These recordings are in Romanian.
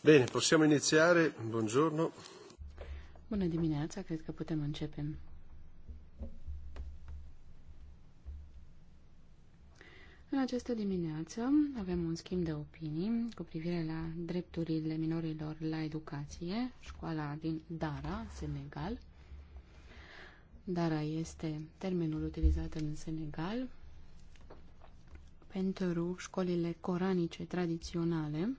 Bine, possiamo iniziare. Buongiorno. Bună dimineața, cred că putem începe. În această dimineață avem un schimb de opinii cu privire la drepturile minorilor la educație, școala din Dara, Senegal. Dara este termenul utilizat în Senegal pentru școlile coranice tradiționale,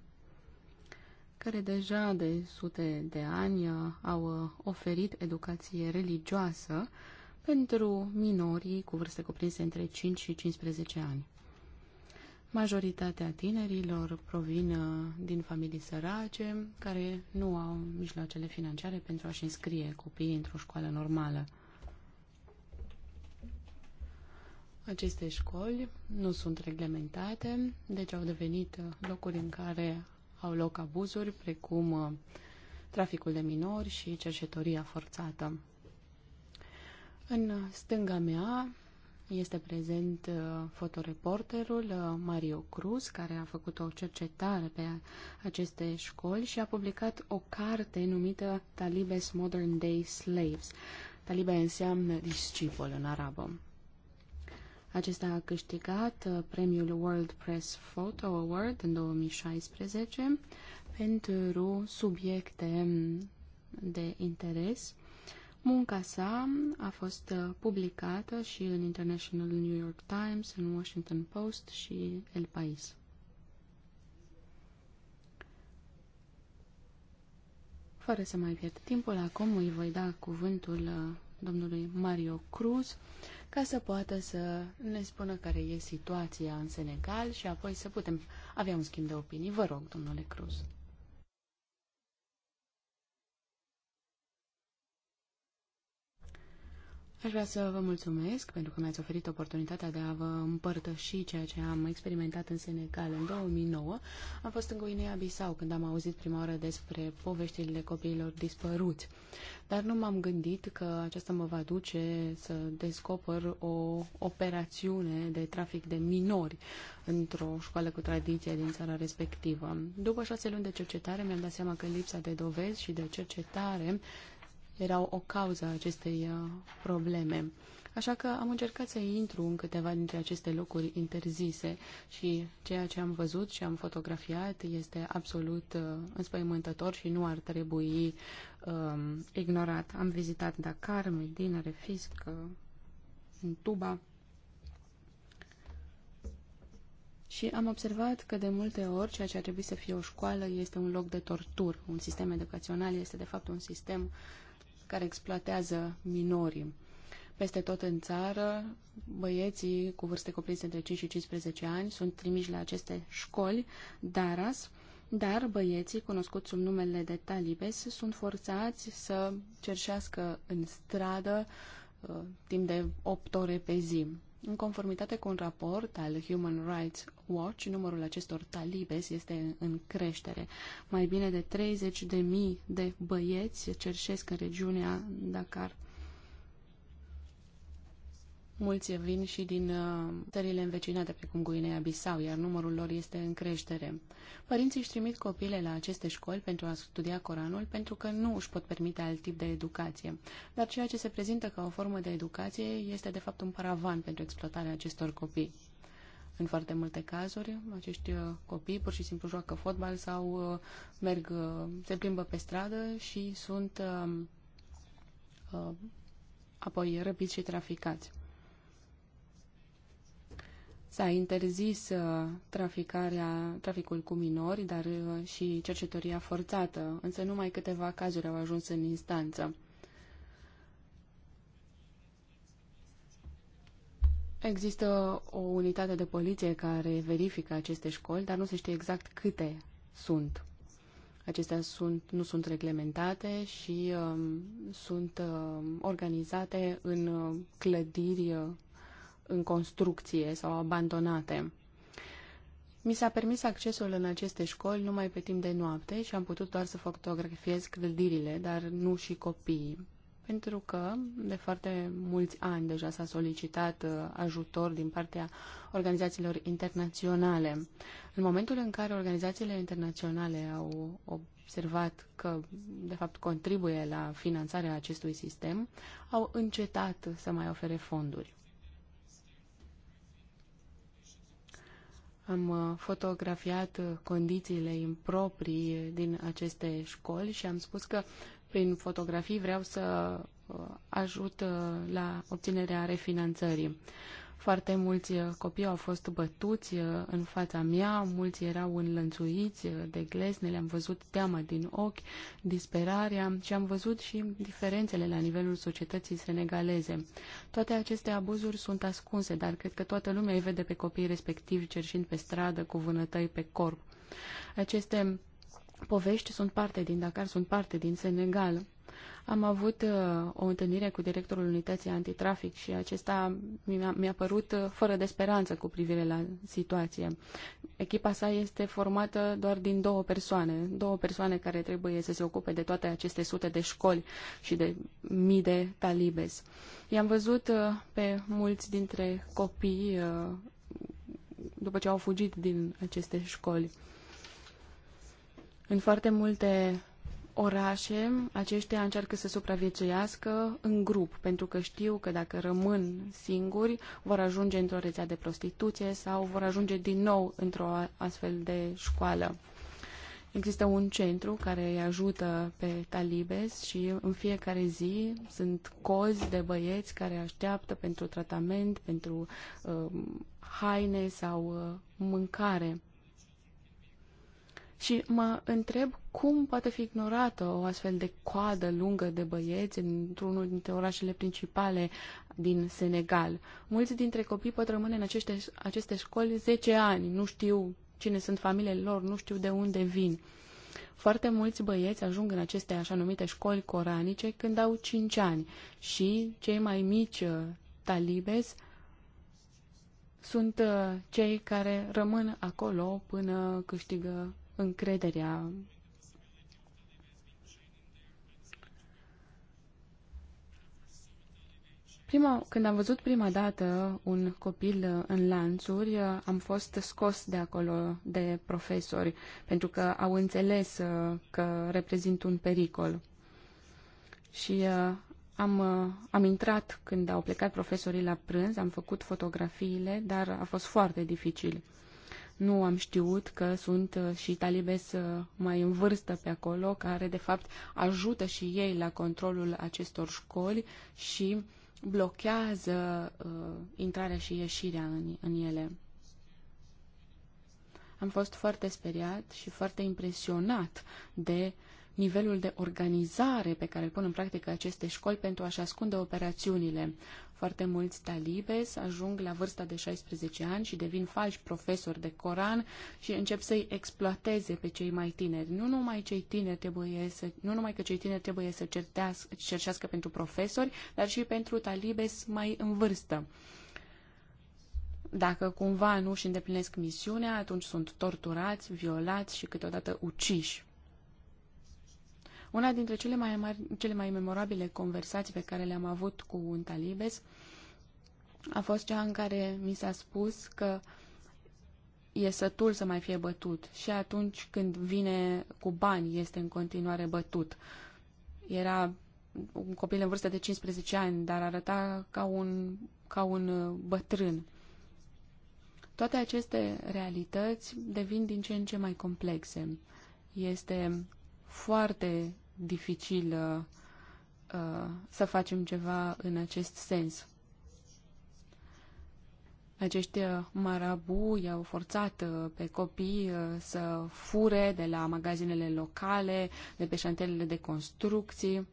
care deja de sute de ani uh, au uh, oferit educație religioasă pentru minorii cu vârste cuprinse între 5 și 15 ani. Majoritatea tinerilor provin uh, din familii sărace care nu au mijloacele financiare pentru a-și înscrie copiii într-o școală normală. Aceste școli nu sunt reglementate, deci au devenit uh, locuri în care au loc abuzuri, precum uh, traficul de minori și cercetoria forțată. În uh, stânga mea este prezent fotoreporterul Mario Cruz, care a făcut o cercetare pe aceste școli și a publicat o carte numită Talibes Modern Day Slaves. Talibe înseamnă discipol în arabă. Acesta a câștigat uh, premiul World Press Photo Award în 2016 pentru subiecte mm, de interes. Munca sa a fost uh, publicată și în International New York Times, în Washington Post și El País. Fără să mai pierd timpul, acum îi voi da cuvântul uh, domnului Mario Cruz, ca să poată să ne spună care e situația în Senegal și apoi să putem avea un schimb de opinii. Vă rog, domnule Cruz. Aș vrea să vă mulțumesc pentru că mi-ați oferit oportunitatea de a vă împărtăși ceea ce am experimentat în Senegal în 2009. Am fost în Guinea-Bissau când am auzit prima oară despre poveștile copiilor dispăruți. Dar nu m-am gândit că aceasta mă va duce să descoper o operațiune de trafic de minori într-o școală cu tradiție din țara respectivă. După șase luni de cercetare mi-am dat seama că lipsa de dovezi și de cercetare erau o cauză acestei uh, probleme. Așa că am încercat să intru în câteva dintre aceste locuri interzise și ceea ce am văzut și am fotografiat este absolut uh, înspăimântător și nu ar trebui uh, ignorat. Am vizitat Dakar, Medina, Refisc, uh, în Tuba și am observat că de multe ori ceea ce ar trebui să fie o școală este un loc de tortură, Un sistem educațional este de fapt un sistem uh, care exploatează minorii. Peste tot în țară, băieții cu vârste cuprinse între 5 și 15 ani sunt trimiși la aceste școli, daras, dar băieții, cunoscuți sub numele de talibes, sunt forțați să cerșească în stradă uh, timp de 8 ore pe zi. În conformitate cu un raport al Human Rights Watch, numărul acestor talibes este în creștere. Mai bine de 30.000 de băieți cerșesc în regiunea Dakar Mulți vin și din uh, țările învecinate, precum Guinea-Bissau, iar numărul lor este în creștere. Părinții își trimit copiile la aceste școli pentru a studia Coranul, pentru că nu își pot permite alt tip de educație. Dar ceea ce se prezintă ca o formă de educație este, de fapt, un paravan pentru exploatarea acestor copii. În foarte multe cazuri, acești uh, copii pur și simplu joacă fotbal sau uh, merg, se plimbă pe stradă și sunt apoi răpiți și traficați. S-a interzis uh, traficarea, traficul cu minori, dar uh, și cercetoria forțată, însă numai câteva cazuri au ajuns în instanță. Există o unitate de poliție care verifică aceste școli, dar nu se știe exact câte sunt. Acestea sunt, nu sunt reglementate și uh, sunt uh, organizate în uh, clădiri în construcție sau abandonate. Mi s-a permis accesul în aceste școli numai pe timp de noapte și am putut doar să fotografiez clădirile, dar nu și copiii. Pentru că de foarte mulți ani deja s-a solicitat uh, ajutor din partea organizațiilor internaționale. În momentul în care organizațiile internaționale au observat că, de fapt, contribuie la finanțarea acestui sistem, au încetat să mai ofere fonduri. Am uh, fotografiat uh, condițiile improprii din aceste școli și am spus că prin fotografii vreau să uh, ajut la obținerea refinanțării. Foarte mulți uh, copii au fost bătuți uh, în fața mea, mulți erau înlănțuiți uh, de glezne, le-am văzut teama din ochi, disperarea și am văzut și diferențele la nivelul societății senegaleze. Toate aceste abuzuri sunt ascunse, dar cred că toată lumea îi vede pe copiii respectivi cerșind pe stradă cu vânătăi pe corp. Aceste povești sunt parte din Dakar, sunt parte din Senegal. Am avut uh, o întâlnire cu directorul unității antitrafic și acesta mi-a, mi părut uh, fără de speranță cu privire la situație. Echipa sa este formată doar din două persoane, două persoane care trebuie să se ocupe de toate aceste sute de școli și de mii de talibes. I-am văzut uh, pe mulți dintre copii după ce au fugit din aceste școli. În foarte multe orașe, aceștia încearcă să supraviețuiască în grup, pentru că știu că dacă rămân singuri, vor ajunge într-o rețea de prostituție sau vor ajunge din nou într-o astfel de școală. Există un centru care îi ajută pe talibes și în fiecare zi sunt cozi de băieți care așteaptă pentru tratament, pentru uh, haine sau uh, mâncare. Și mă întreb cum poate fi ignorată o astfel de coadă lungă de băieți într-unul dintre orașele principale din Senegal. Mulți dintre copii pot rămâne în aceste, aceste școli 10 ani, nu știu cine sunt familiile lor, nu știu de unde vin. Foarte mulți băieți ajung în aceste așa numite școli coranice când au 5 ani și cei mai mici uh, talibes sunt uh, cei care rămân acolo până câștigă încrederea Prima, când am văzut prima dată un copil în lanțuri, am fost scos de acolo de profesori, pentru că au înțeles uh, că reprezint un pericol. Și uh, am, uh, am intrat când au plecat profesorii la prânz, am făcut fotografiile, dar a fost foarte dificil nu am știut că sunt uh, și talibes uh, mai în vârstă pe acolo, care de fapt ajută și ei la controlul acestor școli și blochează uh, intrarea și ieșirea în, în ele. Am fost foarte speriat și foarte impresionat de uh, nivelul de organizare pe care îl pun în practică aceste școli pentru a-și ascunde operațiunile. Foarte mulți talibes ajung la vârsta de 16 ani și devin falși profesori de Coran și încep să-i exploateze pe cei mai tineri. Nu numai, cei tineri trebuie să, nu numai că cei tineri trebuie să cercească pentru profesori, dar și pentru talibes mai în vârstă dacă cumva nu își îndeplinesc misiunea, atunci sunt torturați, violați și câteodată uciși. Una dintre cele mai, mari, cele mai memorabile conversații pe care le-am avut cu un talibes a fost cea în care mi s-a spus că e sătul să mai fie bătut și atunci când vine cu bani este în continuare bătut. Era un copil în vârstă de 15 ani, dar arăta ca un, ca un uh, bătrân. Toate aceste realități devin din ce în ce mai complexe. Este foarte dificil uh, să facem ceva în acest sens. Acești uh, marabu i-au forțat uh, pe copii uh, să fure de la magazinele locale, de pe șantelele de construcții.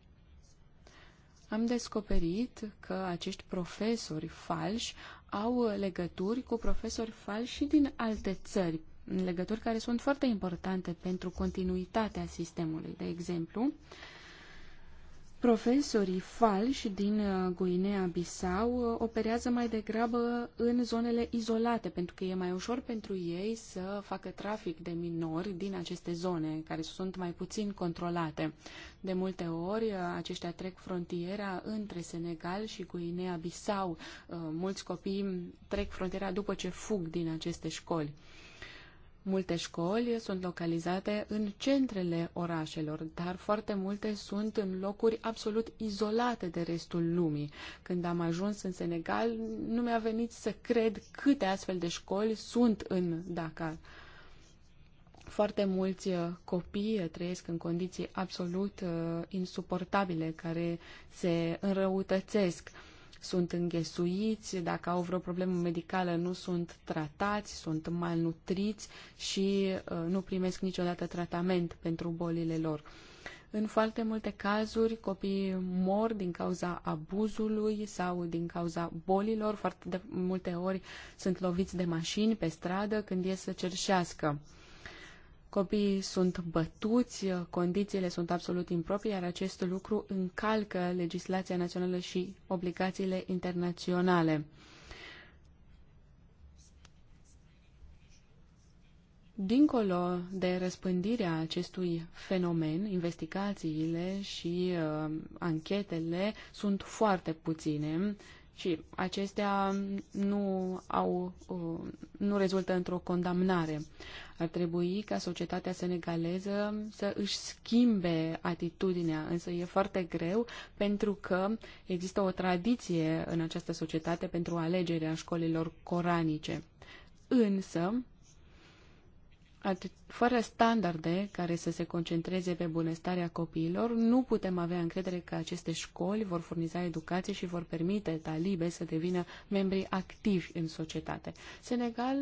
Am descoperit că acești profesori falși au legături cu profesori falși și din alte țări, legături care sunt foarte importante pentru continuitatea sistemului. De exemplu, profesorii falși din uh, Guinea-Bissau uh, operează mai degrabă în zonele izolate, pentru că e mai ușor pentru ei să facă trafic de minori din aceste zone, care sunt mai puțin controlate. De multe ori, uh, aceștia trec frontiera între Senegal și Guinea-Bissau. Mulți copii trec frontiera după ce fug din aceste școli. Multe școli sunt localizate în centrele orașelor, dar foarte multe sunt în locuri absolut izolate de restul lumii. Când am ajuns în Senegal, nu mi-a venit să cred câte astfel de școli sunt în Dakar. Foarte mulți uh, copii uh, trăiesc în condiții absolut uh, insuportabile, care se înrăutățesc. Uh, sunt înghesuiți, dacă au vreo problemă medicală nu sunt tratați, sunt malnutriți și uh, nu primesc niciodată tratament pentru bolile lor. În foarte multe cazuri, copiii mor din cauza abuzului sau din cauza bolilor. Foarte de multe ori sunt loviți de mașini pe stradă când ies să cerșească. Copiii sunt bătuți, condițiile sunt absolut improprii, iar acest lucru încalcă legislația națională și obligațiile internaționale. Dincolo de răspândirea acestui fenomen, investigațiile și uh, anchetele sunt foarte puține și acestea nu, au, uh, nu rezultă într-o condamnare. Ar trebui ca societatea senegaleză să își schimbe atitudinea, însă e foarte greu pentru că există o tradiție în această societate pentru alegerea școlilor coranice. Însă, fără standarde care să se concentreze pe bunăstarea copiilor, nu putem avea încredere că aceste școli vor furniza educație și vor permite talibe să devină membri activi în societate. Senegal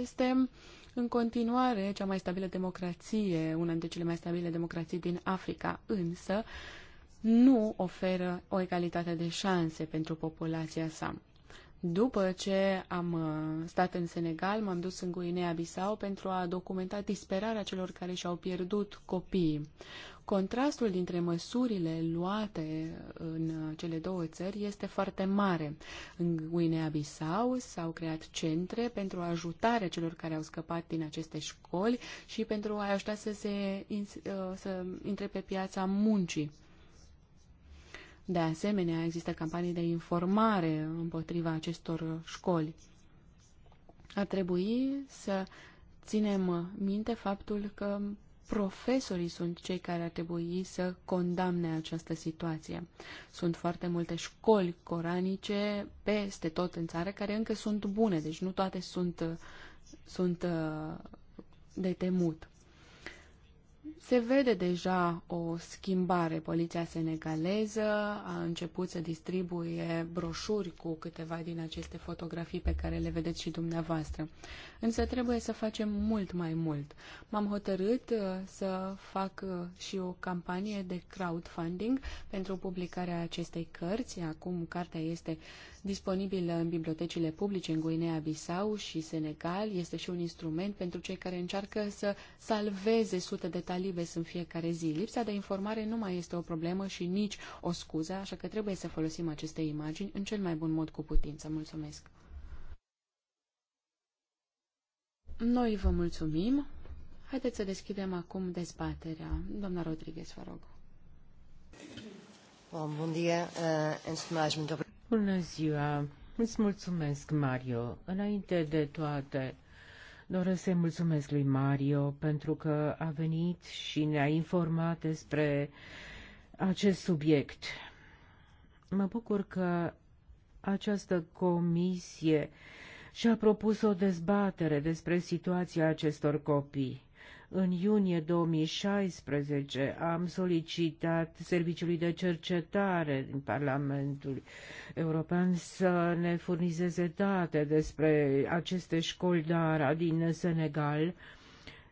este în continuare cea mai stabilă democrație, una dintre cele mai stabile democrații din Africa, însă nu oferă o egalitate de șanse pentru populația sa. După ce am uh, stat în Senegal, m-am dus în Guinea-Bissau pentru a documenta disperarea celor care și-au pierdut copiii. Contrastul dintre măsurile luate uh, în uh, cele două țări este foarte mare. În Guinea-Bissau s-au creat centre pentru ajutarea celor care au scăpat din aceste școli și pentru a ajuta să se să intre pe piața muncii. De asemenea, există campanii de informare împotriva acestor școli. Ar trebui să ținem minte faptul că profesorii sunt cei care ar trebui să condamne această situație. Sunt foarte multe școli coranice peste tot în țară care încă sunt bune, deci nu toate sunt, sunt uh, de temut. Se vede deja o schimbare. Poliția senegaleză a început să distribuie broșuri cu câteva din aceste fotografii pe care le vedeți și dumneavoastră. Însă trebuie să facem mult mai mult. M-am hotărât uh, să fac uh, și o campanie de crowdfunding pentru publicarea acestei cărți. Acum cartea este disponibil în bibliotecile publice în Guinea-Bissau și Senegal. Este și un instrument pentru cei care încearcă să salveze sute de talibes în fiecare zi. Lipsa de informare nu mai este o problemă și nici o scuză, așa că trebuie să folosim aceste imagini în cel mai bun mod cu putință. Mulțumesc! Noi vă mulțumim. Haideți să deschidem acum dezbaterea. Doamna Rodriguez, vă rog. Bom, bom dia. Uh, antes de mais, muito Bună ziua! Îți mulțumesc, Mario. Înainte de toate, doresc să-i mulțumesc lui Mario pentru că a venit și ne-a informat despre acest subiect. Mă bucur că această comisie și-a propus o dezbatere despre situația acestor copii. În iunie 2016 am solicitat Serviciului de Cercetare din Parlamentul European să ne furnizeze date despre aceste școli Dara din Senegal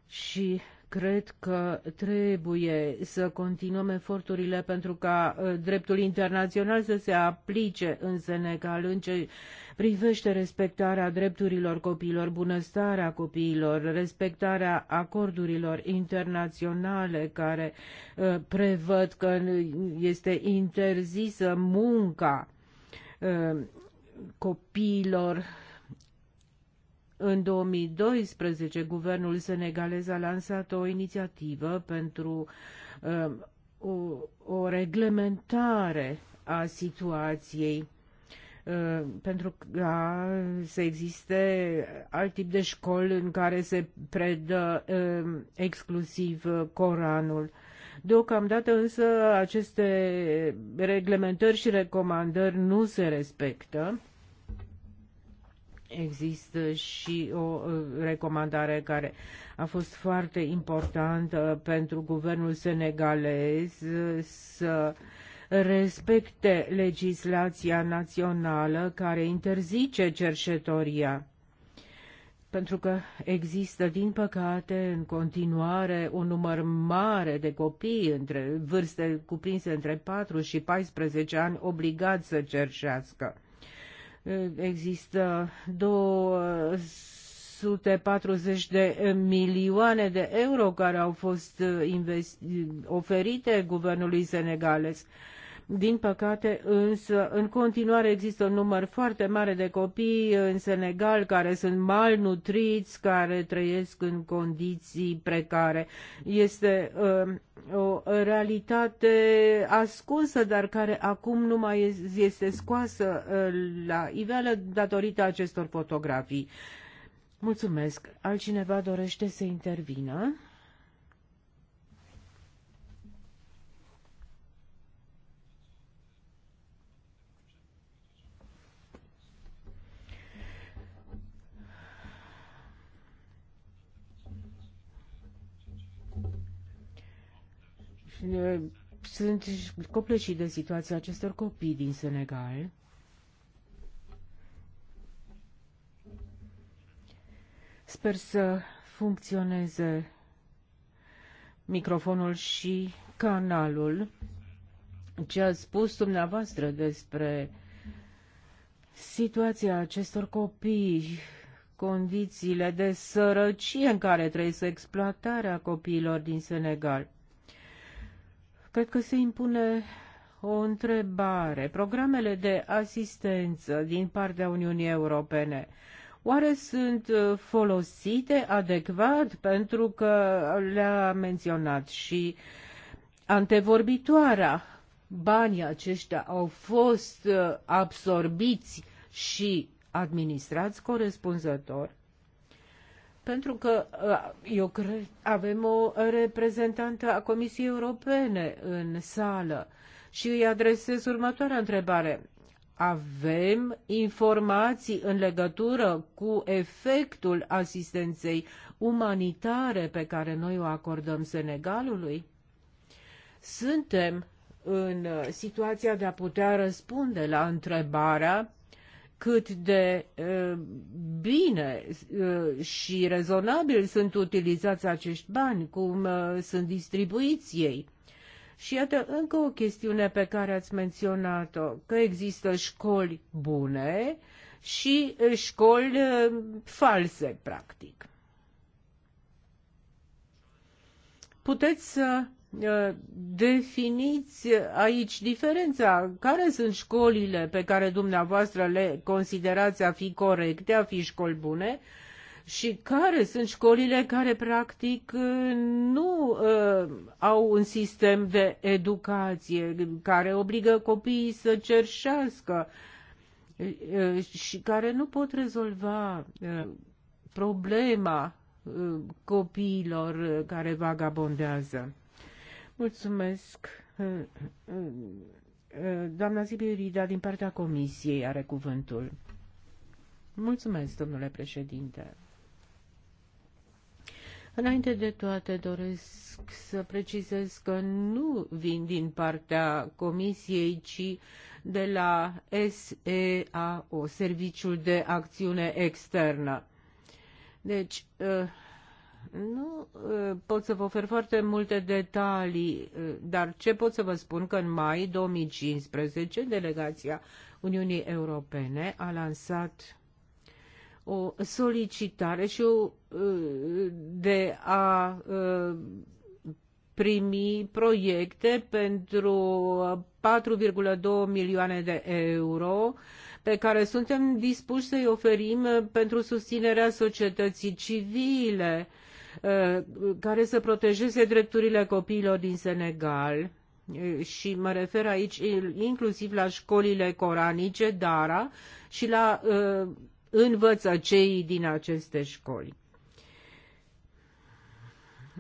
și cred că trebuie să continuăm eforturile pentru ca uh, dreptul internațional să se aplice în Senegal în ce privește respectarea drepturilor copiilor, bunăstarea copiilor, respectarea acordurilor internaționale care uh, prevăd că este interzisă munca uh, copiilor în 2012, guvernul senegalez a lansat o inițiativă pentru uh, o, o reglementare a situației Uh, pentru ca să existe alt tip de școli în care se predă uh, exclusiv uh, Coranul. Deocamdată însă aceste reglementări și recomandări nu se respectă. Există și o recomandare care a fost foarte importantă pentru guvernul senegalez să uh, respecte legislația națională care interzice cercetoria. Pentru că există, din păcate, în continuare un număr mare de copii între vârste cuprinse între 4 și 14 ani obligați să cerșească. Există 240 de milioane de euro care au fost oferite guvernului senegalez din păcate, însă, în continuare există un număr foarte mare de copii în Senegal care sunt malnutriți, care trăiesc în condiții precare. Este uh, o realitate ascunsă, dar care acum nu mai este scoasă uh, la iveală datorită acestor fotografii. Mulțumesc. Altcineva dorește să intervină? sunt copleșit de situația acestor copii din Senegal. Sper să funcționeze microfonul și canalul. Ce ați spus dumneavoastră despre situația acestor copii, condițiile de sărăcie în care trăiesc exploatarea copiilor din Senegal. Cred că se impune o întrebare. Programele de asistență din partea Uniunii Europene oare sunt uh, folosite adecvat? Pentru că le-a menționat și antevorbitoarea. Banii aceștia au fost uh, absorbiți și administrați corespunzător. Pentru că uh, eu cred avem o reprezentantă a Comisiei Europene în sală și îi adresez următoarea întrebare. Avem informații în legătură cu efectul asistenței umanitare pe care noi o acordăm Senegalului? Suntem în situația de a putea răspunde la întrebarea cât de bine și rezonabil sunt utilizați acești bani, cum sunt distribuiți ei. Și iată încă o chestiune pe care ați menționat-o, că există școli bune și școli false, practic. Puteți să Uh, definiți aici diferența. Care sunt școlile pe care dumneavoastră le considerați a fi corecte, a fi școli bune? Și care sunt școlile care practic uh, nu uh, au un sistem de educație care obligă copiii să cerșească uh, și care nu pot rezolva uh, problema uh, copiilor care vagabondează. Mulțumesc. Uh, uh, uh, doamna Rida, din partea Comisiei, are cuvântul. Mulțumesc, domnule președinte. Înainte de toate, doresc să precizez că nu vin din partea Comisiei, ci de la SEAO, Serviciul de Acțiune Externă. Deci, nu pot să vă ofer foarte multe detalii, dar ce pot să vă spun că în mai 2015 delegația Uniunii Europene a lansat o solicitare și o, de a primi proiecte pentru 4,2 milioane de euro pe care suntem dispuși să-i oferim pentru susținerea societății civile Uh, care să protejeze drepturile copiilor din Senegal uh, și mă refer aici inclusiv la școlile coranice, Dara, și la uh, învățăceii din aceste școli.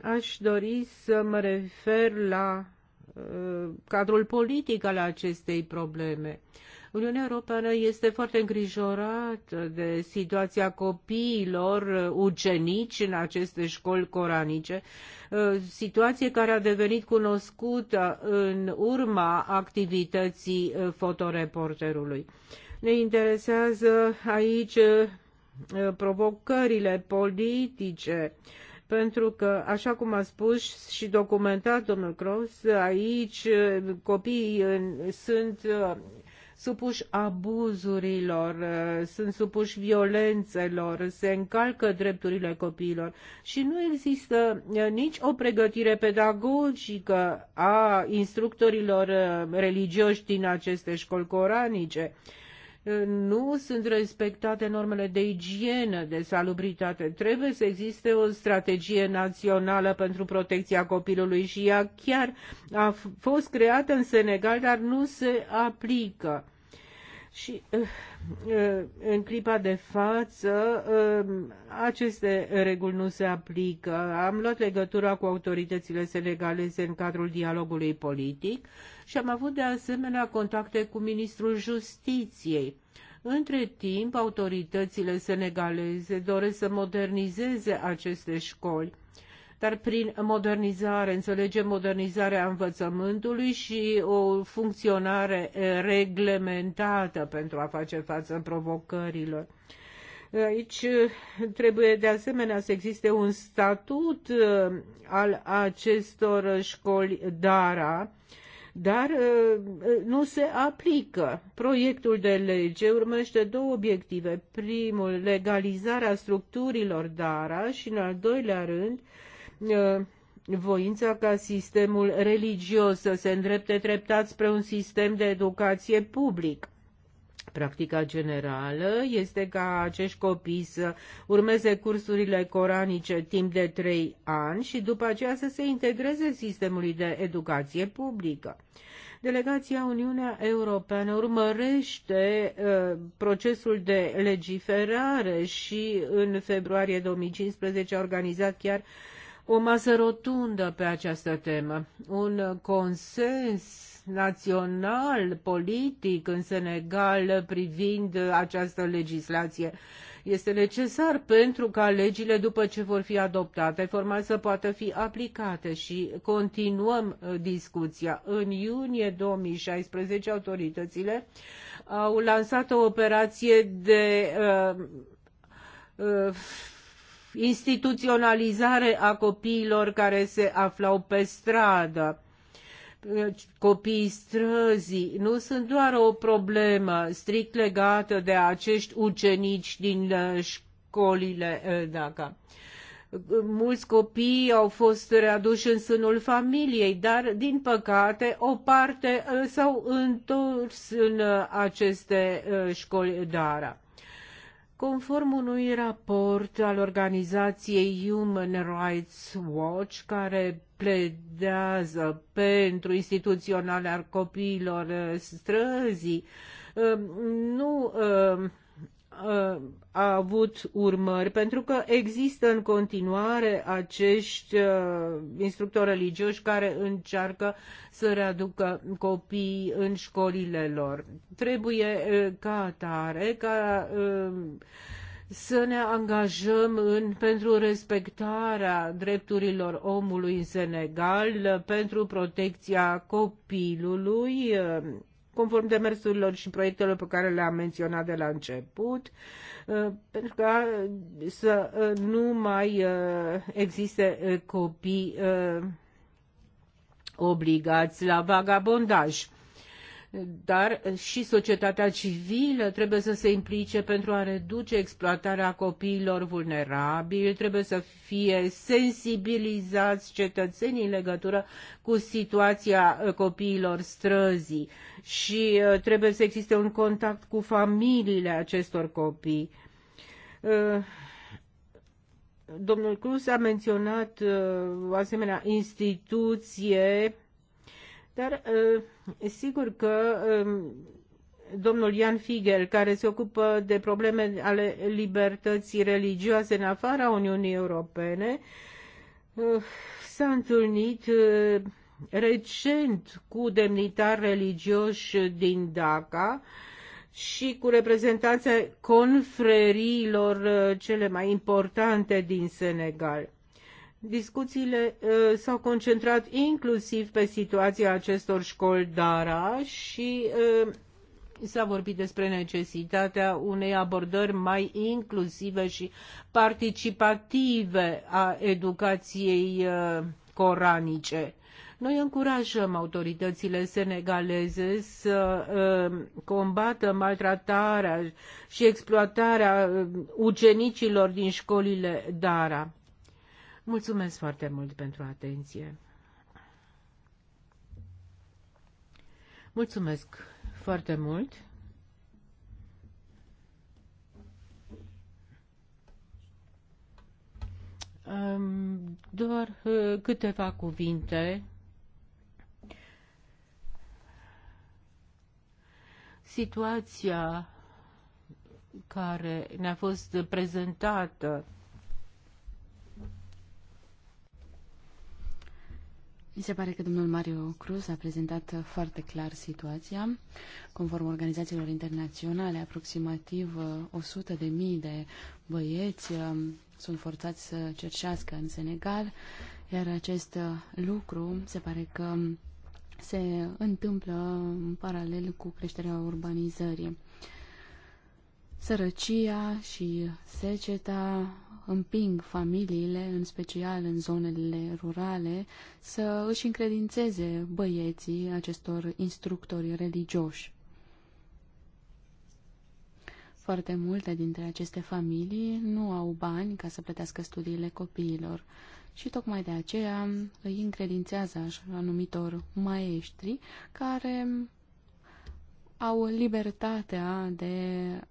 Aș dori să mă refer la uh, cadrul politic al acestei probleme. Uh, Uniunea Europeană este foarte îngrijorată de situația copiilor ucenici în aceste școli coranice, uh, situație care a devenit cunoscută în urma activității uh, fotoreporterului. Ne interesează aici uh, provocările politice pentru că, așa cum a spus și documentat domnul Cross, aici copiii sunt supuși abuzurilor, uh, sunt supuși violențelor, se încalcă drepturile copiilor și nu există uh, nici o pregătire pedagogică a instructorilor uh, religioși din aceste școli coranice nu sunt respectate normele de igienă, de salubritate. Trebuie să existe o strategie națională pentru protecția copilului și ea chiar a fost creată în Senegal, dar nu se aplică. Și eh, eh, în clipa de față eh, aceste reguli nu se aplică. Am luat legătura cu autoritățile senegaleze în cadrul dialogului politic și am avut de asemenea contacte cu ministrul justiției. Între timp, autoritățile senegaleze doresc să modernizeze aceste școli dar prin modernizare înțelegem modernizarea învățământului și o funcționare reglementată pentru a face față provocărilor. Aici trebuie de asemenea să existe un statut al acestor școli DARA, dar nu se aplică. Proiectul de lege urmește două obiective. Primul, legalizarea structurilor DARA și, în al doilea rând, Uh, voința ca sistemul religios să se îndrepte treptat spre un sistem de educație public. Practica generală este ca acești copii să urmeze cursurile coranice timp de trei ani și după aceea să se integreze sistemului de educație publică. Delegația Uniunea Europeană urmărește uh, procesul de legiferare și în februarie 2015 a organizat chiar uh, o masă rotundă pe această temă, un consens național, politic în Senegal privind această legislație. Este necesar pentru ca legile, după ce vor fi adoptate, formal să poată fi aplicate și continuăm uh, discuția. În iunie 2016, autoritățile au lansat o operație de uh, uh, instituționalizare a copiilor care se aflau pe stradă. Copiii străzii nu sunt doar o problemă strict legată de acești ucenici din uh, școlile uh, DACA mulți copii au fost readuși în sânul familiei, dar, din păcate, o parte uh, s-au întors în aceste școli DARA. Conform unui raport al organizației Human Rights Watch, care pledează pentru instituționale copiilor străzii, uh, nu uh, a avut urmări, pentru că există în continuare acești uh, instructori religioși care încearcă să readucă copiii în școlile lor. Trebuie uh, ca atare, ca uh, să ne angajăm în, pentru respectarea drepturilor omului în Senegal, pentru protecția copilului, conform demersurilor și proiectelor pe care le-am menționat de la început, uh, pentru ca uh, să uh, nu mai existe copii obligați la vagabondaj dar și societatea civilă trebuie să se implice pentru a reduce exploatarea copiilor vulnerabili, trebuie să fie sensibilizați cetățenii în legătură cu situația uh, copiilor străzii și uh, trebuie să existe un contact cu familiile acestor copii. Uh, domnul Cruz a menționat o asemenea instituție, dar uh, Sigur că um, domnul Ian Figel, care se ocupă de probleme ale libertății religioase în afara Uniunii Europene, uh, s-a întâlnit uh, recent cu demnitari religioși din Dhaka și cu reprezentanța confrerilor uh, cele mai importante din Senegal. Discuțiile uh, s-au concentrat inclusiv pe situația acestor școli DARA și uh, s-a vorbit despre necesitatea unei abordări mai inclusive și participative a educației uh, coranice. Noi încurajăm autoritățile senegaleze să uh, combată maltratarea și exploatarea uh, ucenicilor din școlile Dara. Mulțumesc foarte mult pentru atenție. Mulțumesc foarte mult. Doar uh, câteva cuvinte. Situația care ne-a fost prezentată Mi se pare că domnul Mario Cruz a prezentat foarte clar situația. Conform organizațiilor internaționale, aproximativ 100 uh, de mii de băieți uh, sunt forțați să cerșească în Senegal, iar acest uh, lucru se pare că um, se întâmplă în paralel cu creșterea urbanizării. Sărăcia și seceta împing familiile, în special în zonele rurale, să își încredințeze băieții acestor instructori religioși. Foarte multe dintre aceste familii nu au bani ca să plătească studiile copiilor și tocmai de aceea îi încredințează așa anumitor maestri care au libertatea de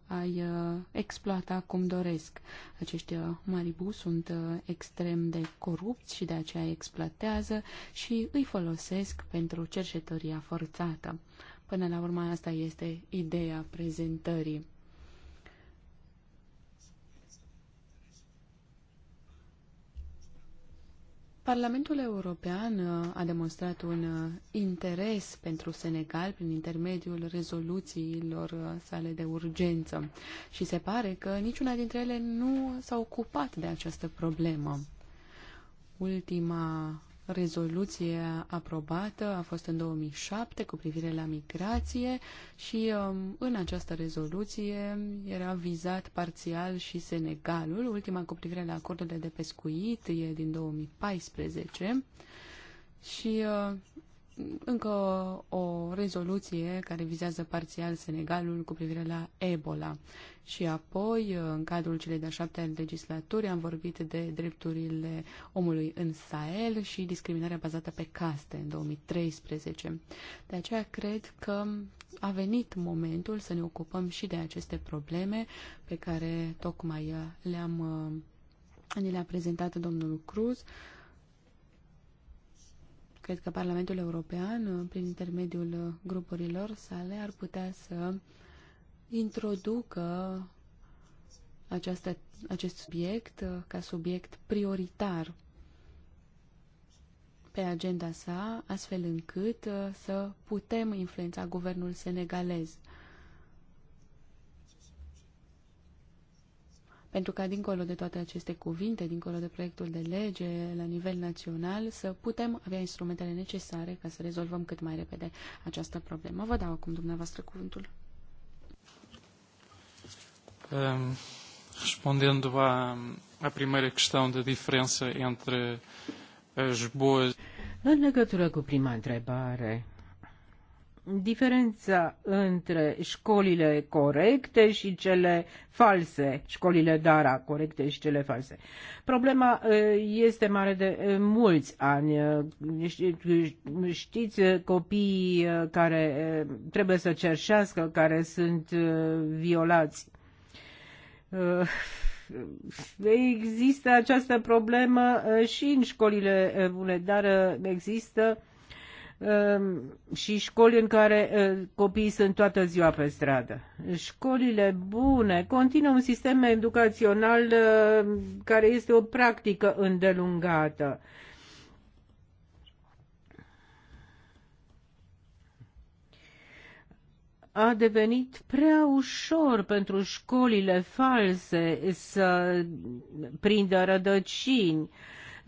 a-i uh, exploata cum doresc. Acești uh, maribu sunt uh, extrem de corupți și de aceea îi exploatează și îi folosesc pentru cercetoria forțată. Până la urmă, asta este ideea prezentării. Parlamentul European uh, a demonstrat un uh, interes pentru Senegal prin intermediul rezoluțiilor uh, sale de urgență și se pare că niciuna dintre ele nu s-a ocupat de această problemă. Ultima rezoluție aprobată a fost în 2007 cu privire la migrație și um, în această rezoluție era vizat parțial și Senegalul. Ultima cu privire la acordurile de pescuit e din 2014 și uh, încă o rezoluție care vizează parțial Senegalul cu privire la Ebola. Și apoi, în cadrul celei de-a șaptea legislaturi, am vorbit de drepturile omului în Sahel și discriminarea bazată pe caste în 2013. De aceea cred că a venit momentul să ne ocupăm și de aceste probleme pe care tocmai le-am ne le-a prezentat domnul Cruz Cred că Parlamentul European, prin intermediul grupurilor sale, ar putea să introducă această, acest subiect ca subiect prioritar pe agenda sa, astfel încât să putem influența guvernul senegalez. pentru ca, dincolo de toate aceste cuvinte, dincolo de proiectul de lege la nivel național, să putem avea instrumentele necesare ca să rezolvăm cât mai repede această problemă. Vă dau acum dumneavoastră cuvântul. Um, respondendo à, à primeira questão da diferença entre as boas. În legătură cu prima întrebare, diferența între școlile corecte și cele false, școlile DARA corecte și cele false. Problema uh, este mare de uh, mulți ani. Uh, știți copiii care trebuie să cerșească, care sunt violați există această problemă și în școlile bune, dar există Ehm, și școli în care copiii sunt toată ziua pe stradă. Școlile bune continuă un sistem educațional care este o practică îndelungată. a devenit prea ușor pentru școlile false să prindă rădăcini. Uh,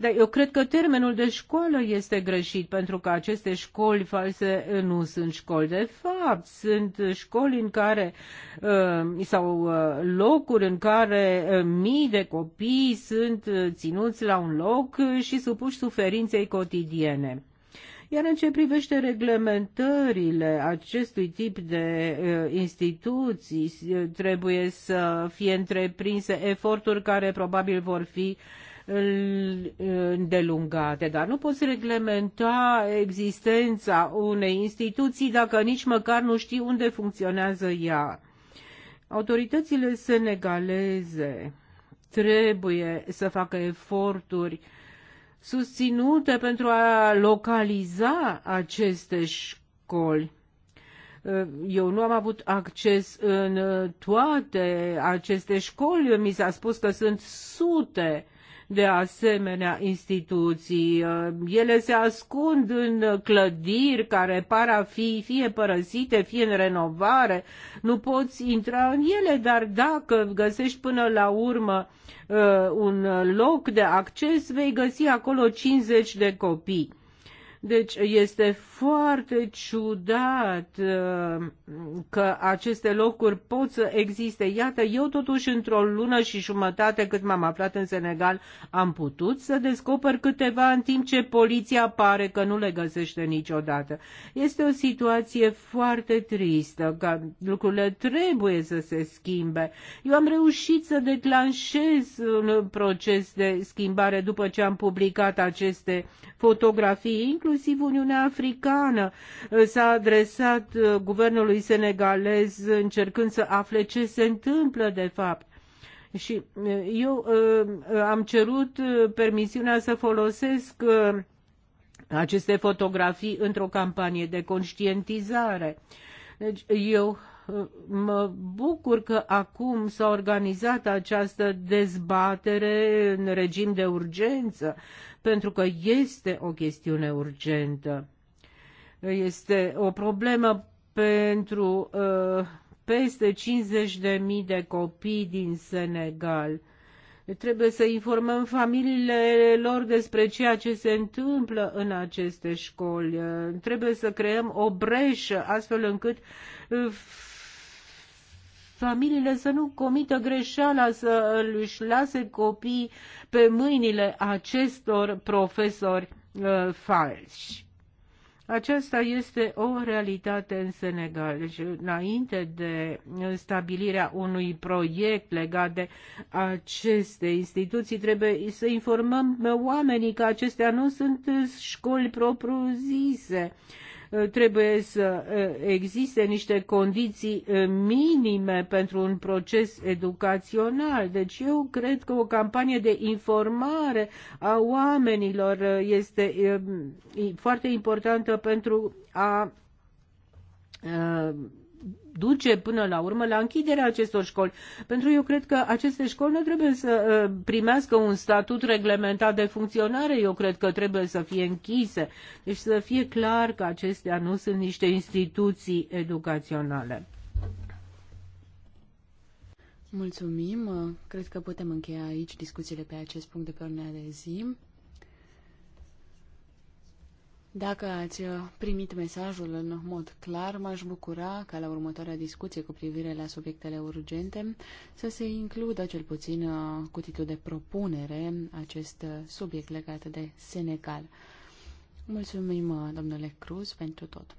dar eu cred că termenul de școală este greșit, pentru că aceste școli false nu sunt școli de fapt, sunt școli în care uh, sau uh, locuri în care uh, mii de copii sunt ținuți la un loc și supuși suferinței cotidiene. Iar în ce privește reglementările acestui tip de uh, instituții, trebuie să fie întreprinse eforturi care probabil vor fi uh, îndelungate, dar nu poți reglementa existența unei instituții dacă nici măcar nu știi unde funcționează ea. Autoritățile senegaleze trebuie să facă eforturi susținute pentru a localiza aceste școli. Eu nu am avut acces în toate aceste școli, mi s-a spus că sunt sute de asemenea instituții. Ele se ascund în clădiri care par a fi fie părăsite, fie în renovare. Nu poți intra în ele, dar dacă găsești până la urmă uh, un loc de acces, vei găsi acolo 50 de copii. Deci este foarte ciudat uh, că aceste locuri pot să existe. Iată, eu totuși într-o lună și jumătate cât m-am aflat în Senegal am putut să descoper câteva în timp ce poliția pare că nu le găsește niciodată. Este o situație foarte tristă, că lucrurile trebuie să se schimbe. Eu am reușit să declanșez un proces de schimbare după ce am publicat aceste fotografii, inclusiv inclusiv Uniunea Africană s-a adresat uh, guvernului senegalez încercând să afle ce se întâmplă de fapt. Și uh, eu uh, am cerut permisiunea să folosesc aceste fotografii într-o campanie de conștientizare. Deci eu mă bucur că acum s-a organizat această dezbatere în regim de urgență, pentru că este o chestiune urgentă. Este o problemă pentru uh, peste 50.000 de copii din Senegal. Trebuie să informăm familiile lor despre ceea ce se întâmplă în aceste școli. Uh, trebuie să creăm o breșă astfel încât uh, familiile să nu comită greșeala să își lase copii pe mâinile acestor profesori uh, falși. Aceasta este o realitate în Senegal. Deci, înainte de stabilirea unui proiect legat de aceste instituții, trebuie să informăm oamenii că acestea nu sunt școli propriu-zise. Uh, Eh, trebuie să eh, existe niște condiții eh, minime pentru un proces educațional. Deci eu cred că o campanie de informare a oamenilor este foarte importantă pentru a duce până la urmă la închiderea acestor școli. Pentru eu cred că aceste școli nu trebuie să uh, primească un statut reglementat de funcționare, eu cred că trebuie să fie închise. Deci să fie clar că acestea nu sunt niște instituții educaționale. Mulțumim. Cred că putem încheia aici discuțiile pe acest punct de pe ordinea de zi. Dacă ați uh, primit mesajul în mod clar, m-aș bucura ca la următoarea discuție cu privire la subiectele urgente să se includă cel puțin uh, cu titlu de propunere acest uh, subiect legat de Senegal. Mulțumim, domnule Cruz, pentru tot.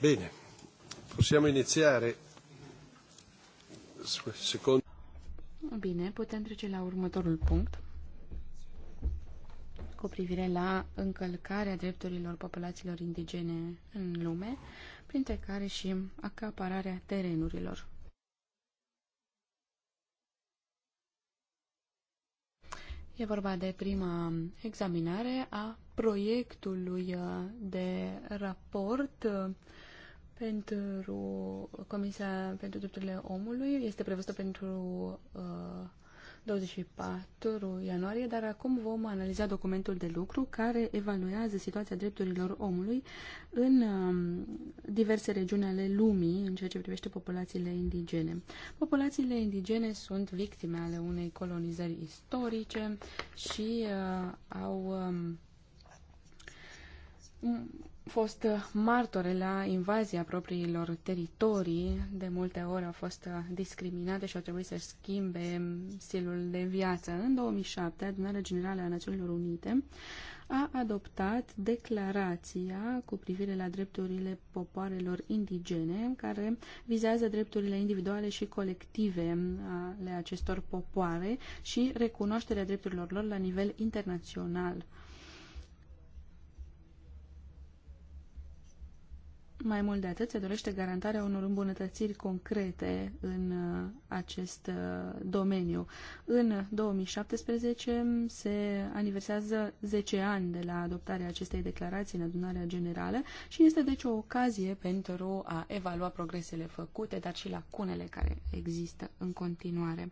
Bine, possiamo iniziare. Secondo... Bine, putem trece la următorul punct cu privire la încălcarea drepturilor populațiilor indigene în lume, printre care și acapararea terenurilor. E vorba de prima examinare a proiectului uh, de raport uh, pentru Comisia pentru Drepturile Omului. Este prevăzută pentru uh, 24 ianuarie, dar acum vom analiza documentul de lucru care evaluează situația drepturilor omului în um, diverse regiuni ale lumii în ceea ce privește populațiile indigene. Populațiile indigene sunt victime ale unei colonizări istorice și uh, au um, fost uh, martore la invazia propriilor teritorii, de multe ori au fost uh, discriminate și au trebuit să schimbe mm, stilul de viață. În 2007, Adunarea Generală a Națiunilor Unite a adoptat declarația cu privire la drepturile popoarelor indigene, care vizează drepturile individuale și colective mm, ale acestor popoare și recunoașterea drepturilor lor la nivel internațional. Mai mult de atât, se dorește garantarea unor îmbunătățiri concrete în uh, acest uh, domeniu. În 2017 se aniversează 10 ani de la adoptarea acestei declarații în adunarea generală și este deci o ocazie pentru a evalua progresele făcute, dar și lacunele care există în continuare.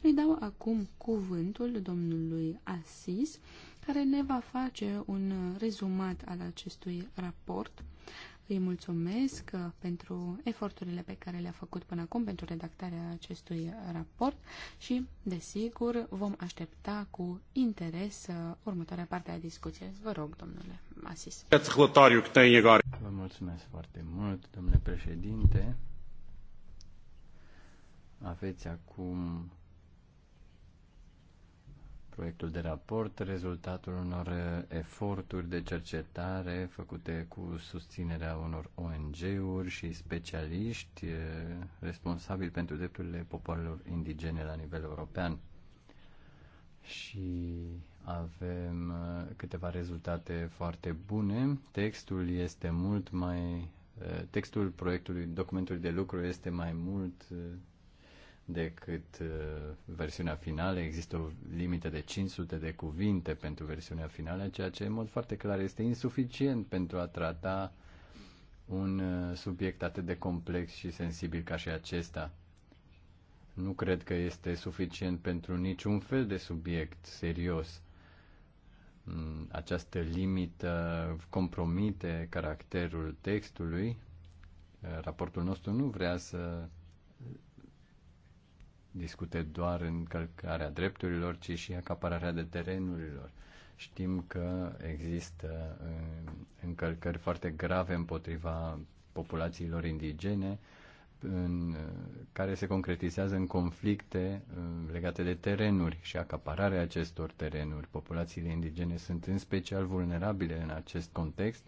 Îi dau acum cuvântul domnului Asis, care ne va face un rezumat al acestui raport îi mulțumesc uh, pentru eforturile pe care le-a făcut până acum pentru redactarea acestui raport și, desigur, vom aștepta cu interes uh, următoarea parte a discuției. Vă rog, domnule Asis. Vă mulțumesc foarte mult, domnule președinte. Aveți acum proiectul de raport rezultatul unor eforturi de cercetare făcute cu susținerea unor ONG-uri și specialiști eh, responsabili pentru drepturile popoarelor indigene la nivel european. Și avem eh, câteva rezultate foarte bune. Textul este mult mai eh, textul proiectului documentului de lucru este mai mult decât uh, versiunea finală. Există o limită de 500 de cuvinte pentru versiunea finală, ceea ce în mod foarte clar este insuficient pentru a trata un uh, subiect atât de complex și sensibil ca și acesta. Nu cred că este suficient pentru niciun fel de subiect serios. Mm, această limită compromite caracterul textului. Uh, raportul nostru nu vrea să discute doar în călcarea drepturilor, ci și acapararea de terenurilor. Știm că există uh, încălcări foarte grave împotriva populațiilor indigene, în, uh, care se concretizează în conflicte uh, legate de terenuri și acapararea acestor terenuri. Populațiile indigene sunt în special vulnerabile în acest context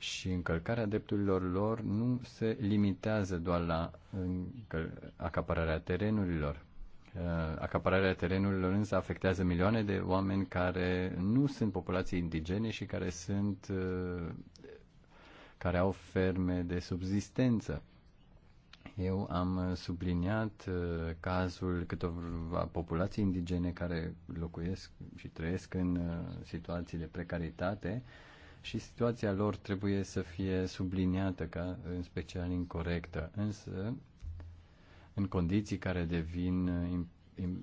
și încălcarea drepturilor lor nu se limitează doar la acapararea terenurilor. Uh, acapararea terenurilor însă afectează milioane de oameni care nu sunt populații indigene și care sunt uh, care au ferme de subzistență. Eu am subliniat uh, cazul câtorva populații indigene care locuiesc și trăiesc în situații de precaritate, și situația lor trebuie să fie subliniată ca în special incorrectă, însă în condiții care devin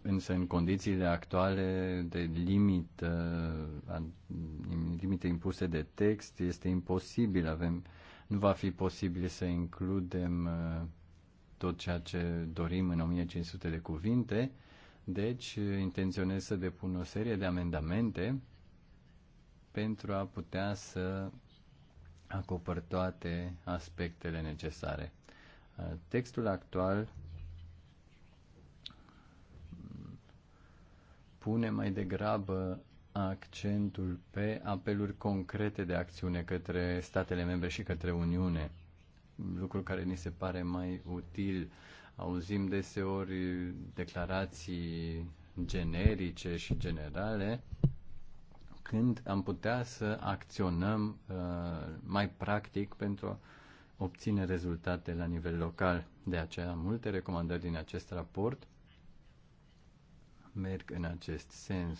însă în condițiile actuale de limită limite impuse de text este imposibil, avem nu va fi posibil să includem uh, tot ceea ce dorim în 1500 de cuvinte, deci uh, intenționez să depun o serie de amendamente pentru a putea să acopăr toate aspectele necesare. Uh, textul actual pune mai degrabă accentul pe apeluri concrete de acțiune către statele membre și către Uniune, lucru care ni se pare mai util. Auzim deseori declarații generice și generale când am putea să acționăm uh, mai practic pentru a obține rezultate la nivel local. De aceea, multe recomandări din acest raport merg în acest sens.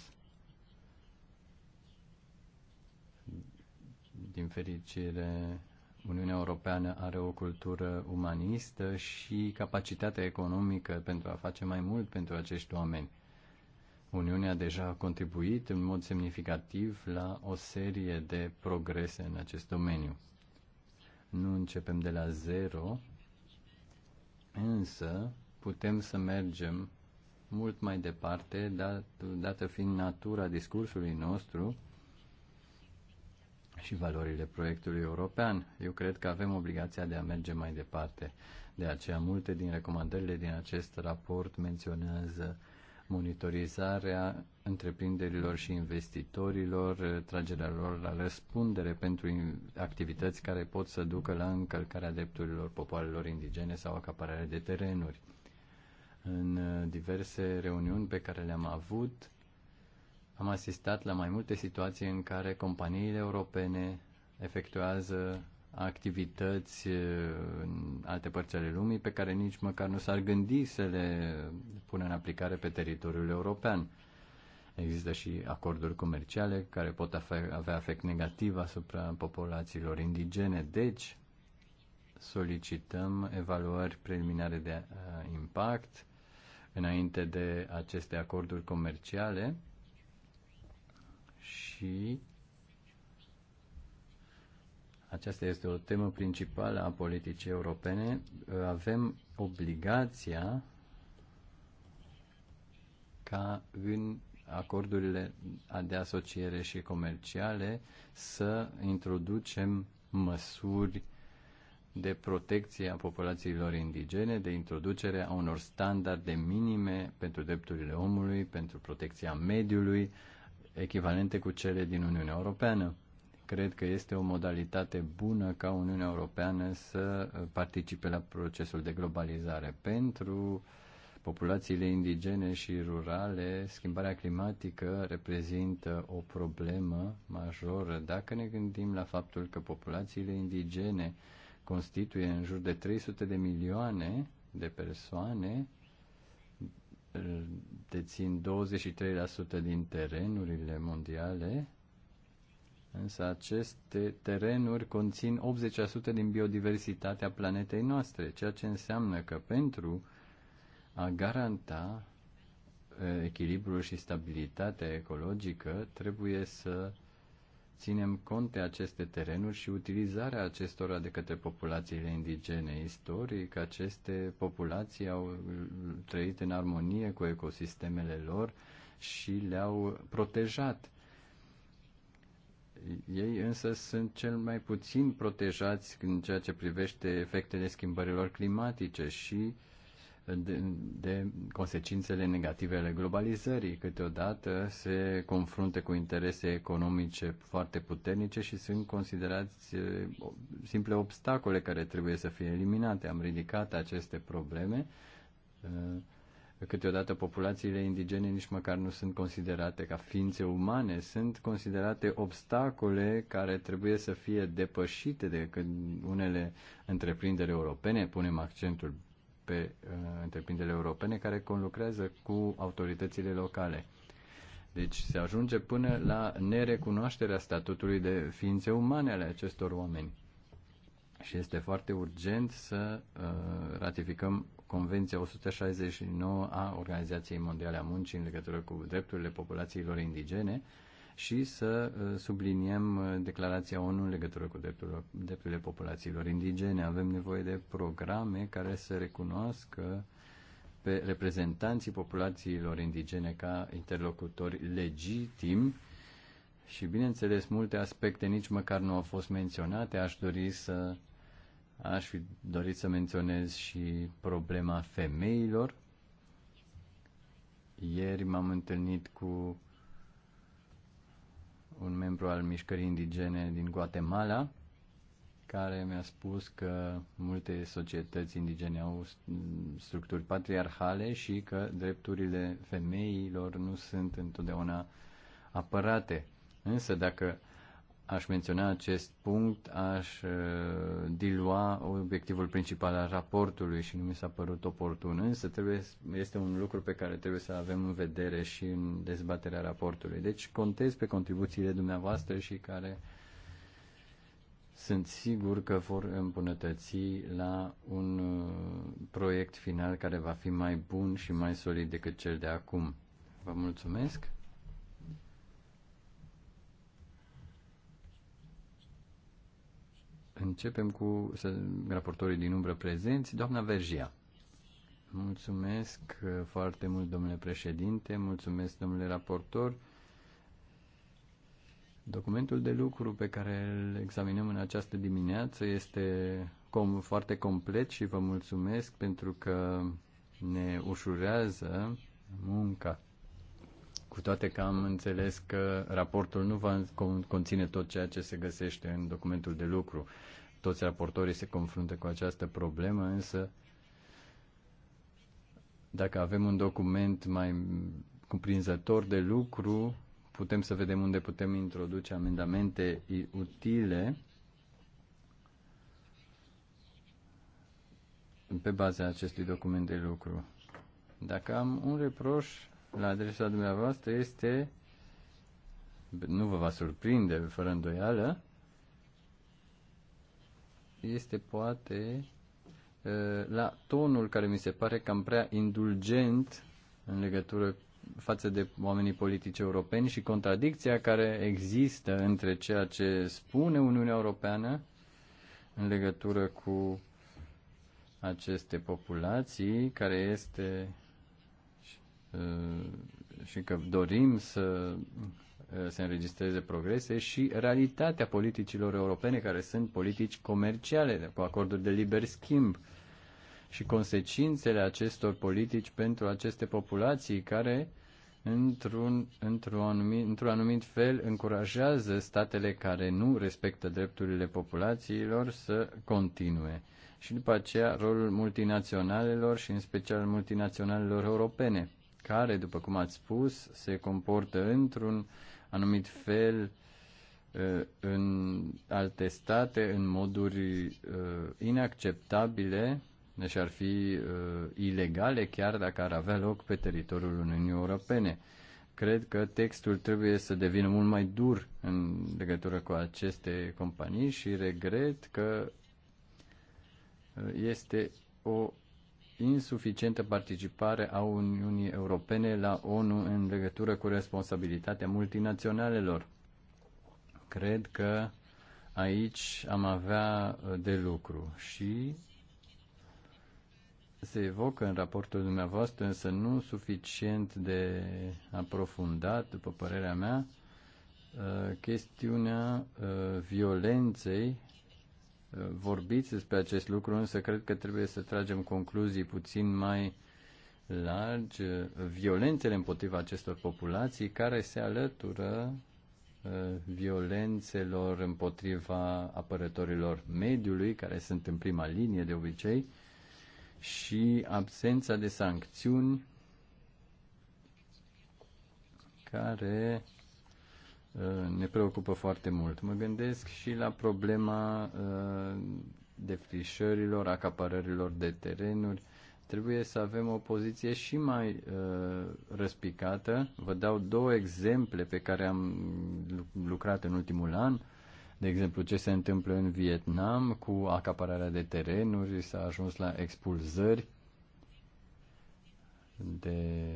Din fericire, Uniunea Europeană are o cultură umanistă și capacitatea economică pentru a face mai mult pentru acești oameni. Uniunea deja a contribuit în mod semnificativ la o serie de progrese în acest domeniu. Nu începem de la zero, însă putem să mergem mult mai departe, dat, dată fiind natura discursului nostru și valorile proiectului european. Eu cred că avem obligația de a merge mai departe. De aceea, multe din recomandările din acest raport menționează monitorizarea întreprinderilor și investitorilor, tragerea lor la răspundere pentru activități care pot să ducă la încălcarea drepturilor popoarelor indigene sau acapararea de terenuri. În uh, diverse reuniuni pe care le-am avut, am asistat la mai multe situații în care companiile europene efectuează activități eh, în alte părți ale lumii pe care nici măcar nu s-ar gândi să le pună în aplicare pe teritoriul european. Există și acorduri comerciale care pot avea efect negativ asupra populațiilor indigene. Deci, solicităm evaluări preliminare de eh, impact înainte de aceste acorduri comerciale și aceasta este o temă principală a politicii europene, avem obligația ca în acordurile de asociere și comerciale să introducem măsuri de protecție a populațiilor indigene, de introducere a unor standarde minime pentru drepturile omului, pentru protecția mediului, echivalente cu cele din Uniunea Europeană. Cred că este o modalitate bună ca Uniunea Europeană să participe la procesul de globalizare. Pentru populațiile indigene și rurale, schimbarea climatică reprezintă o problemă majoră. Dacă ne gândim la faptul că populațiile indigene constituie în jur de 300 de milioane de persoane, dețin 23% din terenurile mondiale, Însă aceste terenuri conțin 80% din biodiversitatea planetei noastre, ceea ce înseamnă că pentru a garanta echilibrul și stabilitatea ecologică, trebuie să ținem cont de aceste terenuri și utilizarea acestora de către populațiile indigene. Istoric, aceste populații au trăit în armonie cu ecosistemele lor și le-au protejat. Ei însă sunt cel mai puțin protejați în ceea ce privește efectele schimbărilor climatice și de, de consecințele negative ale globalizării. Câteodată se confruntă cu interese economice foarte puternice și sunt considerați simple obstacole care trebuie să fie eliminate. Am ridicat aceste probleme Câteodată populațiile indigene nici măcar nu sunt considerate ca ființe umane, sunt considerate obstacole care trebuie să fie depășite de când unele întreprinderi europene, punem accentul pe uh, întreprinderile europene care conlucrează cu autoritățile locale. Deci se ajunge până la nerecunoașterea statutului de ființe umane ale acestor oameni. Și este foarte urgent să uh, ratificăm Convenția 169 a Organizației Mondiale a Muncii în legătură cu drepturile populațiilor indigene și să uh, subliniem uh, declarația ONU în legătură cu drepturile, populațiilor indigene. Avem nevoie de programe care să recunoască pe reprezentanții populațiilor indigene ca interlocutori legitimi și, bineînțeles, multe aspecte nici măcar nu au fost menționate. Aș dori să Aș fi dorit să menționez și problema femeilor. Ieri m-am întâlnit cu un membru al mișcării indigene din Guatemala, care mi-a spus că multe societăți indigene au structuri patriarhale și că drepturile femeilor nu sunt întotdeauna apărate. Însă dacă aș menționa acest punct, aș uh, dilua obiectivul principal al raportului și nu mi s-a părut oportun, însă trebuie, este un lucru pe care trebuie să avem în vedere și în dezbaterea raportului. Deci contez pe contribuțiile dumneavoastră și care sunt sigur că vor îmbunătăți la un uh, proiect final care va fi mai bun și mai solid decât cel de acum. Vă mulțumesc! Începem cu să raportorii din umbră prezenți. Doamna Vergia. Mulțumesc uh, foarte mult, domnule președinte, mulțumesc, domnule raportor. Documentul de lucru pe care îl examinăm în această dimineață este com- foarte complet și vă mulțumesc pentru că ne ușurează munca cu toate că am înțeles că raportul nu va conține tot ceea ce se găsește în documentul de lucru. Toți raportorii se confruntă cu această problemă, însă dacă avem un document mai cuprinzător de lucru, putem să vedem unde putem introduce amendamente utile pe baza acestui document de lucru. Dacă am un reproș, la adresa dumneavoastră este, nu vă va surprinde fără îndoială, este poate uh, la tonul care mi se pare cam prea indulgent în legătură față de oamenii politici europeni și contradicția care există între ceea ce spune Uniunea Europeană în legătură cu aceste populații, care este Uh, și că dorim să uh, se înregistreze progrese și realitatea politicilor europene, care sunt politici comerciale, cu acorduri de liber schimb și consecințele acestor politici pentru aceste populații care, într-un, într-un anumit, într-un anumit fel, încurajează statele care nu respectă drepturile populațiilor să continue. Și după aceea rolul multinaționalelor și în special multinaționalelor europene care, după cum ați spus, se comportă într-un anumit fel uh, în alte state în moduri uh, inacceptabile, deci ar fi uh, ilegale chiar dacă ar avea loc pe teritoriul Uniunii Europene. Cred că textul trebuie să devină mult mai dur în legătură cu aceste companii și regret că este o insuficientă participare a Uniunii Europene la ONU în legătură cu responsabilitatea multinaționalelor. Cred că aici am avea uh, de lucru și se evocă în raportul dumneavoastră, însă nu suficient de aprofundat, după părerea mea, uh, chestiunea uh, violenței Uh, vorbiți despre acest lucru, însă cred că trebuie să tragem concluzii puțin mai largi. Uh, violențele împotriva acestor populații care se alătură uh, violențelor împotriva apărătorilor mediului, care sunt în prima linie de obicei, și absența de sancțiuni care ne preocupă foarte mult. Mă gândesc și la problema uh, defrișărilor, acaparărilor de terenuri. Trebuie să avem o poziție și mai uh, răspicată. Vă dau două exemple pe care am lucrat în ultimul an. De exemplu, ce se întâmplă în Vietnam cu acapararea de terenuri, s-a ajuns la expulzări de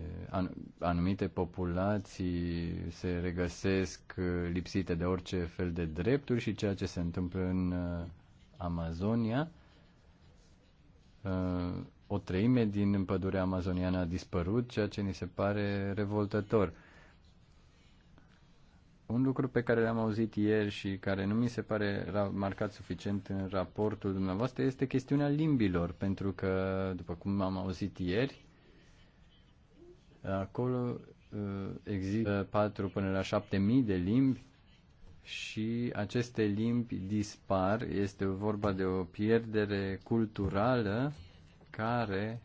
anumite populații se regăsesc uh, lipsite de orice fel de drepturi și ceea ce se întâmplă în uh, Amazonia. Uh, o treime din pădurea amazoniană a dispărut, ceea ce ni se pare revoltător. Un lucru pe care l-am auzit ieri și care nu mi se pare marcat suficient în raportul dumneavoastră este chestiunea limbilor, pentru că, după cum am auzit ieri, Acolo uh, există 4 până la 7 mii de limbi și aceste limbi dispar. Este vorba de o pierdere culturală care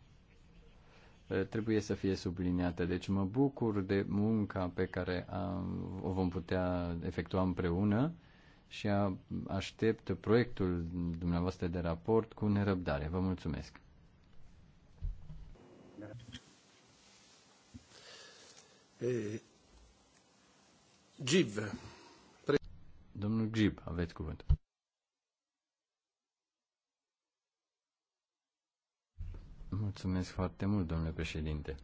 uh, trebuie să fie subliniată. Deci mă bucur de munca pe care am, o vom putea efectua împreună și a, aștept proiectul dumneavoastră de raport cu nerăbdare. Vă mulțumesc! Gib. Pre... Domnul Gib, aveți cuvânt. Mulțumesc foarte mult, domnule președinte.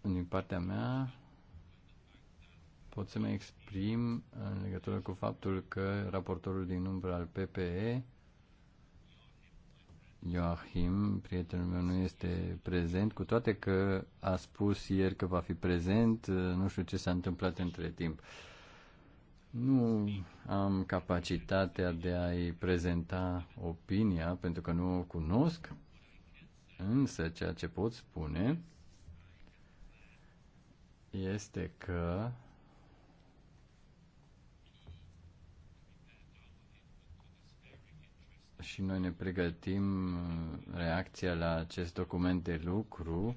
Din partea mea, pot să mă exprim în legătură cu faptul că raportorul din umbră al PPE Joachim, prietenul meu, nu este prezent, cu toate că a spus ieri că va fi prezent, uh, nu știu ce s-a întâmplat între timp. Nu am capacitatea de a-i prezenta opinia, pentru că nu o cunosc, însă ceea ce pot spune este că și noi ne pregătim uh, reacția la acest document de lucru.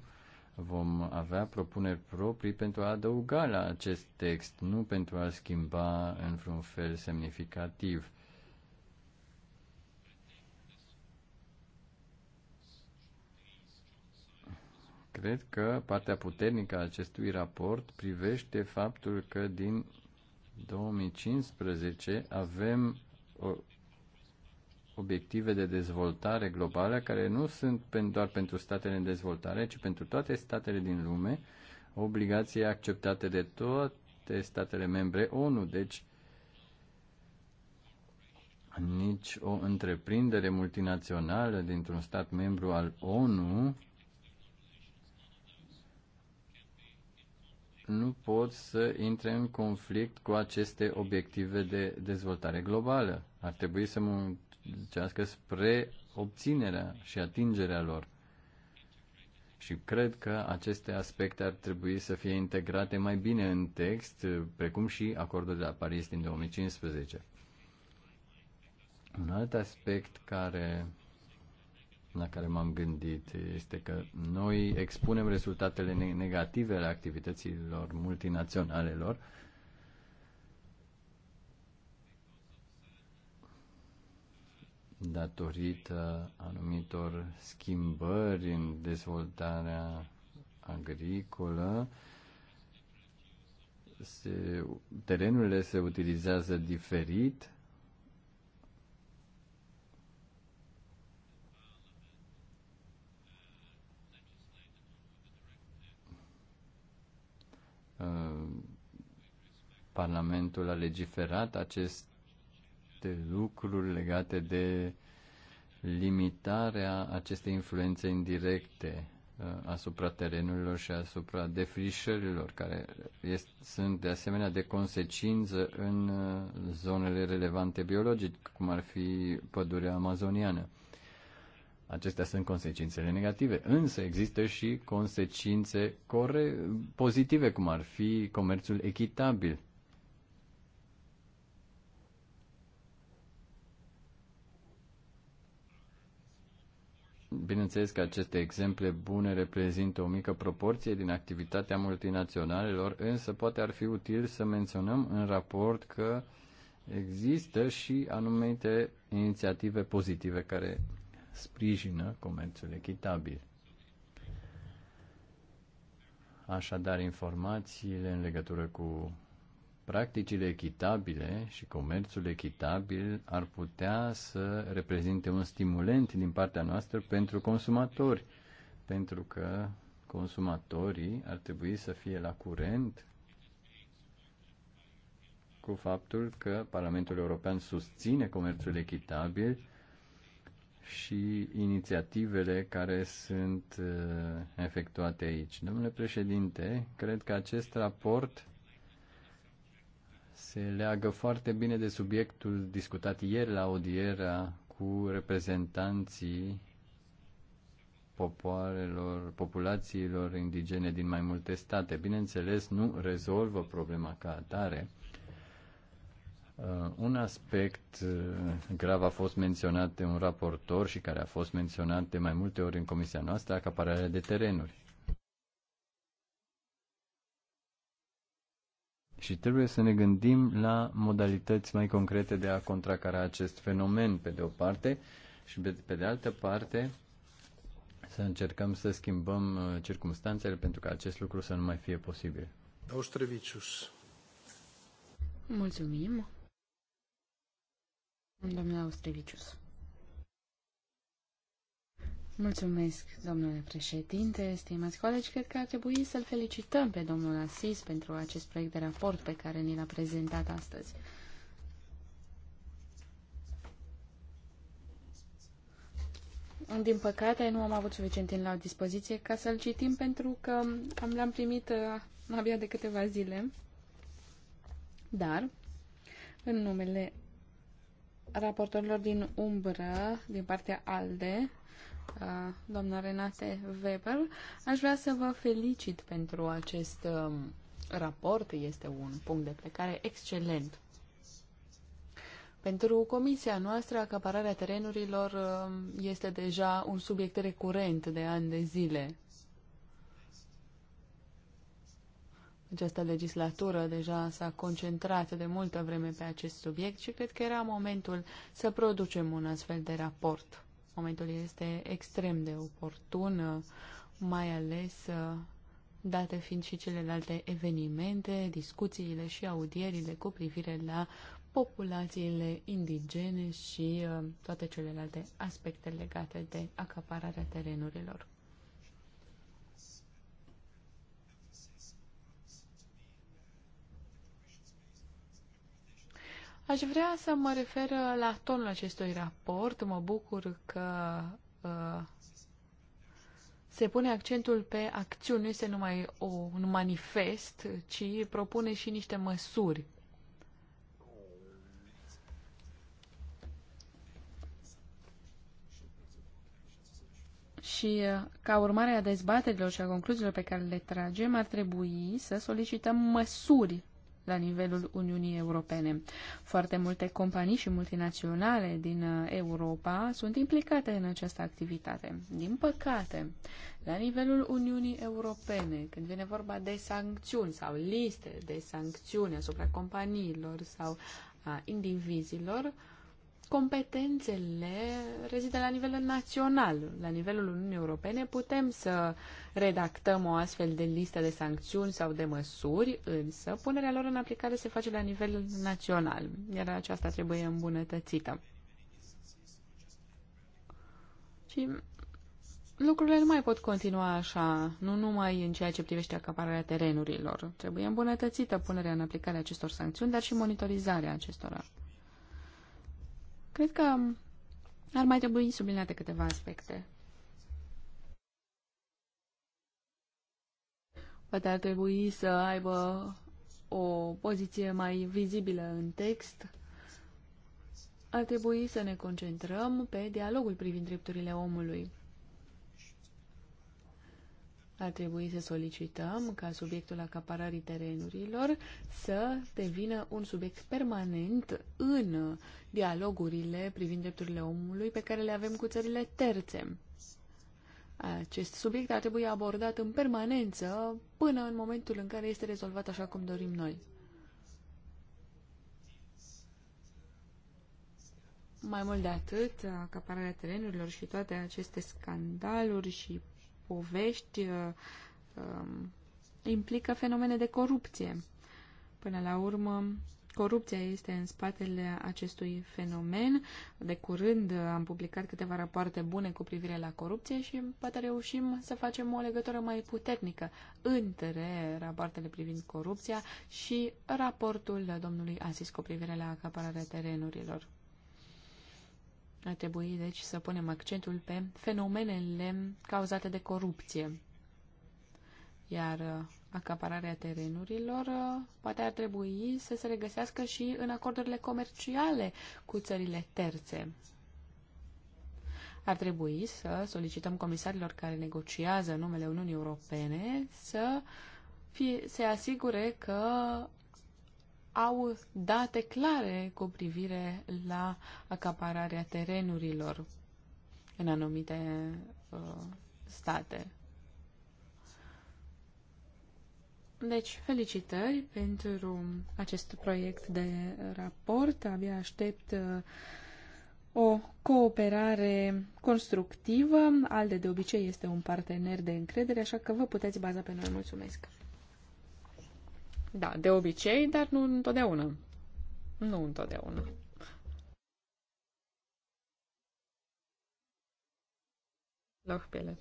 Vom avea propuneri proprii pentru a adăuga la acest text, nu pentru a schimba în vreun fel semnificativ. Cred că partea puternică a acestui raport privește faptul că din 2015 avem o obiective de dezvoltare globală care nu sunt doar pentru statele în dezvoltare, ci pentru toate statele din lume, obligații obligație acceptată de toate statele membre ONU. Deci, nici o întreprindere multinațională dintr-un stat membru al ONU nu pot să intre în conflict cu aceste obiective de dezvoltare globală. Ar trebui să zicească spre obținerea și atingerea lor. Și cred că aceste aspecte ar trebui să fie integrate mai bine în text, precum și acordul de la Paris din 2015. Un alt aspect care, la care m-am gândit este că noi expunem rezultatele negative ale activităților multinaționalelor datorită anumitor schimbări în dezvoltarea agricolă, se, terenurile se utilizează diferit. Uh, Parlamentul a legiferat acest alte lucruri legate de limitarea acestei influențe indirecte uh, asupra terenurilor și asupra defrișărilor, care sunt de asemenea de consecință în uh, zonele relevante biologic, cum ar fi pădurea amazoniană. Acestea sunt consecințele negative, însă există și consecințe core- pozitive, cum ar fi comerțul echitabil. Bineînțeles că aceste exemple bune reprezintă o mică proporție din activitatea multinaționalelor, însă poate ar fi util să menționăm în raport că există și anumite inițiative pozitive care sprijină comerțul echitabil. Așadar, informațiile în legătură cu practicile echitabile și comerțul echitabil ar putea să reprezinte un stimulent din partea noastră pentru consumatori, pentru că consumatorii ar trebui să fie la curent cu faptul că Parlamentul European susține comerțul echitabil și inițiativele care sunt uh, efectuate aici. Domnule președinte, cred că acest raport se leagă foarte bine de subiectul discutat ieri la audiera cu reprezentanții popoarelor, populațiilor indigene din mai multe state. Bineînțeles, nu rezolvă problema ca atare. Uh, un aspect uh, grav a fost menționat de un raportor și care a fost menționat de mai multe ori în comisia noastră, acapararea de terenuri. și trebuie să ne gândim la modalități mai concrete de a contracara acest fenomen, pe de o parte, și pe, de altă parte să încercăm să schimbăm uh, circumstanțele pentru ca acest lucru să nu mai fie posibil. Austrevicius. Mulțumim. Domnule Austrevicius. Mulțumesc, domnule președinte, stimați colegi. Cred că ar trebui să-l felicităm pe domnul Asis pentru acest proiect de raport pe care ni l-a prezentat astăzi. Din păcate, nu am avut suficient timp la dispoziție ca să-l citim pentru că am l-am primit uh, abia de câteva zile. Dar, în numele raportorilor din umbră, din partea ALDE, Uh, doamna Renate Weber. Aș vrea să vă felicit pentru acest um, raport. Este un punct de plecare excelent. Pentru comisia noastră, acapararea terenurilor um, este deja un subiect recurent de ani de zile. Această legislatură deja s-a concentrat de multă vreme pe acest subiect și cred că era momentul să producem un astfel de raport momentul este extrem de oportun, mai ales uh, date fiind și celelalte evenimente, discuțiile și audierile cu privire la populațiile indigene și uh, toate celelalte aspecte legate de acapararea terenurilor. Aș vrea să mă refer uh, la tonul acestui raport. Mă bucur că uh, se pune accentul pe acțiuni, nu este numai o, un manifest, ci propune și niște măsuri. Și uh, ca urmare a dezbaterilor și a concluziilor pe care le tragem, ar trebui să solicităm măsuri la nivelul Uniunii Europene. Foarte multe companii și multinaționale din uh, Europa sunt implicate în această activitate. Din păcate, la nivelul Uniunii Europene, când vine vorba de sancțiuni sau liste de sancțiuni asupra companiilor sau a indivizilor, uh, competențele rezidă la nivel național. La nivelul Uniunii Europene putem să redactăm o astfel de listă de sancțiuni sau de măsuri, însă punerea lor în aplicare se face la nivel național, iar aceasta trebuie îmbunătățită. Și lucrurile nu mai pot continua așa, nu numai în ceea ce privește acapararea terenurilor. Trebuie îmbunătățită punerea în aplicare acestor sancțiuni, dar și monitorizarea acestora. Cred că ar mai trebui subliniate câteva aspecte. Poate ar trebui să aibă o poziție mai vizibilă în text. Ar trebui să ne concentrăm pe dialogul privind drepturile omului ar trebui să solicităm ca subiectul acaparării terenurilor să devină un subiect permanent în dialogurile privind drepturile omului pe care le avem cu țările terțe. Acest subiect ar trebui abordat în permanență până în momentul în care este rezolvat așa cum dorim noi. Mai mult de atât, acapararea terenurilor și toate aceste scandaluri și povești uh, um, implică fenomene de corupție. Până la urmă, corupția este în spatele acestui fenomen. De curând am publicat câteva rapoarte bune cu privire la corupție și poate reușim să facem o legătură mai puternică între rapoartele privind corupția și raportul domnului Asis cu privire la acapararea terenurilor. Ar trebui, deci, să punem accentul pe fenomenele cauzate de corupție. Iar uh, acapararea terenurilor uh, poate ar trebui să se regăsească și în acordurile comerciale cu țările terțe. Ar trebui să solicităm comisarilor care negociază numele Uniunii Europene să fie, se asigure că au date clare cu privire la acapararea terenurilor în anumite uh, state. Deci, felicitări pentru acest proiect de raport. Abia aștept uh, o cooperare constructivă. ALDE de obicei este un partener de încredere, așa că vă puteți baza pe noi. Mulțumesc! Da, de obicei, dar nu întotdeauna. Nu întotdeauna. Lohpele.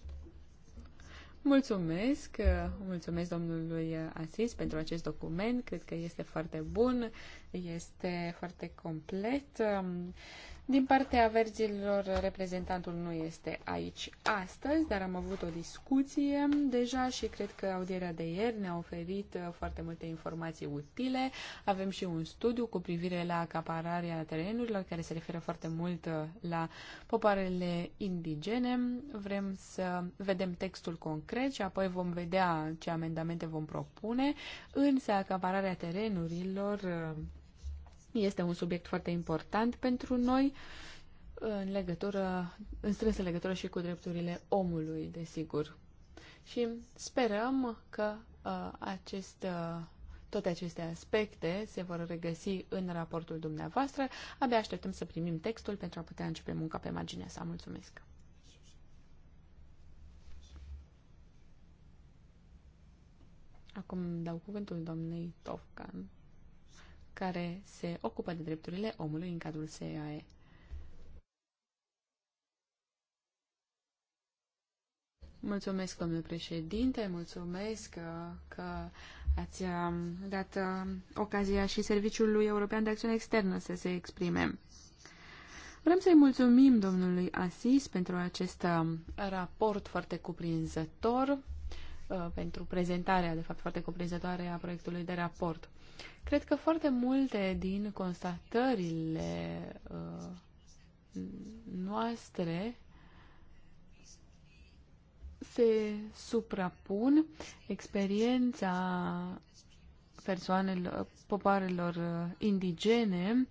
Mulțumesc, mulțumesc domnului Asis pentru acest document, cred că este foarte bun, este foarte complet din partea verzilor, reprezentantul nu este aici astăzi, dar am avut o discuție deja și cred că audierea de ieri ne-a oferit uh, foarte multe informații utile. Avem și un studiu cu privire la acapararea terenurilor care se referă foarte mult uh, la popoarele indigene. Vrem să vedem textul concret și apoi vom vedea ce amendamente vom propune, însă acapararea terenurilor uh, este un subiect foarte important pentru noi, în, legătură, în strânsă legătură și cu drepturile omului, desigur. Și sperăm că uh, acest uh, toate aceste aspecte se vor regăsi în raportul dumneavoastră. Abia așteptăm să primim textul pentru a putea începe munca pe marginea sa. Mulțumesc! Acum dau cuvântul doamnei Tovcan care se ocupă de drepturile omului în cadrul SEAE. Mulțumesc, domnule președinte, mulțumesc că ați um, dat um, ocazia și Serviciului European de Acțiune Externă să se exprime. Vrem să-i mulțumim domnului Asis pentru acest um, raport foarte cuprinzător, uh, pentru prezentarea, de fapt, foarte cuprinzătoare a proiectului de raport. Cred că foarte multe din constatările uh, noastre se suprapun experiența persoanelor, popoarelor uh, indigene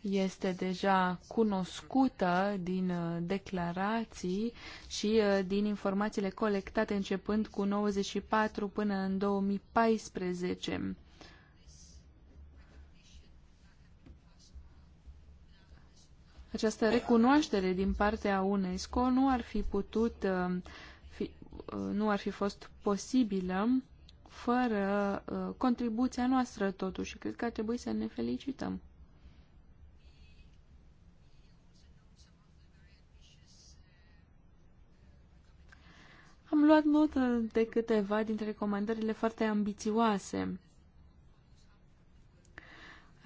este deja cunoscută din uh, declarații și din informațiile colectate începând cu 94 până în 2014. această recunoaștere din partea UNESCO nu ar fi putut uh, fi, uh, nu ar fi fost posibilă fără uh, contribuția noastră totuși cred că ar trebui să ne felicităm. Am luat notă de câteva dintre recomandările foarte ambițioase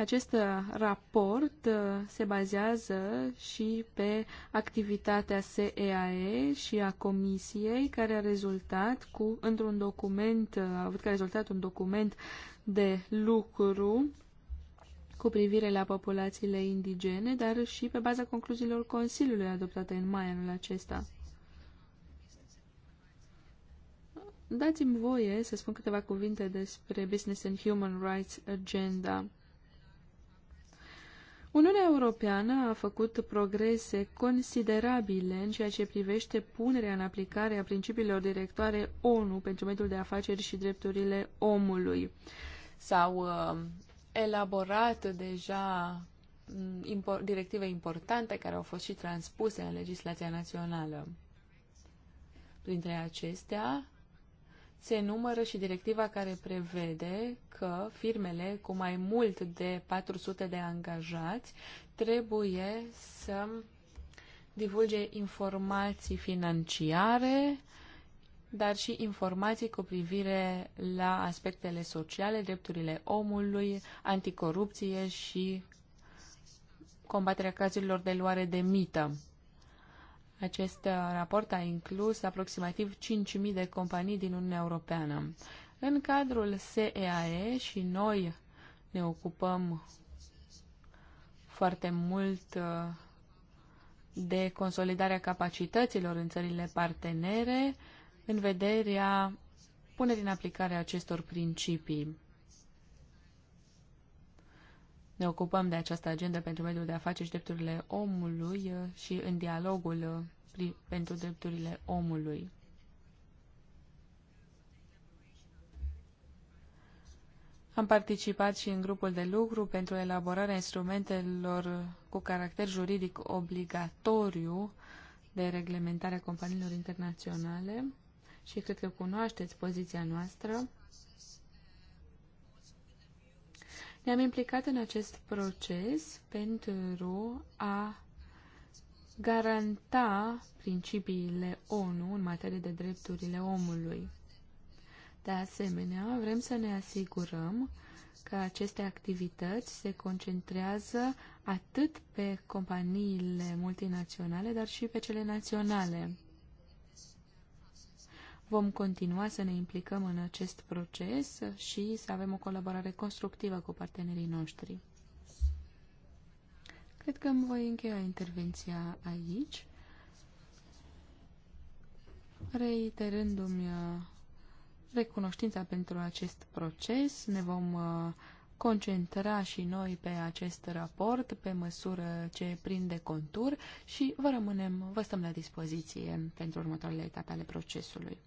acest uh, raport uh, se bazează și pe activitatea SEAE și a Comisiei, care a rezultat cu, într-un document, uh, a avut ca rezultat un document de lucru cu privire la populațiile indigene, dar și pe baza concluziilor Consiliului adoptate în mai anul acesta. Dați-mi voie să spun câteva cuvinte despre Business and Human Rights Agenda. Uniunea Europeană a făcut progrese considerabile în ceea ce privește punerea în aplicare a principiilor directoare ONU pentru mediul de afaceri și drepturile omului. S-au uh, elaborat deja mm, impor directive importante care au fost și transpuse în legislația națională. Printre acestea, se numără și directiva care prevede că firmele cu mai mult de 400 de angajați trebuie să divulge informații financiare, dar și informații cu privire la aspectele sociale, drepturile omului, anticorupție și combaterea cazurilor de luare de mită. Acest uh, raport a inclus aproximativ 5.000 de companii din Uniunea Europeană. În cadrul SEAE și noi ne ocupăm foarte mult uh, de consolidarea capacităților în țările partenere în vederea punerii în aplicare a acestor principii ne ocupăm de această agendă pentru mediul de afaceri și drepturile omului uh, și în dialogul uh, pentru drepturile omului. Am participat și în grupul de lucru pentru elaborarea instrumentelor uh, cu caracter juridic obligatoriu de reglementare a companiilor internaționale și cred că cunoașteți poziția noastră. Ne-am implicat în acest proces pentru a garanta principiile ONU în materie de drepturile omului. De asemenea, vrem să ne asigurăm că aceste activități se concentrează atât pe companiile multinaționale, dar și pe cele naționale. Vom continua să ne implicăm în acest proces și să avem o colaborare constructivă cu partenerii noștri. Cred că îmi voi încheia intervenția aici, reiterându-mi uh, recunoștința pentru acest proces. Ne vom uh, concentra și noi pe acest raport pe măsură ce prinde contur și vă rămânem, vă stăm la dispoziție pentru următoarele etape ale procesului.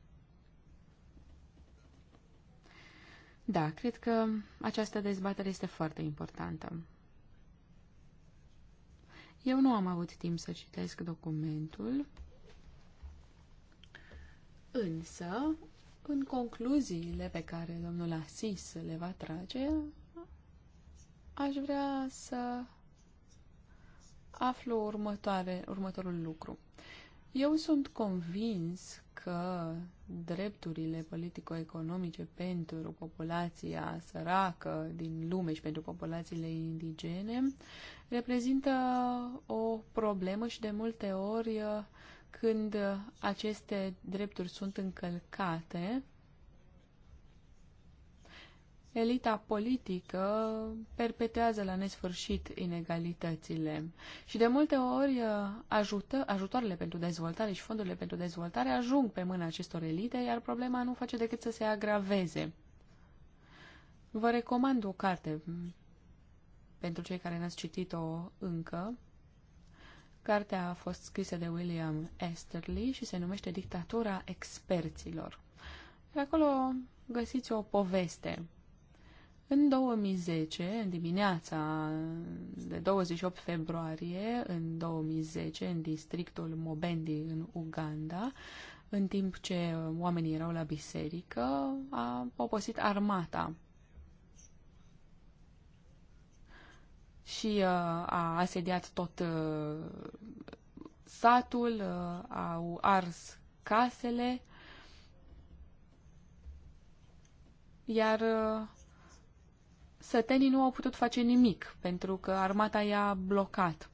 Da, cred că această dezbatere este foarte importantă. Eu nu am avut timp să citesc documentul, însă, în concluziile pe care domnul Asis le va trage, aș vrea să aflu următoare, următorul lucru. Eu sunt convins că drepturile politico-economice pentru populația săracă din lume și pentru populațiile indigene reprezintă o problemă și de multe ori uh, când aceste drepturi sunt încălcate, elita politică perpetuează la nesfârșit inegalitățile și de multe ori uh, ajută, ajutoarele pentru dezvoltare și fondurile pentru dezvoltare ajung pe mâna acestor elite, iar problema nu face decât să se agraveze. Vă recomand o carte pentru cei care n-ați citit-o încă. Cartea a fost scrisă de William Esterly și se numește Dictatura experților. Acolo găsiți o poveste în 2010, în dimineața de 28 februarie, în 2010, în districtul Mobendi, în Uganda, în timp ce oamenii erau la biserică, a poposit armata și uh, a asediat tot uh, satul, uh, au ars casele, iar sătenii nu au putut face nimic pentru că armata i-a blocat.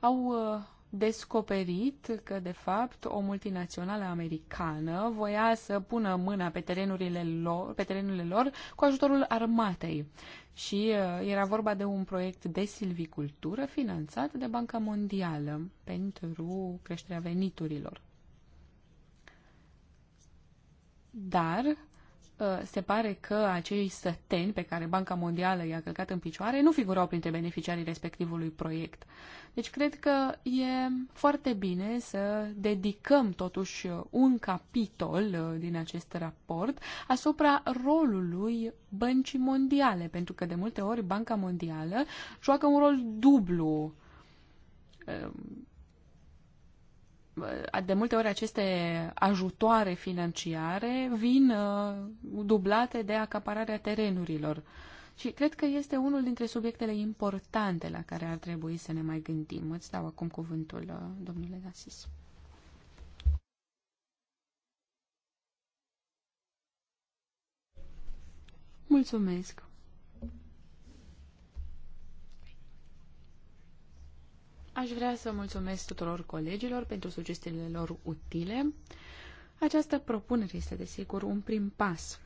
Au uh, descoperit că, de fapt, o multinațională americană voia să pună mâna pe terenurile lor, pe terenurile lor cu ajutorul armatei. Și uh, era vorba de un proiect de silvicultură finanțat de Banca Mondială pentru creșterea veniturilor. Dar Uh, se pare că acei săteni pe care Banca Mondială i-a călcat în picioare nu figurau printre beneficiarii respectivului proiect. Deci cred că e foarte bine să dedicăm totuși un capitol uh, din acest raport asupra rolului băncii mondiale, pentru că de multe ori Banca Mondială joacă un rol dublu uh, de multe ori aceste ajutoare financiare vin uh, dublate de acapararea terenurilor. Și cred că este unul dintre subiectele importante la care ar trebui să ne mai gândim. Îți dau acum cuvântul, uh, domnule Nasis. Mulțumesc. Aș vrea să mulțumesc tuturor colegilor pentru sugestiile lor utile. Această propunere este, desigur, un prim pas.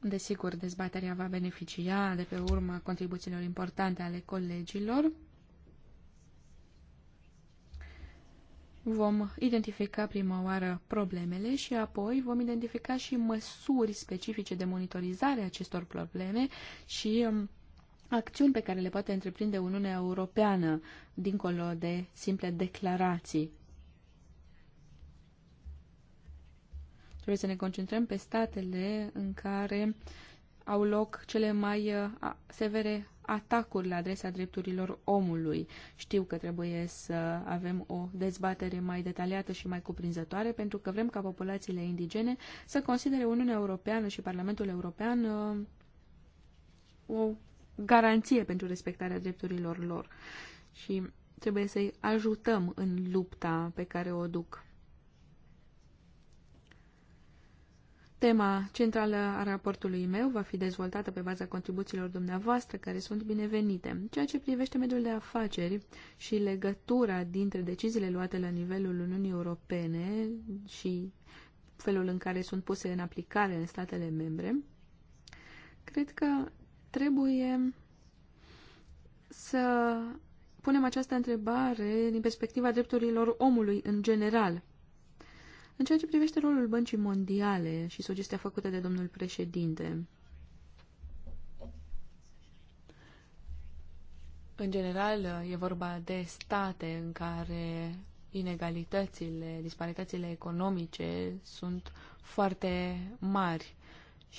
Desigur, dezbaterea va beneficia de pe urma contribuțiilor importante ale colegilor. Vom identifica prima oară problemele și apoi vom identifica și măsuri specifice de monitorizare acestor probleme și um, acțiuni pe care le poate întreprinde Uniunea Europeană, dincolo de simple declarații. Trebuie să ne concentrăm pe statele în care au loc cele mai uh, severe atacuri la adresa drepturilor omului. Știu că trebuie să avem o dezbatere mai detaliată și mai cuprinzătoare, pentru că vrem ca populațiile indigene să considere Uniunea Europeană și Parlamentul European uh, o garanție pentru respectarea drepturilor lor și trebuie să-i ajutăm în lupta pe care o duc. Tema centrală a raportului meu va fi dezvoltată pe baza contribuțiilor dumneavoastră, care sunt binevenite. Ceea ce privește mediul de afaceri și legătura dintre deciziile luate la nivelul Uniunii Europene și felul în care sunt puse în aplicare în statele membre, cred că Trebuie să punem această întrebare din perspectiva drepturilor omului în general. În ceea ce privește rolul băncii mondiale și sugestia făcută de domnul președinte, în general e vorba de state în care inegalitățile, disparitățile economice sunt foarte mari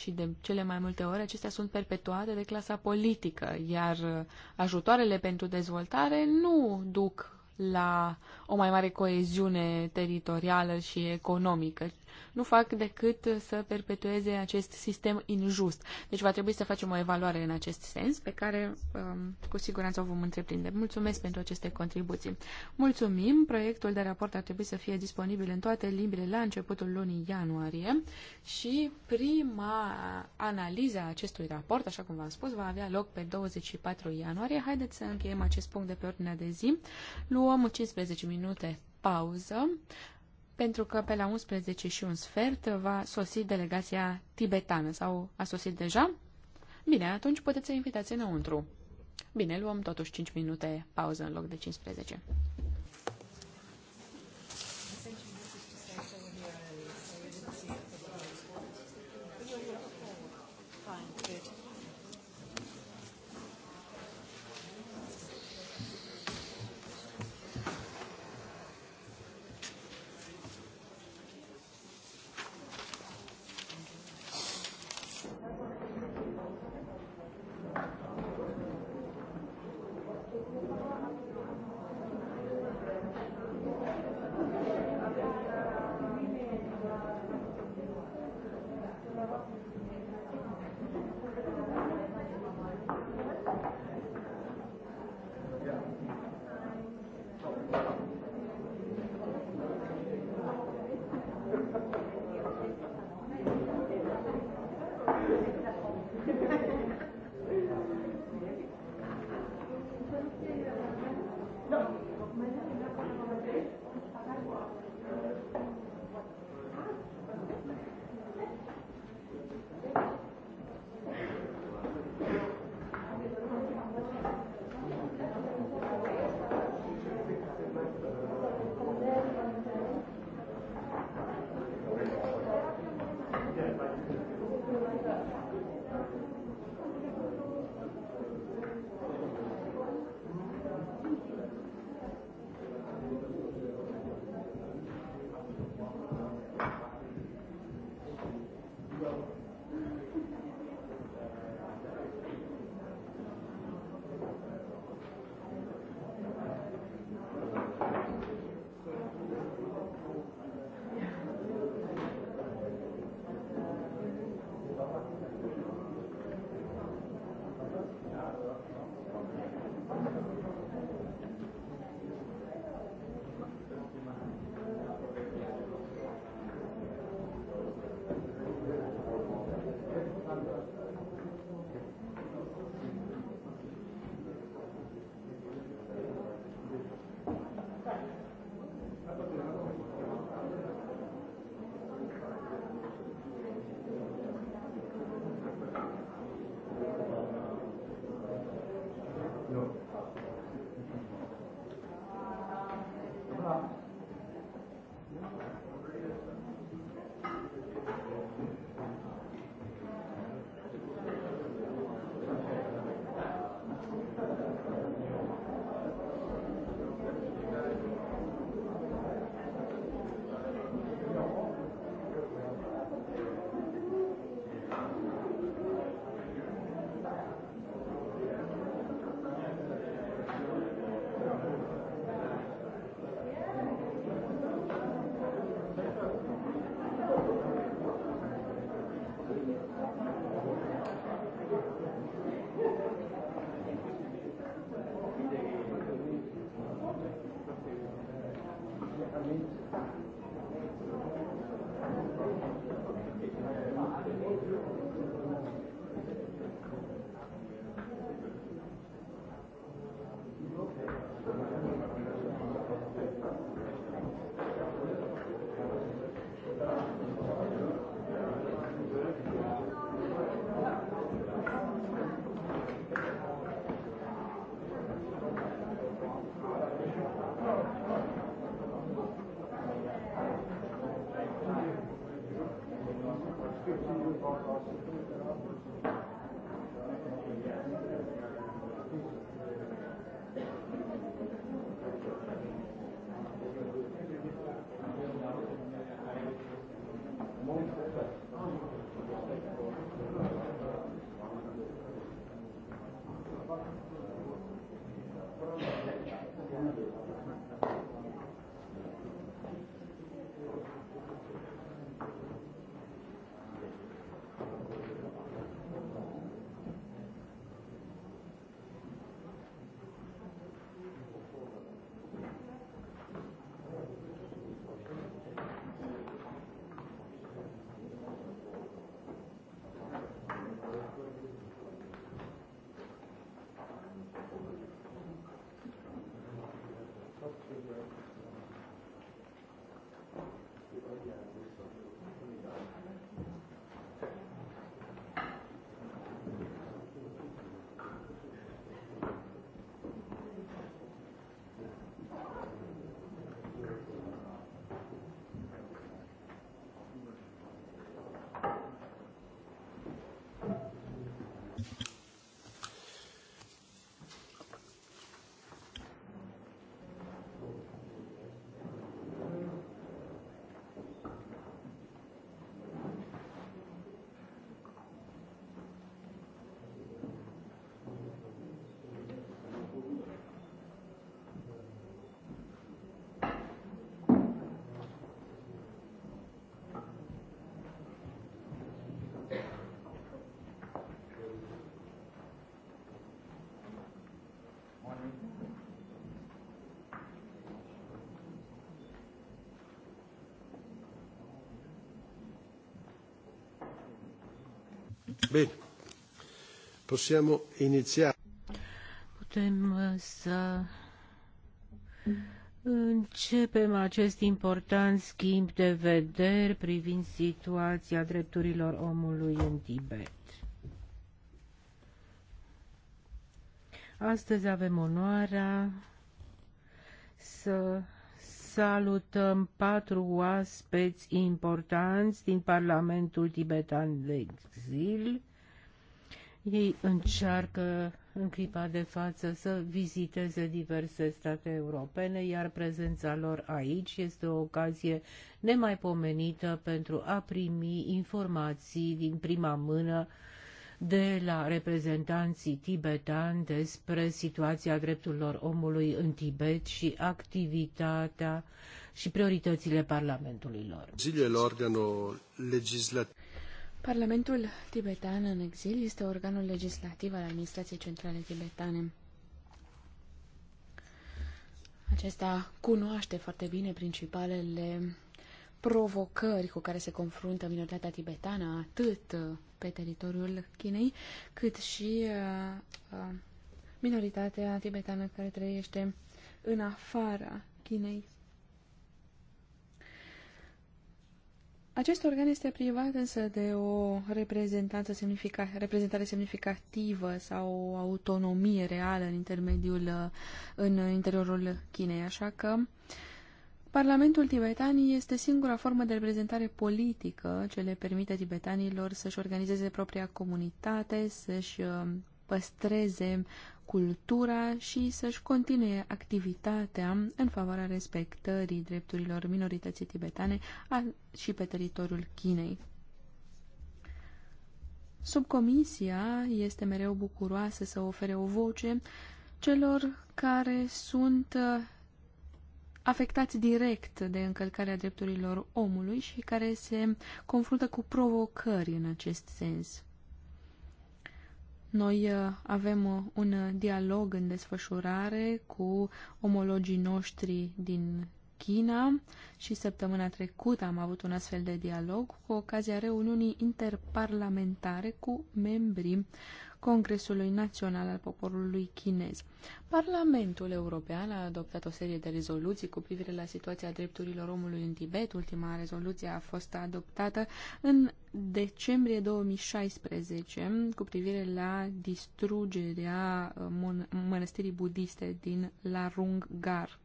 și de cele mai multe ori acestea sunt perpetuate de clasa politică, iar uh, ajutoarele pentru dezvoltare nu duc la o mai mare coeziune teritorială și economică, nu fac decât să perpetueze acest sistem injust. Deci va trebui să facem o evaluare în acest sens, pe care um, cu siguranță o vom întreprinde. Mulțumesc pentru aceste contribuții. Mulțumim! Proiectul de raport ar trebui să fie disponibil în toate limbile la începutul lunii ianuarie și prima analiză a acestui raport, așa cum v-am spus, va avea loc pe 24 ianuarie. Haideți să încheiem acest punct de pe ordinea de zi. Luăm 15 minute pauză pentru că pe la 11 și un sfert va sosi delegația tibetană sau a sosit deja? Bine, atunci puteți să invitați înăuntru. Bine, luăm totuși 5 minute pauză în loc de 15. Bine. Possiamo iniziare. Putem uh, să începem acest important schimb de vederi privind situația drepturilor omului în Tibet. Astăzi avem onoarea să salutăm patru oaspeți importanți din Parlamentul Tibetan de Exil. Ei încearcă în clipa de față să viziteze diverse state europene, iar prezența lor aici este o ocazie nemaipomenită pentru a primi informații din prima mână uh, de la reprezentanții tibetani despre situația drepturilor omului în Tibet și activitatea și prioritățile Parlamentului lor. Zilele organul legislativ. Parlamentul tibetan în exil este organul legislativ al administrației centrale tibetane. Acesta cunoaște foarte bine principalele provocări cu care se confruntă minoritatea tibetană, atât uh, pe teritoriul Chinei, cât și uh, uh, minoritatea tibetană care trăiește în afara Chinei. Acest organ este privat însă de o reprezentanță semnifica reprezentare semnificativă sau o autonomie reală în intermediul, în interiorul Chinei, așa că Parlamentul tibetan este singura formă de reprezentare politică ce le permite tibetanilor să-și organizeze propria comunitate, să-și uh, păstreze cultura și să-și continue activitatea în favoarea respectării drepturilor minorității tibetane și pe teritoriul Chinei. Subcomisia este mereu bucuroasă să ofere o voce celor care sunt uh, afectați direct de încălcarea drepturilor omului și care se confruntă cu provocări în acest sens. Noi uh, avem uh, un dialog în desfășurare cu omologii noștri din China și săptămâna trecută am avut un astfel de dialog cu ocazia reuniunii interparlamentare cu membrii Congresului Național al Poporului Chinez. Parlamentul European a adoptat o serie de rezoluții cu privire la situația drepturilor omului în Tibet. Ultima rezoluție a fost adoptată în decembrie 2016 cu privire la distrugerea uh, mănăstirii budiste din Larung Gar.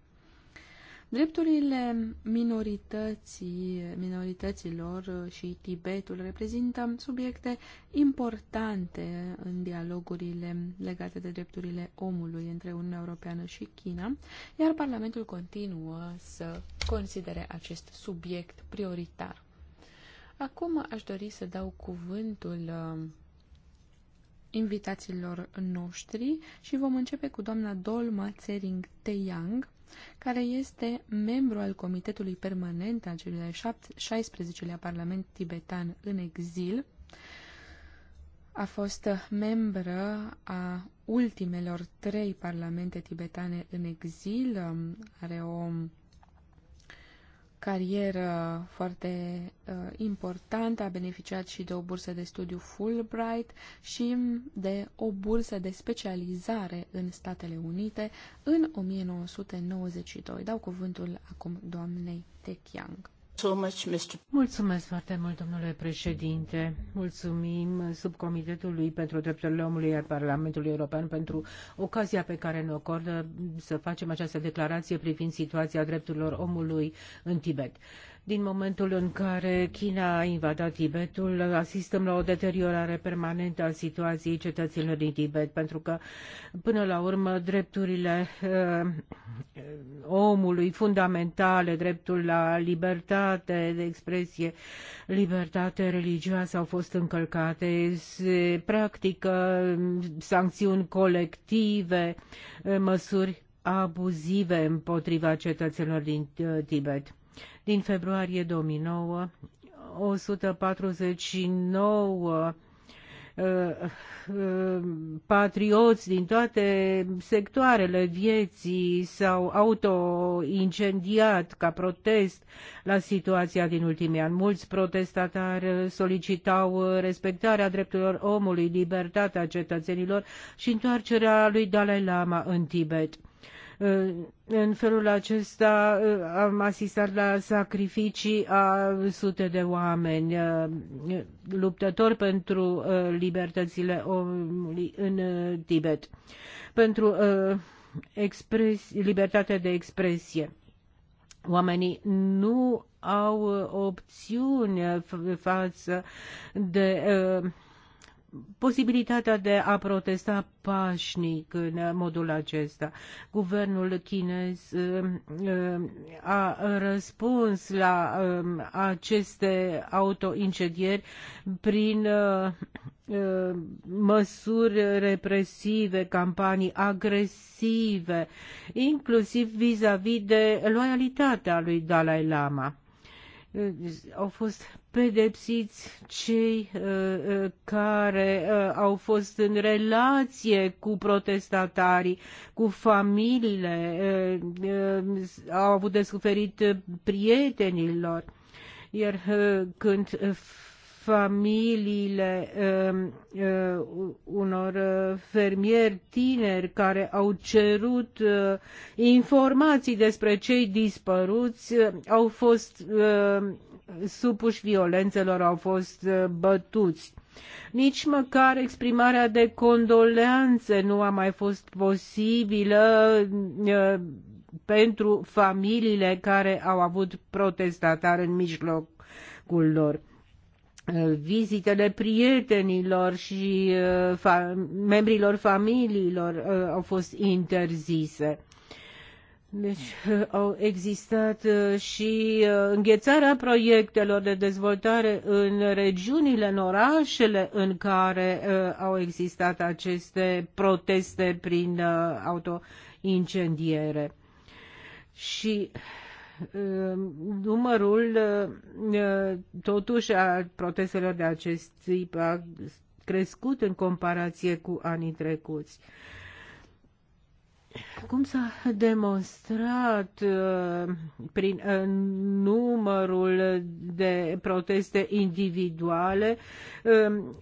Drepturile minorității, minorităților și Tibetul reprezintă subiecte importante în dialogurile legate de drepturile omului între Uniunea Europeană și China, iar Parlamentul continuă să considere acest subiect prioritar. Acum aș dori să dau cuvântul uh, invitațiilor noștri și vom începe cu doamna Dolma Tsering Teyang, care este membru al Comitetului Permanent al celui de-al 16-lea Parlament Tibetan în exil, a fost membră a ultimelor trei parlamente tibetane în exil, are o carieră foarte uh, importantă, a beneficiat și de o bursă de studiu Fulbright și de o bursă de specializare în Statele Unite în 1992. Dau cuvântul acum doamnei Young. Mulțumesc foarte mult, domnule președinte. Mulțumim subcomitetului pentru drepturile omului al Parlamentului European pentru ocazia pe care ne acordă să facem această declarație privind situația drepturilor omului în Tibet. Din momentul în care China a invadat Tibetul, asistăm la o deteriorare permanentă a situației cetățenilor din Tibet, pentru că, până la urmă, drepturile uh, omului fundamentale, dreptul la libertate de expresie, libertate religioasă au fost încălcate. Se practică um, sancțiuni colective, uh, măsuri abuzive împotriva cetățenilor din uh, Tibet din februarie 2009, 149 uh, uh, patrioți din toate sectoarele vieții s-au autoincendiat ca protest la situația din ultimii ani. Mulți protestatari solicitau respectarea drepturilor omului, libertatea cetățenilor și întoarcerea lui Dalai Lama în Tibet. În felul acesta uh, am asistat la sacrificii a sute de oameni, uh, luptători pentru uh, libertățile omului în Tibet, pentru expres, libertatea de expresie. Oamenii nu au opțiune față de uh, posibilitatea de a protesta pașnic în modul acesta. Guvernul chinez um, um, a răspuns la um, aceste autoincedieri prin uh, uh, măsuri represive, campanii agresive, inclusiv vis-a-vis -vis de loialitatea lui Dalai Lama au fost pedepsiți cei uh, uh, care uh, au fost în relație cu protestatarii, cu familiile, au avut de suferit prietenilor. Iar când familiile um, uh, unor uh, fermieri tineri care au cerut uh, informații despre cei dispăruți, au fost supuși violențelor, au fost bătuți. Nici măcar exprimarea de condoleanțe nu a mai fost posibilă pentru familiile care au avut protestatari în mijlocul lor vizitele prietenilor și uh, fa- membrilor familiilor uh, au fost interzise. Deci uh, au existat și înghețarea proiectelor de dezvoltare în regiunile, în orașele în care au existat aceste proteste prin autoincendiere. Și Ehm, numărul ehm, totuși a protestelor de acest tip a crescut în comparație cu anii trecuți. Cum s-a demonstrat ehm, prin numărul de proteste individuale,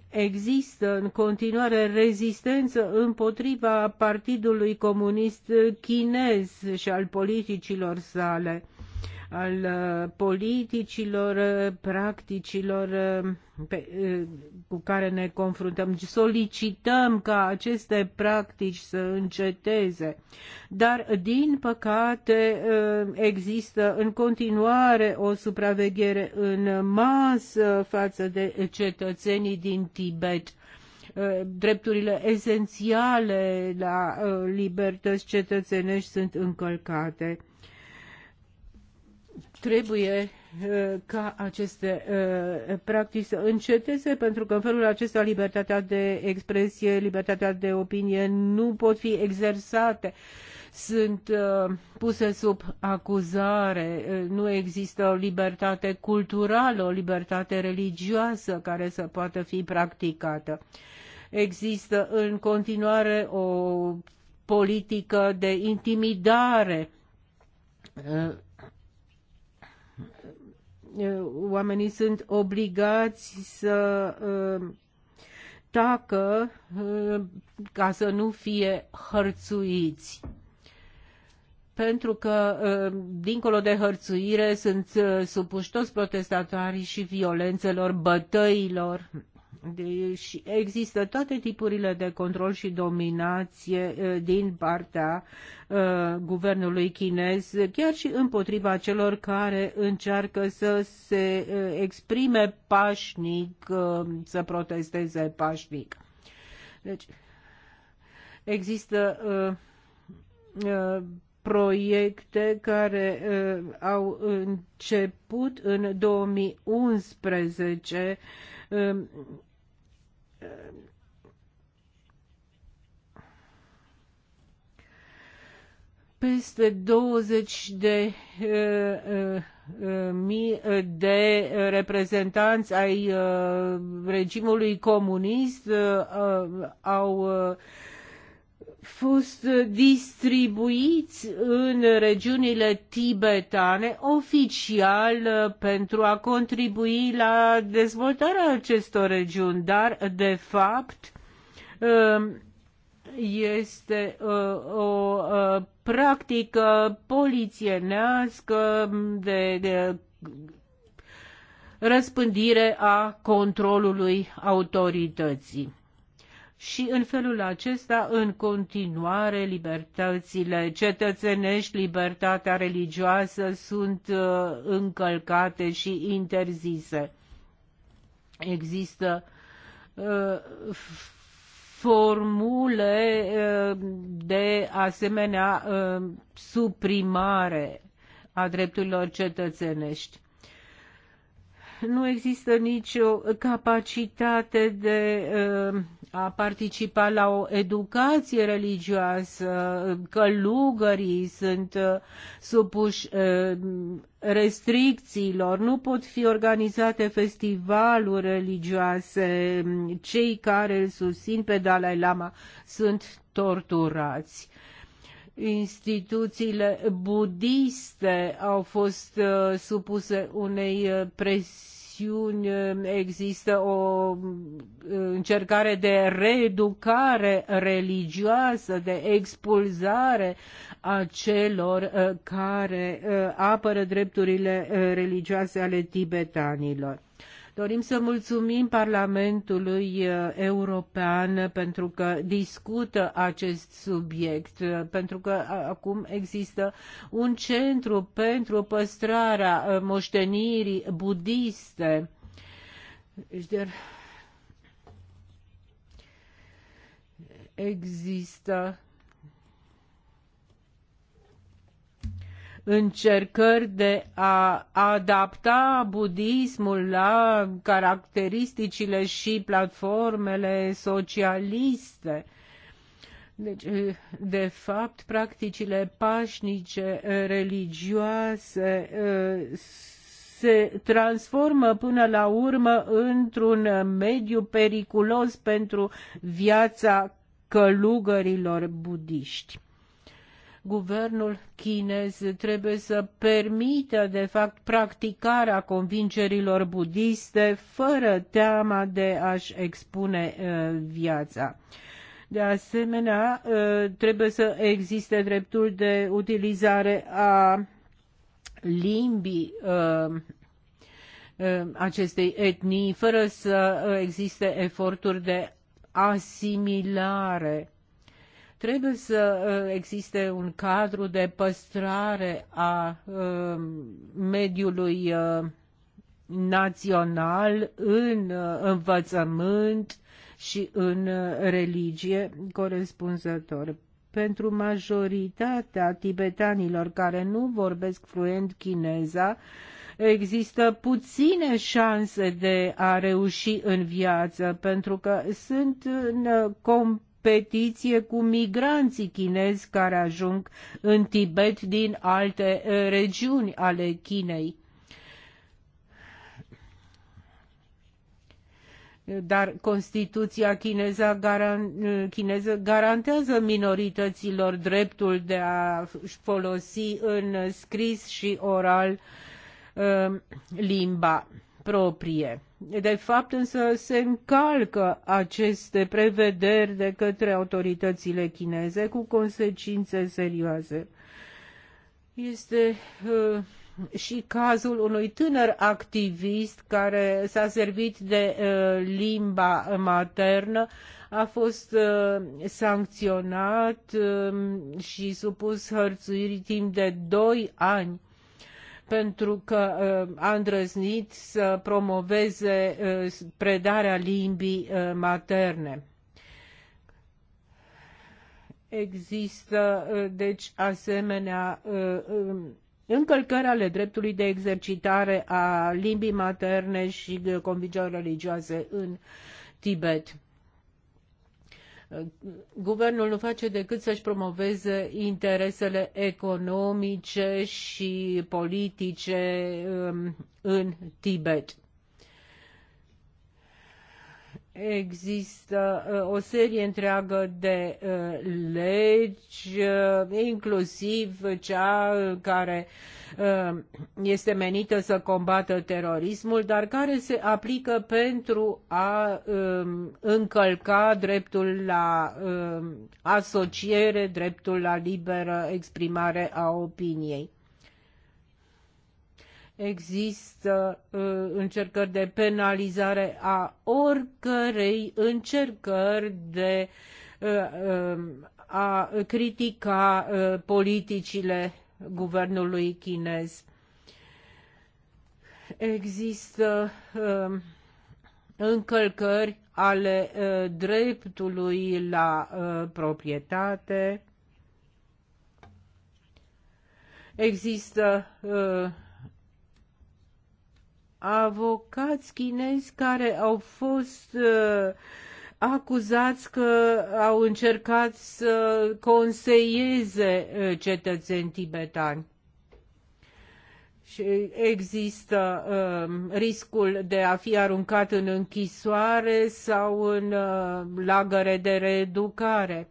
există în continuare rezistență împotriva Partidului Comunist Chinez și al politicilor sale al uh, politicilor, uh, practicilor uh, pe, cu care ne confruntăm. Solicităm ca aceste practici să înceteze, dar din păcate există în continuare o supraveghere în masă față de cetățenii din Tibet drepturile esențiale la libertăți cetățenești sunt încălcate trebuie uh, ca aceste uh, practici să înceteze, pentru că în felul acesta libertatea de expresie, libertatea de opinie nu pot fi exersate, sunt uh, puse sub acuzare, nu există o libertate culturală, o libertate religioasă care să poată fi practicată. Există în continuare o politică de intimidare Uh, oamenii sunt obligați să uh, tacă uh, ca să nu fie hărțuiți pentru că, dincolo de hărțuire, sunt supuși toți protestatarii și violențelor, bătăilor deci există toate tipurile de control și dominație uh, din partea uh, guvernului chinez, chiar și împotriva celor care încearcă să se uh, exprime pașnic, să protesteze pașnic. Deci există proiecte care uh, au început în 2011 uh, peste 20 de eh, eh, eh, mii de reprezentanți ai regimului comunist au fost distribuiți în regiunile tibetane oficial uh, pentru a contribui la dezvoltarea acestor regiuni, dar de fapt uh, este uh, o practică polițienească de, de răspândire a controlului autorității și în felul acesta, în continuare, libertățile cetățenești, libertatea religioasă sunt uh, încălcate și interzise. Există uh, formule uh, de asemenea suprimare a drepturilor cetățenești nu există nicio capacitate de uh, a participa la o educație religioasă, călugării sunt uh, supuși uh, restricțiilor, nu pot fi organizate festivaluri religioase, cei care îl susțin pe Dalai Lama sunt torturați instituțiile budiste au fost uh, supuse unei uh, presiuni, uh, există o încercare de reeducare religioasă, de expulzare a celor care apără drepturile religioase ale tibetanilor. Dorim să mulțumim Parlamentului uh, European pentru că discută acest subiect, uh, pentru că acum există un centru pentru păstrarea uh, moștenirii budiste. Deci, există încercări de a adapta budismul la caracteristicile și platformele socialiste. Deci, de fapt, practicile pașnice eh, religioase eh, se transformă până la urmă într-un eh, mediu periculos pentru viața călugărilor budiști guvernul chinez trebuie să permită, de fapt, practicarea convingerilor budiste fără teama de a-și expune uh, viața. De asemenea, uh, trebuie să existe dreptul de utilizare a limbii uh, uh acestei etnii, fără să uh, existe eforturi de asimilare Trebuie să uh, existe un cadru de păstrare a um, mediului uh, național în uh, învățământ și în religie corespunzător. Pentru majoritatea tibetanilor care nu vorbesc fluent chineza, există puține șanse de a reuși în viață, pentru că sunt în competiție cu migranții chinezi care ajung în Tibet din alte regiuni ale Chinei. dar Constituția chineză, garan, chineză garantează minorităților dreptul de a folosi în scris și oral limba proprie. De fapt, însă, se încalcă aceste prevederi de către autoritățile chineze cu consecințe serioase. Este uh, și cazul unui tânăr activist care s-a servit de uh, limba maternă, a fost uh, sancționat uh, și supus hărțuirii timp de 2 ani pentru că uh, a îndrăznit să promoveze uh, predarea limbii uh, materne. Există, deci, asemenea um, încălcări ale dreptului de exercitare a limbii materne și convingeri religioase în Tibet. Uh, guvernul nu face decât să-și promoveze interesele economice și politice um, în Tibet există uh, o serie întreagă de uh, legi, uh, inclusiv cea care este menită să combată terorismul, dar care se aplică pentru a um, încălca dreptul la um, asociere, dreptul la liberă exprimare a opiniei există uh, încercări de penalizare a oricărei încercări de uh, uh, a critica uh, politicile guvernului chinez. Există uh, încălcări ale uh, dreptului la uh, proprietate. Există uh, avocați chinezi care au fost uh, acuzați că au încercat să conseieze uh, cetățeni tibetani. Și există uh, riscul de a fi aruncat în închisoare sau în uh, lagăre de reeducare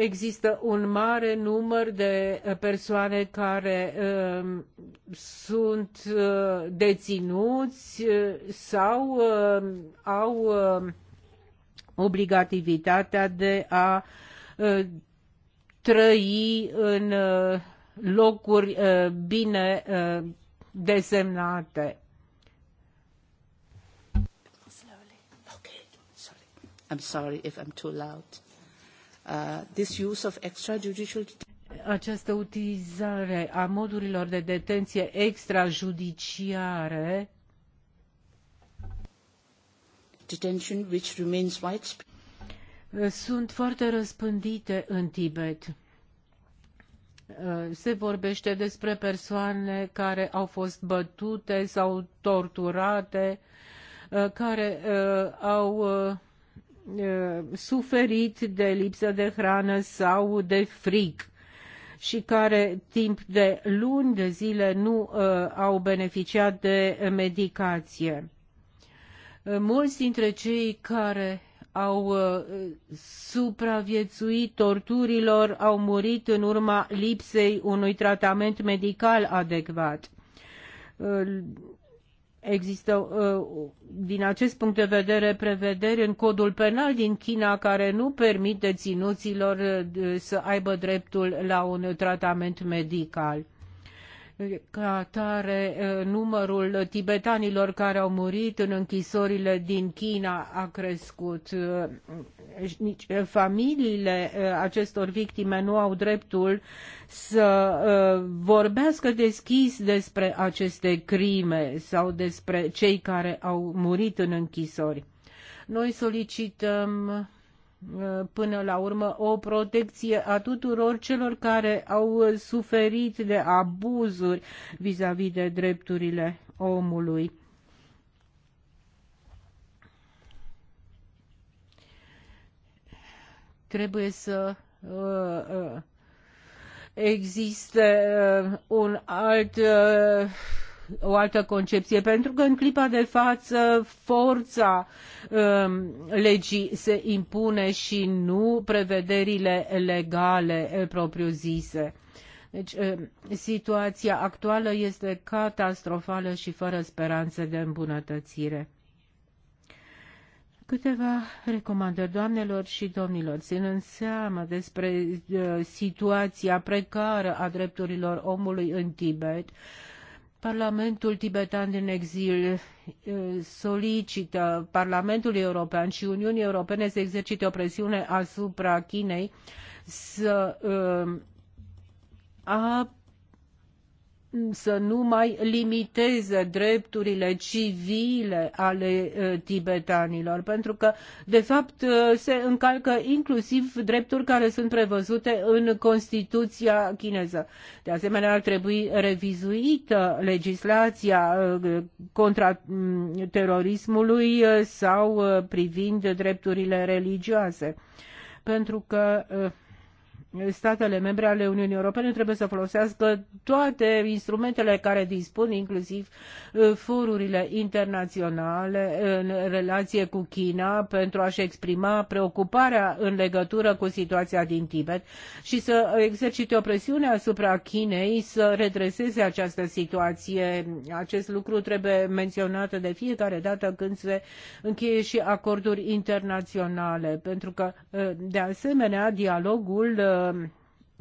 există un mare număr de eh, persoane care uh, sunt uh, deținuți sau uh, au uh, obligativitatea de a uh, trăi în uh, locuri uh, bine uh, desemnate. I'm sorry if I'm too loud. Uh, această utilizare a modurilor de detenție extrajudiciare detention which remains widespread uh, sunt foarte răspândite în Tibet. Uh, se vorbește despre persoane care au fost bătute sau torturate, care au Uh, suferit de lipsă de hrană sau de frig și care timp de luni de zile nu uh, au beneficiat de medicație. Uh, mulți dintre cei care au uh, supraviețuit torturilor au murit în urma lipsei unui tratament medical adecvat. Uh, Există, uh, din acest punct de vedere, prevederi în codul penal din China care nu permit deținuților uh, să aibă dreptul la un tratament medical. Ca atare, numărul tibetanilor care au murit în închisorile din China a crescut. Nici familiile acestor victime nu au dreptul să vorbească deschis despre aceste crime sau despre cei care au murit în închisori. Noi solicităm Uh, până la urmă o protecție a tuturor celor care au suferit de abuzuri vis-a-vis -vis de drepturile omului. Trebuie să uh, uh, existe uh, un alt uh, o altă concepție, pentru că în clipa de față forța um, legii se impune și nu prevederile legale eh, propriu-zise. Deci, eh, situația actuală este catastrofală și fără speranțe de îmbunătățire câteva recomandări doamnelor și domnilor, ținând seama despre uh, situația precară a drepturilor omului în Tibet, uh, Parlamentul tibetan din exil eh, solicită Parlamentului European și Uniunii Europene să exercite o presiune asupra Chinei să uh, să nu mai limiteze drepturile civile ale tibetanilor, pentru că, de fapt, se încalcă inclusiv drepturi care sunt prevăzute în Constituția chineză. De asemenea, ar trebui revizuită legislația contra terorismului sau privind drepturile religioase. Pentru că statele membre ale Uniunii Europene trebuie să folosească toate instrumentele care dispun, inclusiv uh, forurile internaționale în relație cu China, pentru a-și exprima preocuparea în legătură cu situația din Tibet și să exercite o presiune asupra Chinei să redreseze această situație. Acest lucru trebuie menționat de fiecare dată când se încheie și acorduri internaționale, pentru că, uh, de asemenea, dialogul uh,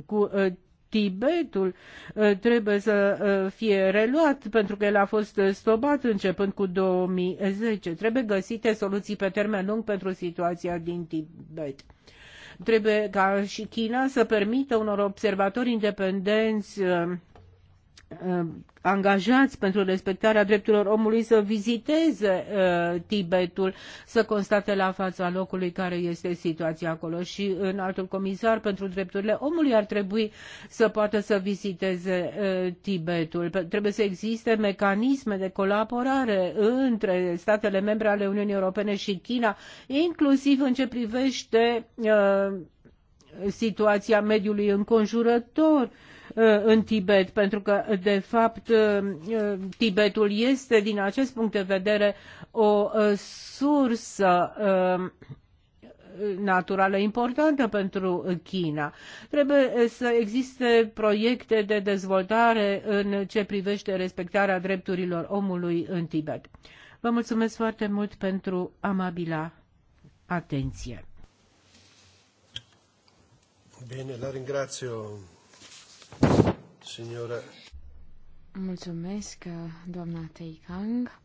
cu uh, Tibetul uh, trebuie să uh, fie reluat pentru că el a fost stopat începând cu 2010. Trebuie găsite soluții pe termen lung pentru situația din Tibet. Trebuie ca și China să permită unor observatori independenți Uh, angajați pentru respectarea drepturilor omului să viziteze uh, Tibetul, să constate la fața locului care este situația acolo și în altul comisar pentru drepturile omului ar trebui să poată să viziteze uh, Tibetul. Trebuie să existe mecanisme de colaborare între statele membre ale Uniunii Europene și China, inclusiv în ce privește uh, situația mediului înconjurător, Uh, în Tibet, pentru că, de fapt, uh, uh, Tibetul este, din acest punct de vedere, o sursă naturală importantă pentru China. Trebuie să existe proiecte de dezvoltare în ce privește respectarea drepturilor omului în Tibet. Vă mulțumesc foarte mult pentru amabila atenție. Bine, la ringrazio signore. Mulțumesc, doamna Teikang.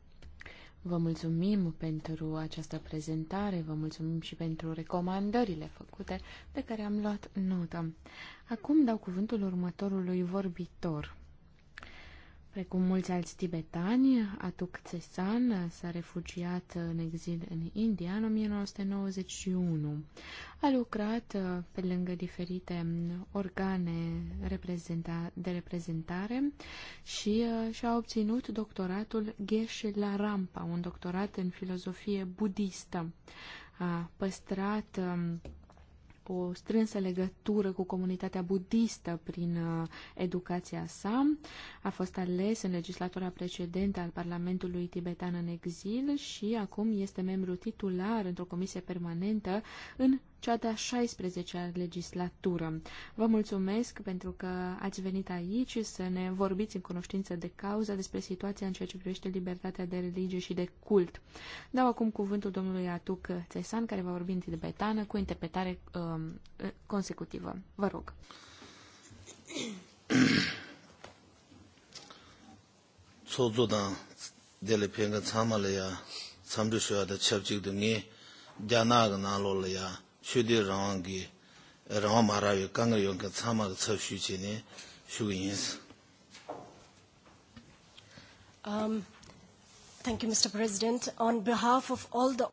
Vă mulțumim pentru această prezentare, vă mulțumim și pentru recomandările făcute de care am luat notă. Acum dau cuvântul următorului vorbitor. Precum mulți alți tibetani, Atuk Tsesan s-a refugiat în exil în India în 1991. A lucrat uh, pe lângă diferite um, organe de reprezentare și uh, și-a obținut doctoratul Geshe la Rampa, un doctorat în filozofie budistă. A păstrat um, o strânsă legătură cu comunitatea budistă prin uh, educația sa. A fost ales în legislatura precedentă al Parlamentului tibetan în exil și acum este membru titular într-o comisie permanentă în cea de-a 16-a legislatură. Vă mulțumesc pentru că ați venit aici să ne vorbiți în cunoștință de cauză despre situația în ceea ce privește libertatea de religie și de cult. Dau acum cuvântul domnului Atuc Țesan, care va vorbi în tibetană cu interpretare um, consecutivă. Vă rog. 소조당 de 참말이야 shudi rangi ka tsab chi ni Um, thank you, Mr. President. On behalf of all the...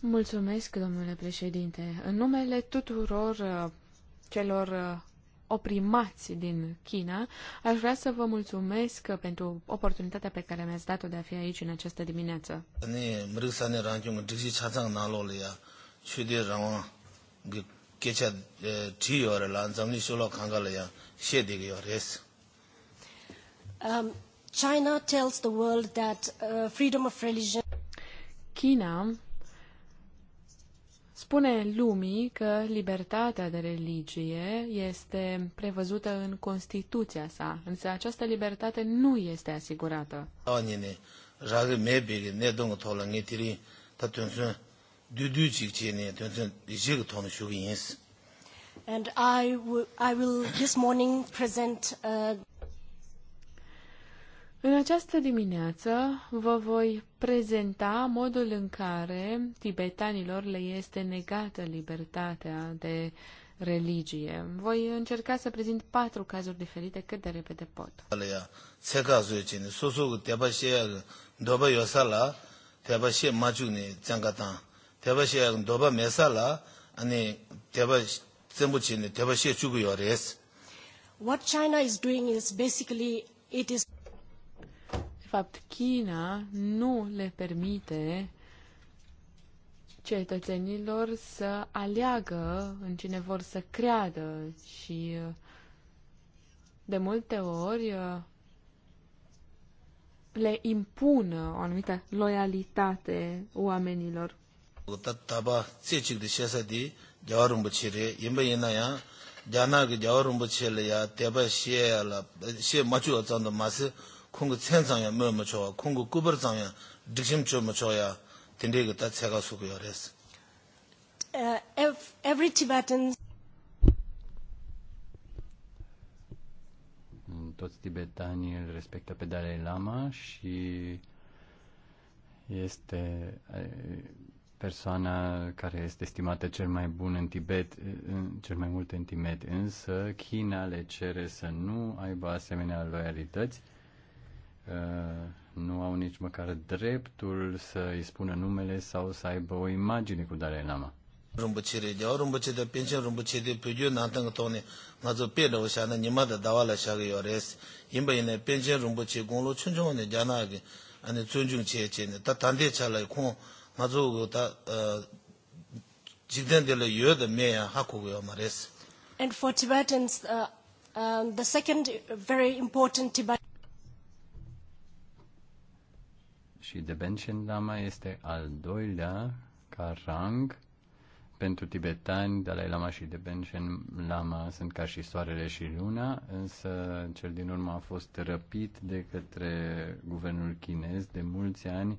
Mulțumesc, domnule președinte. În numele tuturor uh, celor uh, oprimați din China, aș vrea să vă mulțumesc uh, pentru oportunitatea pe care mi-ați dat-o de a fi aici în această dimineață. Ne, kecha chi yore la zamni shulo khangala ya she de yo res um china tells the world that uh, freedom of religion China spune lumii că libertatea de religie este prevăzută în Constituția sa, însă această libertate nu este asigurată. And I, I will this morning present uh... În această dimineață vă voi prezenta modul în care tibetanilor le este negată libertatea de religie. Voi încerca să prezint patru cazuri diferite cât de repede pot. Alea, 대바시야 노바 메살라 아니 대바 정부치네 대바시에 주고요 레스 What China is doing is basically it is De fapt China nu le permite cetățenilor să aleagă în cine vor să creadă și de multe ori le impună o anumită loialitate oamenilor. 따바 제직 디셔서디 자와름 부치레 임베 이나야 자나기 자와름 부치레야 대바 시에라 시에 맞추 어쩐다 마스 콩고 천상야 뭐 맞춰 콩고 꾸버상야 득심 좀 맞춰야 된데가 다 제가 수고요 그래서 uh, every Tibetan toți tibetanii îl respectă pe Dalai Lama și este persoana care este estimată cel mai bun în Tibet, cel mai mult în Tibet, însă China le cere să nu aibă asemenea loialități, uh, nu au nici măcar dreptul să îi spună numele sau să aibă o imagine cu Dalai Lama. rumbuchiri de nima la ine ne ta de le me ya まずうた実験でのよで名や箱がまです And for Tibetans, uh, um, the second very important Tibetan și de benchen Lama este al doilea ca rang pentru tibetani, Dalai Lama și de Benchen Lama sunt ca și soarele și luna, însă cel din urmă a fost răpit de către guvernul chinez de mulți ani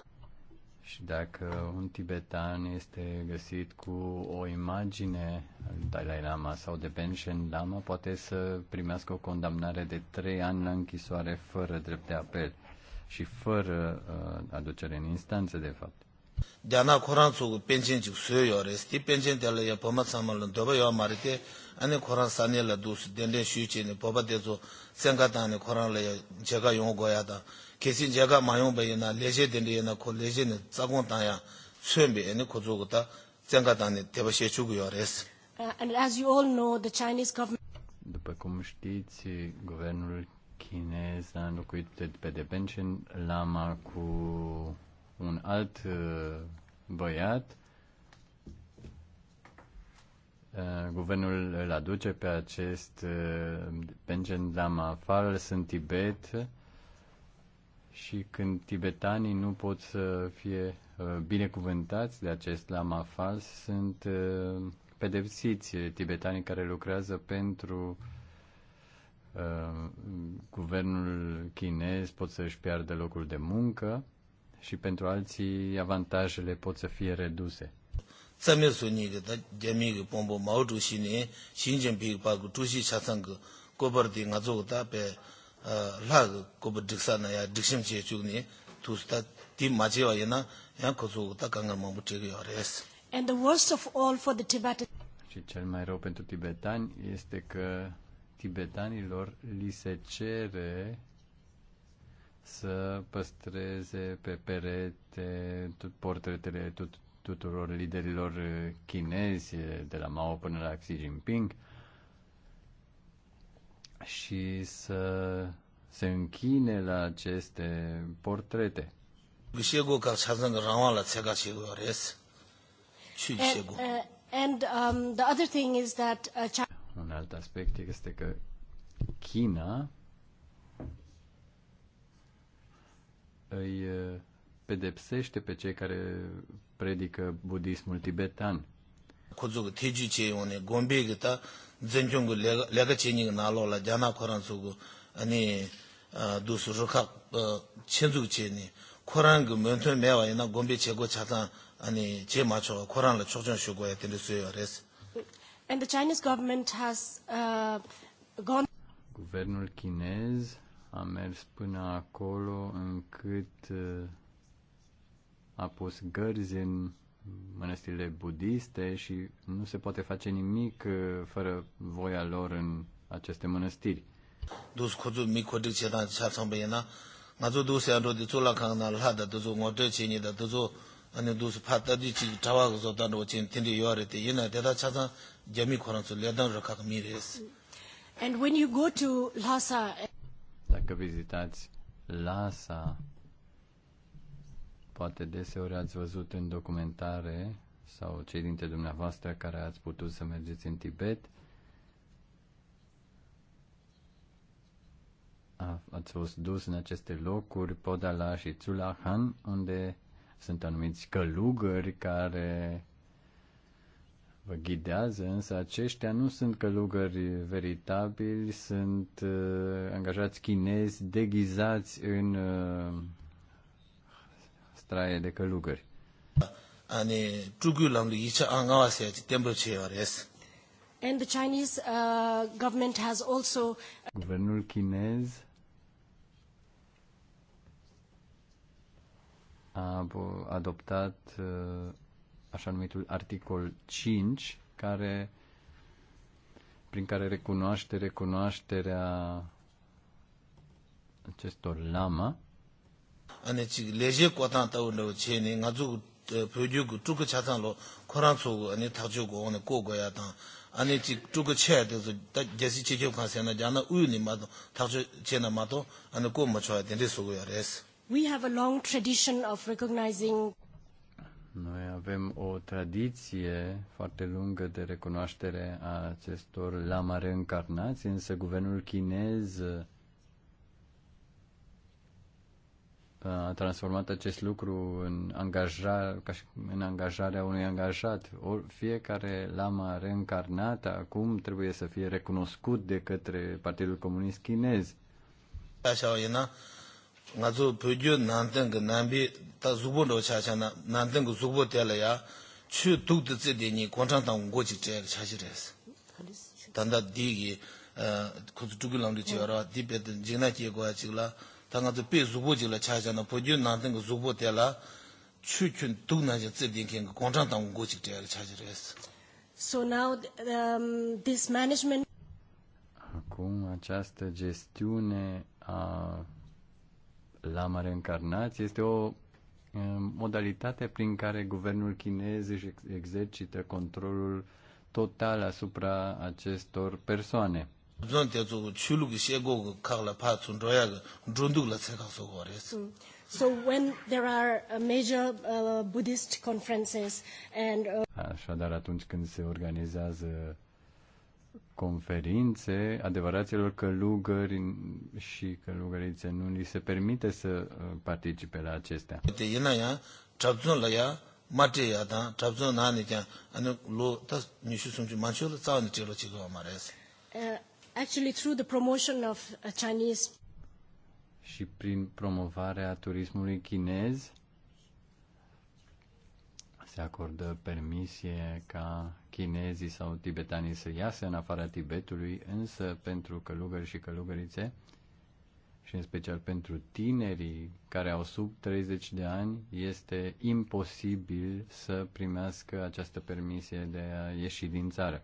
dacă un tibetan este găsit cu o imagine Dalai Lama sau de Benshen Lama, poate să primească o condamnare de trei ani la închisoare fără drept de apel și fără uh, aducere în instanță, de fapt. De ana coranțul cu pension cu suyo o resti pension de la să mă do eu am marite ane Coran să la dus de ne shu ne boba de zo senga da ne Coran le ce ca eu o da 계신 제가 마용 배이나 레제 된데나 코 고조고다 생각단에 대버시에 주고요 그래서 and as you all know the Chinese government după cum știți, guvernul chinez a înlocuit pe Debenchen Lama cu un alt uh, băiat. Uh, guvernul îl aduce pe acest Benchen uh, Lama afară, sunt Tibet și când tibetanii nu pot să fie uh, binecuvântați de acest lama fals, sunt uh, pedepsiți tibetanii care lucrează pentru uh, guvernul chinez, pot să-și piardă locul de muncă și pentru alții avantajele pot să fie reduse. 咱们说你个，他人民个帮帮毛主席呢，习近平把个主席下上个，过不的俺做个大白。lā kōpa dikṣā na ya dikṣim chiye chūg ni tūs tā tī māchī wā yinā yā kōsū tā kāngar māmbu chīgī wā And the worst of all for the Tibetans. Și cel mai rău pentru tibetani este că tibetanilor li se cere să păstreze pe perete portretele tuturor liderilor chinezi, de la Mao până la Xi Jinping, și să se închine la aceste portrete. și și And uh, um, the other thing is that uh, un alt aspect este că China îi uh, pedepsește pe cei care predică budismul tibetan. 전중구 내가 내가 진행 나로라 자나 코란 수고 아니 두수 조카 친구 지니 코란 그 멘토 매와이나 곰비 제고 차다 아니 제 맞춰 코란을 초전 쉬고 했더니 수요 res And the Chinese government has uh, gone Guvernul chinez a mers până acolo încât uh, a pus gărzi în mănăstirile budiste și nu se poate face nimic uh, fără voia lor în aceste mănăstiri. And when you go to Lhasa Dacă vizitați Lhasa Poate deseori ați văzut în documentare sau cei dintre dumneavoastră care ați putut să mergeți în Tibet, ați fost dus în aceste locuri, Podala și Tsulahan, unde sunt anumiți călugări care vă ghidează, însă aceștia nu sunt călugări veritabili, sunt uh, angajați chinezi deghizați în uh, straie de călugări. 아니 죽을람도 2차 안가와서 템블치어레스. And the Chinese uh, government has also uh, Guvernul chinez a adoptat uh, așa numitul articol 5 care prin care recunoaște recunoașterea acestor lama 아니 지 레제 고단 따오는 제니 가지고 표주고 쭉 차단로 아니 타주고 오늘 고고야 아니 지쭉 쳐야 제시 지적 가서나 자나 우유니 마도 타주 제나 마도 아니 고 맞춰야 된데 속고야 레스 We have a long tradition of recognizing Noi avem o tradiție foarte lungă de recunoaștere a acestor lama reîncarnați, însă guvernul chinez a transformat acest lucru în, angaja, ca și, în angajarea unui angajat. O, fiecare lama reîncarnată acum trebuie să fie recunoscut de către Partidul Comunist Chinez. Așa o nanteng nambi ta nanteng tu de de ni Tanda digi, cu eh, ku de ji ra di be ce jing na la 당가 저 배수고지를 찾아나 보준 나든 거 수보텔라 추춘 두나지 찌딩킹 공장당 고직제를 찾으려 했어. So now um, this management Acum această gestiune a la mare încarnați este o um, modalitate prin care guvernul chinez își exercită controlul total asupra acestor persoane zhōng tiā zhō chūlū kī xie gō gō kāg lā So when there are uh, major uh, Buddhist conferences and... Uh... Așadar, atunci când se organizează conferințe, adevăraților călugări și călugărițe nu li se permite să uh, participe la acestea. Uh, actually through the promotion of uh, Chinese și prin promovarea turismului chinez se acordă permisie ca chinezii sau tibetanii să iasă în afara Tibetului, însă pentru călugări și călugărițe și în special pentru tinerii care au sub 30 de ani, este imposibil să primească această permisie de a ieși din țară.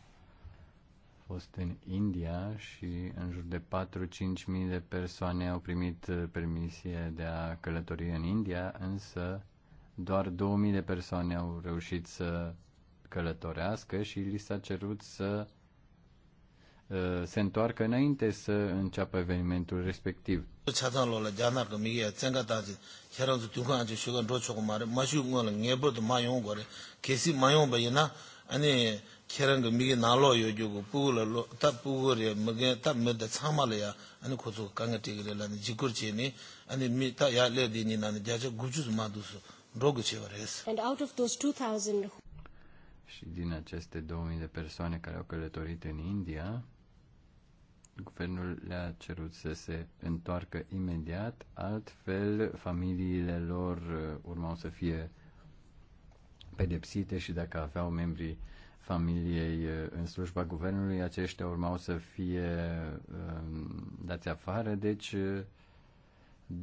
fost în India și în jur de 4-5 mii de persoane au primit uh, permisie de a călători în India, însă doar 2000 de persoane au reușit să călătorească și li s-a cerut să uh, se întoarcă înainte să înceapă evenimentul respectiv kērāṅ kā mīgī nālō yō yō gu pūgō lā lō, tā pūgō rē mīgī, tā mī tā tsāngmā lā yā, anī kō tsō kāngā tīgī rē lā nī jīkur chē nī, anī mī tā yā lē dī nī nā nī jā chā guchū sū mā dū sū, rō gu chē wā rē sī. And out of those 2000 Și din aceste 2000 de persoane care au călătorit în India, guvernul le-a cerut să se întoarcă imediat, altfel familiile lor uh, urmau să fie pedepsite și dacă aveau membrii familiei în slujba guvernului, aceștia urmau să fie um, dați afară, deci 90%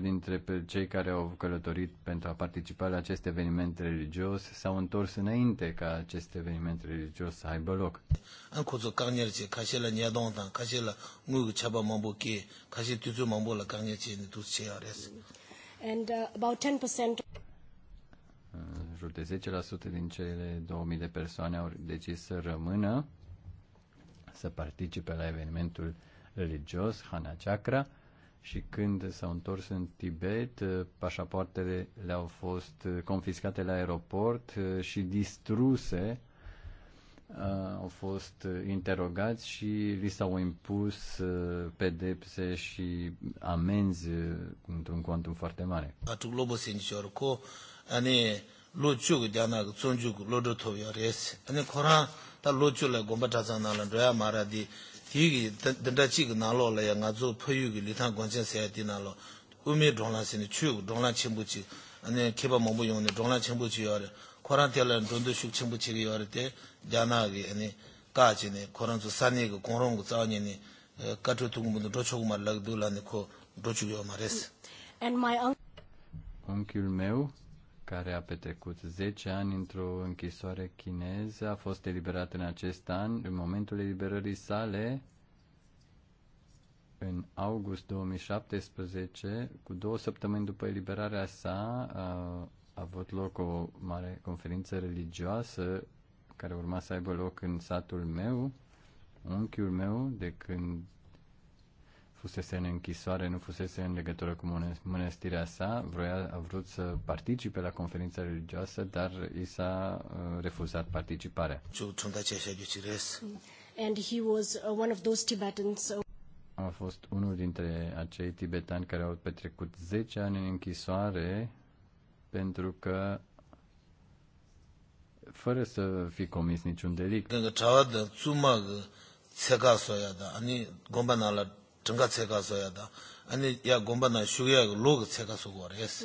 dintre cei care au călătorit pentru a participa la acest eveniment religios s-au întors înainte ca acest eveniment religios să aibă loc. And uh, about 10% jur de 10% din cele 2000 de persoane au decis să rămână, să participe la evenimentul religios, Hana Chakra, și când s-au întors în Tibet, pașapoartele le-au fost confiscate la aeroport uh, și distruse, uh, au fost interogați și li s-au impus uh, pedepse și amenzi într-un cont foarte mare. Atunci, lo chuk dhyana ka chonchuk Ani Khurān tā lo chuk la gompa chācā nāla rāyā mārā di thi ki chi la ya ngā li payu ki lithān gwañcā sayā di nālo ume dhōnglā sini chuk chi ani kipa mambu yōngni dhōnglā chimbu chi yōre Khurān tēla dhōndu shuk chimbu chi ki te ani kā chi ni Khurān tsu sani ki gōngrōng ku tsāo ni kato tungu mundu dhōchuk mā lak And my uncle... Unchiul meu care a petrecut 10 ani într-o închisoare chineză, a fost eliberat în acest an. În momentul eliberării sale, în august 2017, cu două săptămâni după eliberarea sa, a avut loc o mare conferință religioasă care urma să aibă loc în satul meu, unchiul meu, de când fusese în închisoare, nu fusese în legătură cu mănăstirea sa, vroia, a vrut să participe la conferința religioasă, dar i s-a uh, refuzat participarea. And he was uh, one of those Tibetans. Uh, a fost unul dintre acei tibetani care au petrecut 10 ani în închisoare pentru că fără să fi comis niciun delict. 정가 체가서야다. 아니 야 곰바나 슈야 로그 체가서 고레스.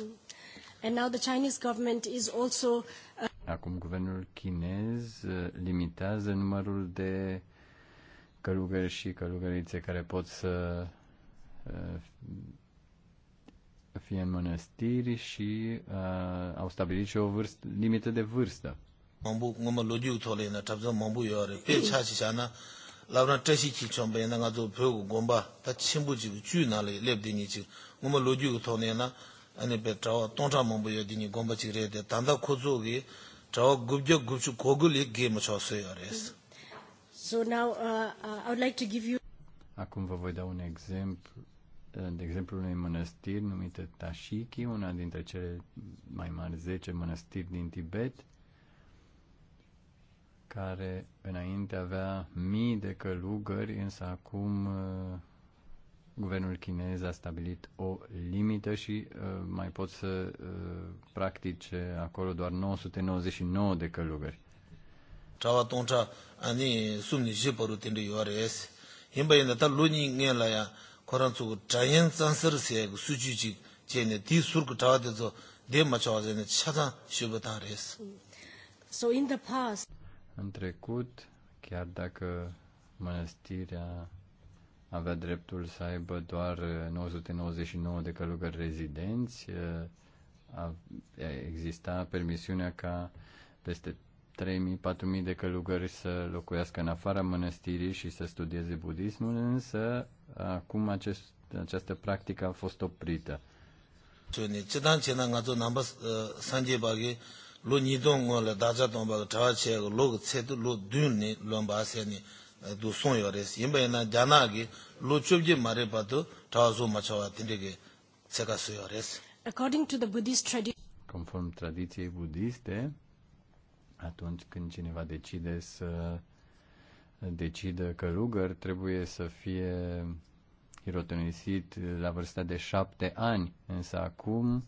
And now the Chinese government is also uh... Acum guvernul chinez uh, limitează numărul de călugări și călugărițe care pot să uh, fie în mănăstiri și uh, au stabilit și o vârstă, limită de vârstă. 라브나 뜻이 기점 배는 가도 배우고 곰바 다 친부지 주나래 랩디니 지 뭐뭐 로지고 돈에나 아니 베트와 동자만 보여디니 곰바 지래데 단다 고조기 저 굽적 굽주 고글이 게임 쳤어요 그래서 So now uh, uh, I would like to give you Acum vă voi da un exemplu de exemplu unei mănăstiri numită Tashiki, una dintre cele mai mari 10 mănăstiri din Tibet, care înainte avea mii de călugări, însă acum uh, guvernul chinez a stabilit o limită și uh, mai pot să uh, practice acolo doar 999 de călugări. Chawa atunci ani sumni shiparu tinde yuares. Himba yenda ta luni ngela ya koran tsu chayen tsansar se suju ji jene ti surk chawa de zo de ma chawa jene chaza shubata res. So in the past în trecut, chiar dacă mănăstirea avea dreptul să aibă doar 999 de călugări rezidenți, exista permisiunea ca peste 3.000-4.000 de călugări să locuiască în afara mănăstirii și să studieze budismul, însă acum acest, această practică a fost oprită lo nidong ngon da ka chawa che ka lo ka lo dun ni lomba ni du song yo res. ina ki lo chubji mare chawa ma chawa ki tseka su yo res. According to the Buddhist tradition, Conform tradiției budiste, atunci când cineva decide să decidă că rugăr trebuie să fie hirotonisit la vârsta de șapte ani, însă acum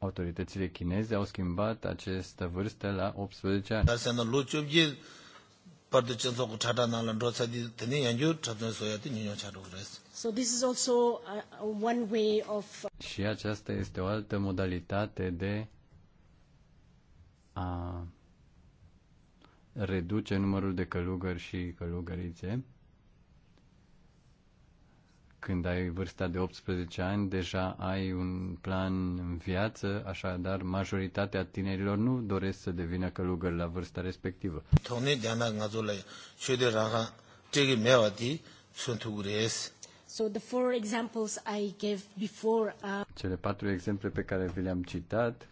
autoritățile chineze au schimbat această vârstă la 18 ani. So this is also one way of Și aceasta este o altă modalitate de a reduce numărul de călugări și călugărițe. Când ai vârsta de 18 ani, deja ai un plan în viață, așadar majoritatea tinerilor nu doresc să devină călugări la vârsta respectivă. So the four examples I gave before, uh... Cele patru exemple pe care vi le-am citat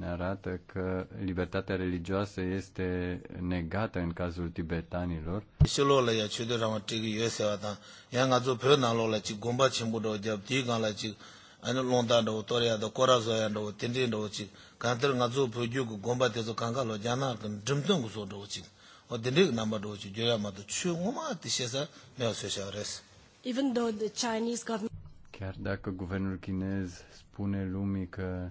ne arată că libertatea religioasă este negată în cazul tibetanilor. ānā lōntā rō, tōriyā rō, kōrā sōyā rō, tīndrī o tīndrī o Even though the Chinese government... Chiar dacă guvernul chinez spune lumii că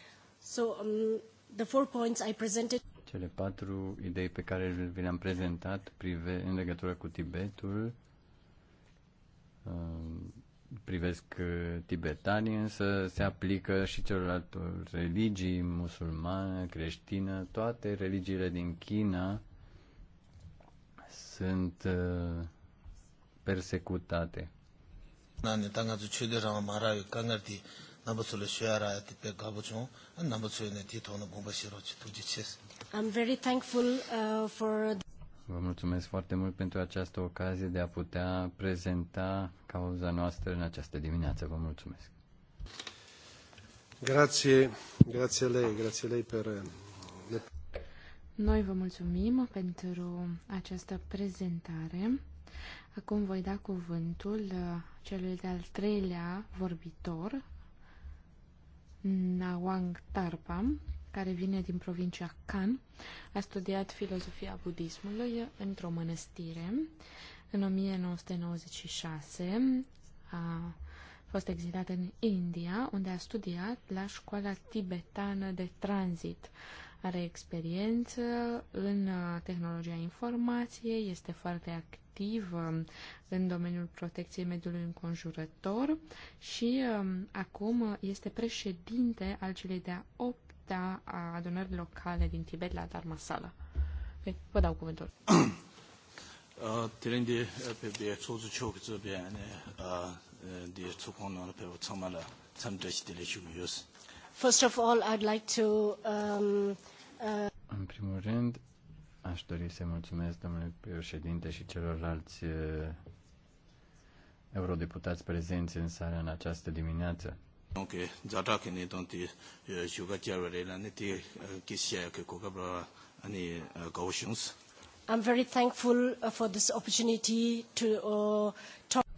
So, um, the four points I presented... Cele patru idei pe care vi le-am prezentat prive, în legătură cu Tibetul um, privesc uh, tibetanii, însă se aplică și celorlalte religii, musulmană, creștină, toate religiile din China sunt uh, persecutate. Uh, vă mulțumesc foarte mult pentru această ocazie de a putea prezenta cauza noastră în această dimineață. Vă mulțumesc. Grazie, grazie lei, grazie lei per... Uh, Noi vă mulțumim pentru această prezentare. Acum voi da cuvântul uh, celui de-al treilea vorbitor, Nawang Tarpam, care vine din provincia Kan, a studiat filozofia budismului într-o mănăstire. În 1996 a fost exilat în India, unde a studiat la școala tibetană de tranzit are experiență în uh, tehnologia informației, este foarte activ um, în domeniul protecției mediului înconjurător și um, acum este președinte al celei de-a opta adunări locale din Tibet la Dharmasala. Vă dau cuvântul. 呃，敌人的呃，别别，出自秋这边呢，呃，呃，的出空呢，被我充满了，他们这些的来修有事。Uh, First of all, I'd like to... Um, uh, în primul rând, aș dori să mulțumesc domnului președinte și celorlalți uh, eurodeputați prezenți în sală în această dimineață. Ok, zata kini tanti shuga uh, chiaro re la neti kisia ke kokabra ani gaushungs. Uh, I'm very thankful for this opportunity to uh, talk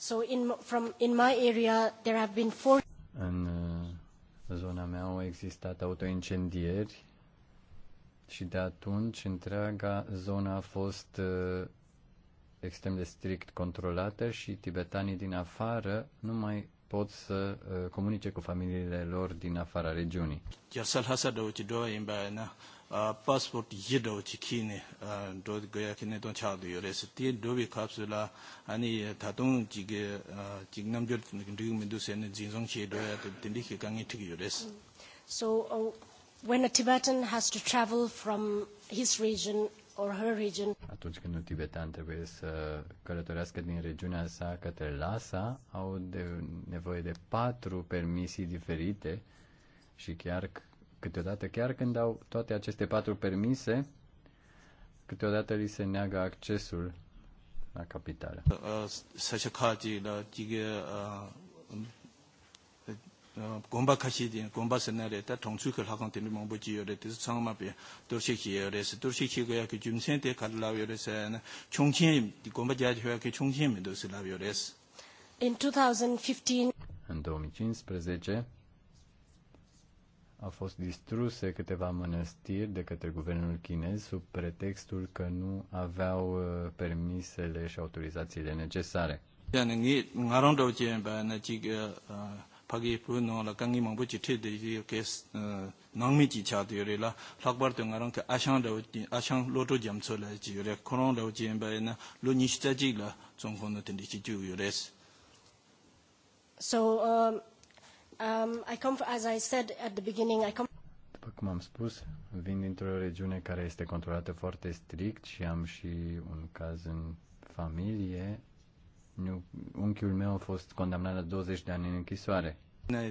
So in, from, in my area there have been four... În uh, zona mea au existat autoincendieri și de atunci întreaga zona a fost uh, extrem de strict controlată și tibetanii din afară nu mai pot să uh, comunice cu familiile lor din afara regiunii. Jasal hasa dauti doa imbaina passport yido chikini do gaya kine don chado yores ti dobi kapsula ani tatong jige jignam jol ndig mindu sen jinzong che doya tindi ki kangi tik yores. So uh, when a Tibetan has to travel from his region or her region. Atunci când un tibetan trebuie să călătorească din regiunea sa către Lhasa, au de, nevoie de patru permisii diferite și chiar câteodată, chiar când au toate aceste patru permise, câteodată li se neagă accesul la capitală. Uh, uh gomba kashi di gomba senare ta tongchu ke lhagang teni mongbo ji yore ti sang ma be dorshi ki yore se dorshi ki go ya ke jum sen te kal la yore se na chongqing di gomba ja ji ke chongqing me do se la yore se in 2015 în 2015 au fost distruse câteva mănăstiri de către guvernul chinez sub pretextul că nu aveau uh, permisele și autorizațiile necesare. 像那个，我让到这边呢，这个呃。 파기 puno la kangi mangbo 이게 te de yu ke 그 chi 아샹 de yore la lakbar de ngarang ke ashang da so la so um, um, I come as I said at the beginning I come după cum am spus, vin dintr-o regiune care este controlată foarte strict și am și un caz în familie Unchiul meu a fost condamnat la 20 de ani în închisoare. Uh,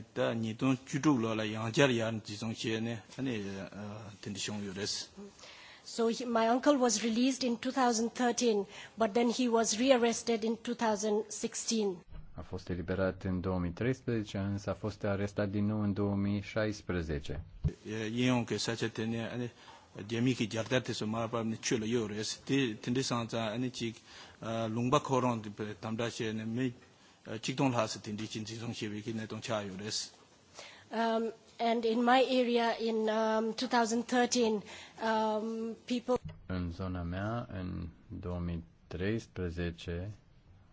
so he, my uncle was released in 2013, but then he was rearrested in 2016. A fost eliberat în 2013, însă a fost arestat din nou în 2016. E un să ce tine, de mici giardate sunt mai nu ce eu iores, tinde să anza, ane cic, lungba koron tamda she ne me chikdong la se tindi chin ching she bi ki ne tong cha yo des um and in my area in um, 2013 um, people în zona mea în 2013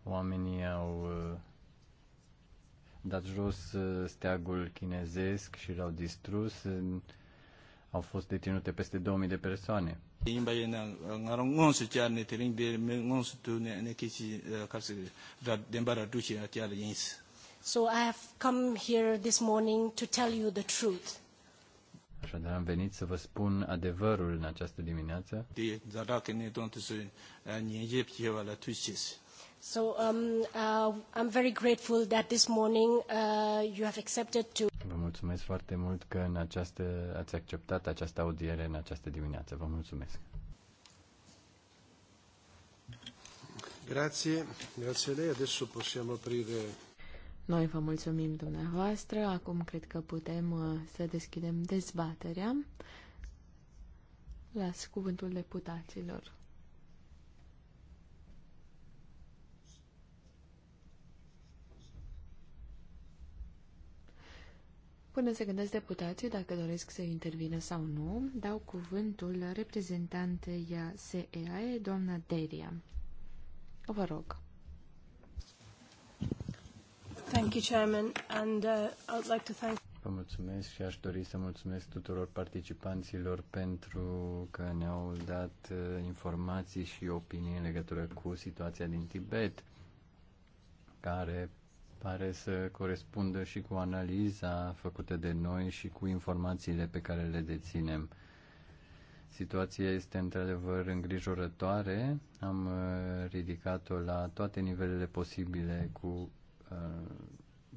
oamenii au uh, dat jos uh, steagul chinezesc și l-au distrus. Au fost deținute peste 2000 de persoane de la eh, da, So I have come here this morning to tell you the truth. Așadar am venit să vă spun adevărul în această dimineață. De da, da, eh, la So um, uh, I'm very grateful that this morning uh, you have accepted to mulțumesc foarte mult că în această, ați acceptat această audiere în această dimineață. Vă mulțumesc. Grazie, grazie lei. Adesso possiamo aprire... Noi vă mulțumim dumneavoastră. Acum cred că putem uh, să deschidem dezbaterea. Las cuvântul deputaților. Până se gândesc deputații dacă doresc să intervină sau nu, dau cuvântul reprezentantei SEAE, doamna Deria. Vă rog. Thank you, Chairman, and uh, I'd like to thank... Vă mulțumesc și aș dori să mulțumesc tuturor participanților pentru că ne-au dat uh, informații și opinii în legătură cu situația din Tibet, care pare să corespundă și cu analiza făcută de noi și cu informațiile pe care le deținem. Situația este într-adevăr îngrijorătoare. Am uh, ridicat-o la toate nivelele posibile cu uh,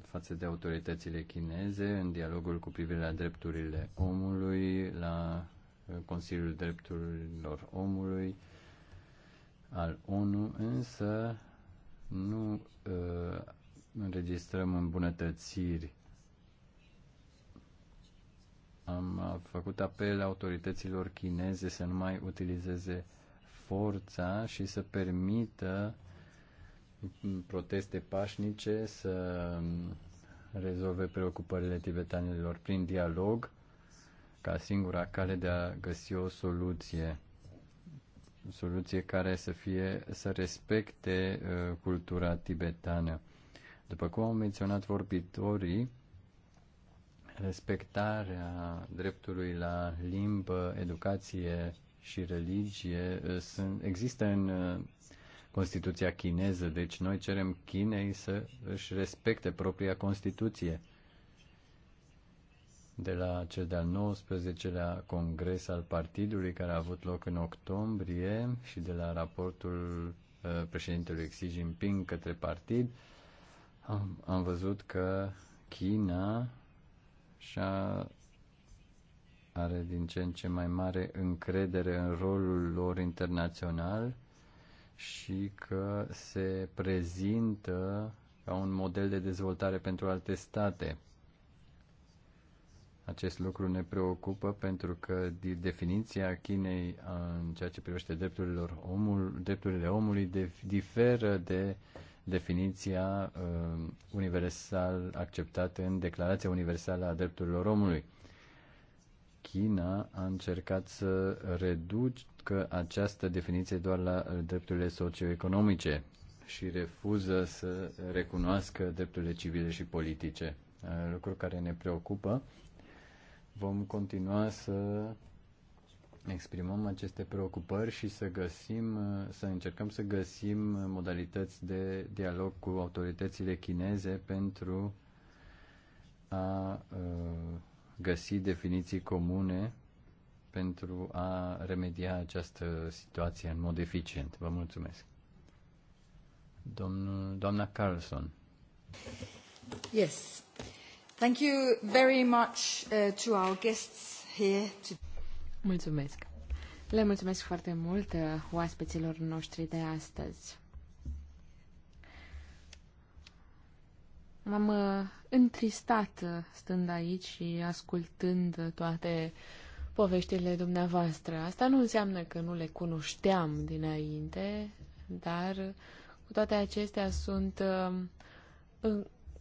față de autoritățile chineze, în dialogul cu privire la drepturile omului, la uh, Consiliul Drepturilor Omului al ONU, însă nu înregistrăm îmbunătățiri. Am făcut apel autorităților chineze să nu mai utilizeze forța și să permită proteste pașnice să rezolve preocupările tibetanilor prin dialog ca singura cale de a găsi o soluție soluție care să fie să respecte uh, cultura tibetană. După cum au menționat vorbitorii, respectarea dreptului la limbă, educație și religie uh, sunt, există în uh, Constituția chineză, deci noi cerem Chinei să își respecte propria Constituție. De la cel de-al 19-lea congres al partidului care a avut loc în octombrie și de la raportul uh, președintelui Xi Jinping către partid, uh, am, am văzut că China și-a are din ce în ce mai mare încredere în rolul lor internațional și că se prezintă ca un model de dezvoltare pentru alte state. Acest lucru ne preocupă pentru că definiția Chinei în ceea ce privește drepturile omul, drepturile omului diferă de uh, definiția uh, universal acceptată în Declarația Universală a Drepturilor Omului. China a încercat să reducă această definiție doar la drepturile socioeconomice și refuză să recunoască drepturile civile și politice, uh, lucru care ne preocupă. Vom continua să exprimăm aceste preocupări și să găsim, să încercăm să găsim modalități de dialog cu autoritățile chineze pentru a uh, găsi definiții comune pentru a remedia această situație în mod eficient. Vă mulțumesc. Domnul, doamna Carlson. Yes. Thank you very much uh, to our guests here today. Mulțumesc. Le mulțumesc foarte mult uh, oaspeților noștri de astăzi. M-am uh, întristat uh, stând aici și ascultând toate poveștile dumneavoastră. Asta nu înseamnă că nu le cunoșteam dinainte, dar cu toate acestea sunt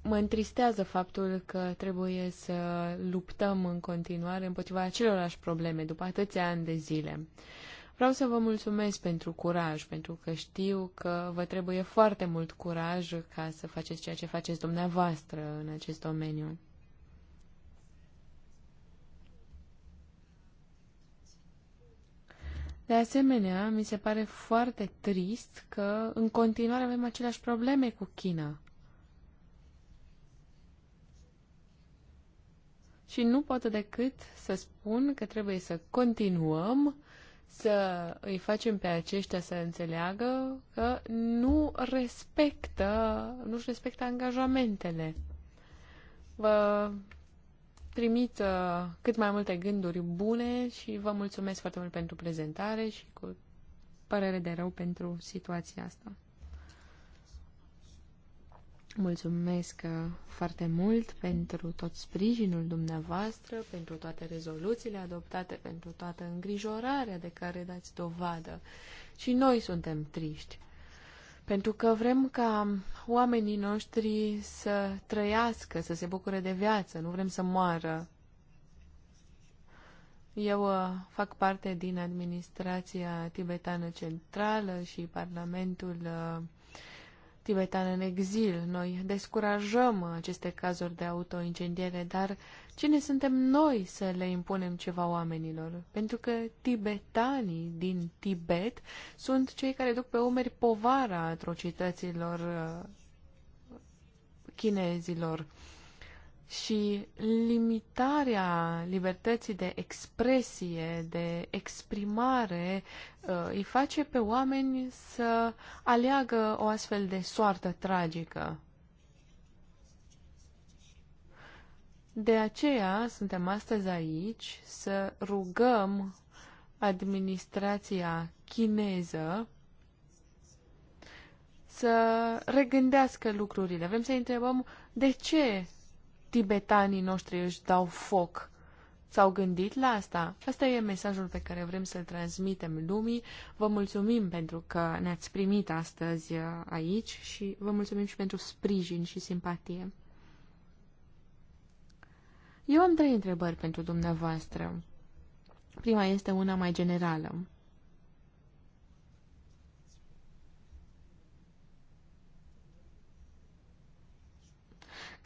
mă întristează faptul că trebuie să luptăm în continuare împotriva acelorași probleme după atâția ani de zile. Vreau să vă mulțumesc pentru curaj, pentru că știu că vă trebuie foarte mult curaj ca să faceți ceea ce faceți dumneavoastră în acest domeniu. De asemenea, mi se pare foarte trist că în continuare avem aceleași probleme cu China. și nu pot decât să spun că trebuie să continuăm să îi facem pe aceștia să înțeleagă că nu respectă, nu-și respectă angajamentele. Vă trimit uh, cât mai multe gânduri bune și vă mulțumesc foarte mult pentru prezentare și cu părere de rău pentru situația asta. Mulțumesc uh, foarte mult pentru tot sprijinul dumneavoastră, pentru toate rezoluțiile adoptate, pentru toată îngrijorarea de care dați dovadă. Și noi suntem triști, pentru că vrem ca oamenii noștri să trăiască, să se bucure de viață, nu vrem să moară. Eu uh, fac parte din administrația tibetană centrală și Parlamentul uh, tibetan în exil. Noi descurajăm aceste cazuri de autoincendiere, dar cine suntem noi să le impunem ceva oamenilor? Pentru că tibetanii din Tibet sunt cei care duc pe umeri povara atrocităților uh, chinezilor și limitarea libertății de expresie, de exprimare, uh, îi face pe oameni să aleagă o astfel de soartă tragică. De aceea suntem astăzi aici să rugăm administrația chineză să regândească lucrurile. Vrem să întrebăm de ce tibetanii noștri își dau foc. S-au gândit la asta? Asta e mesajul pe care vrem să-l transmitem lumii. Vă mulțumim pentru că ne-ați primit astăzi uh, aici și vă mulțumim și pentru sprijin și simpatie. Eu am trei întrebări pentru dumneavoastră. Prima este una mai generală.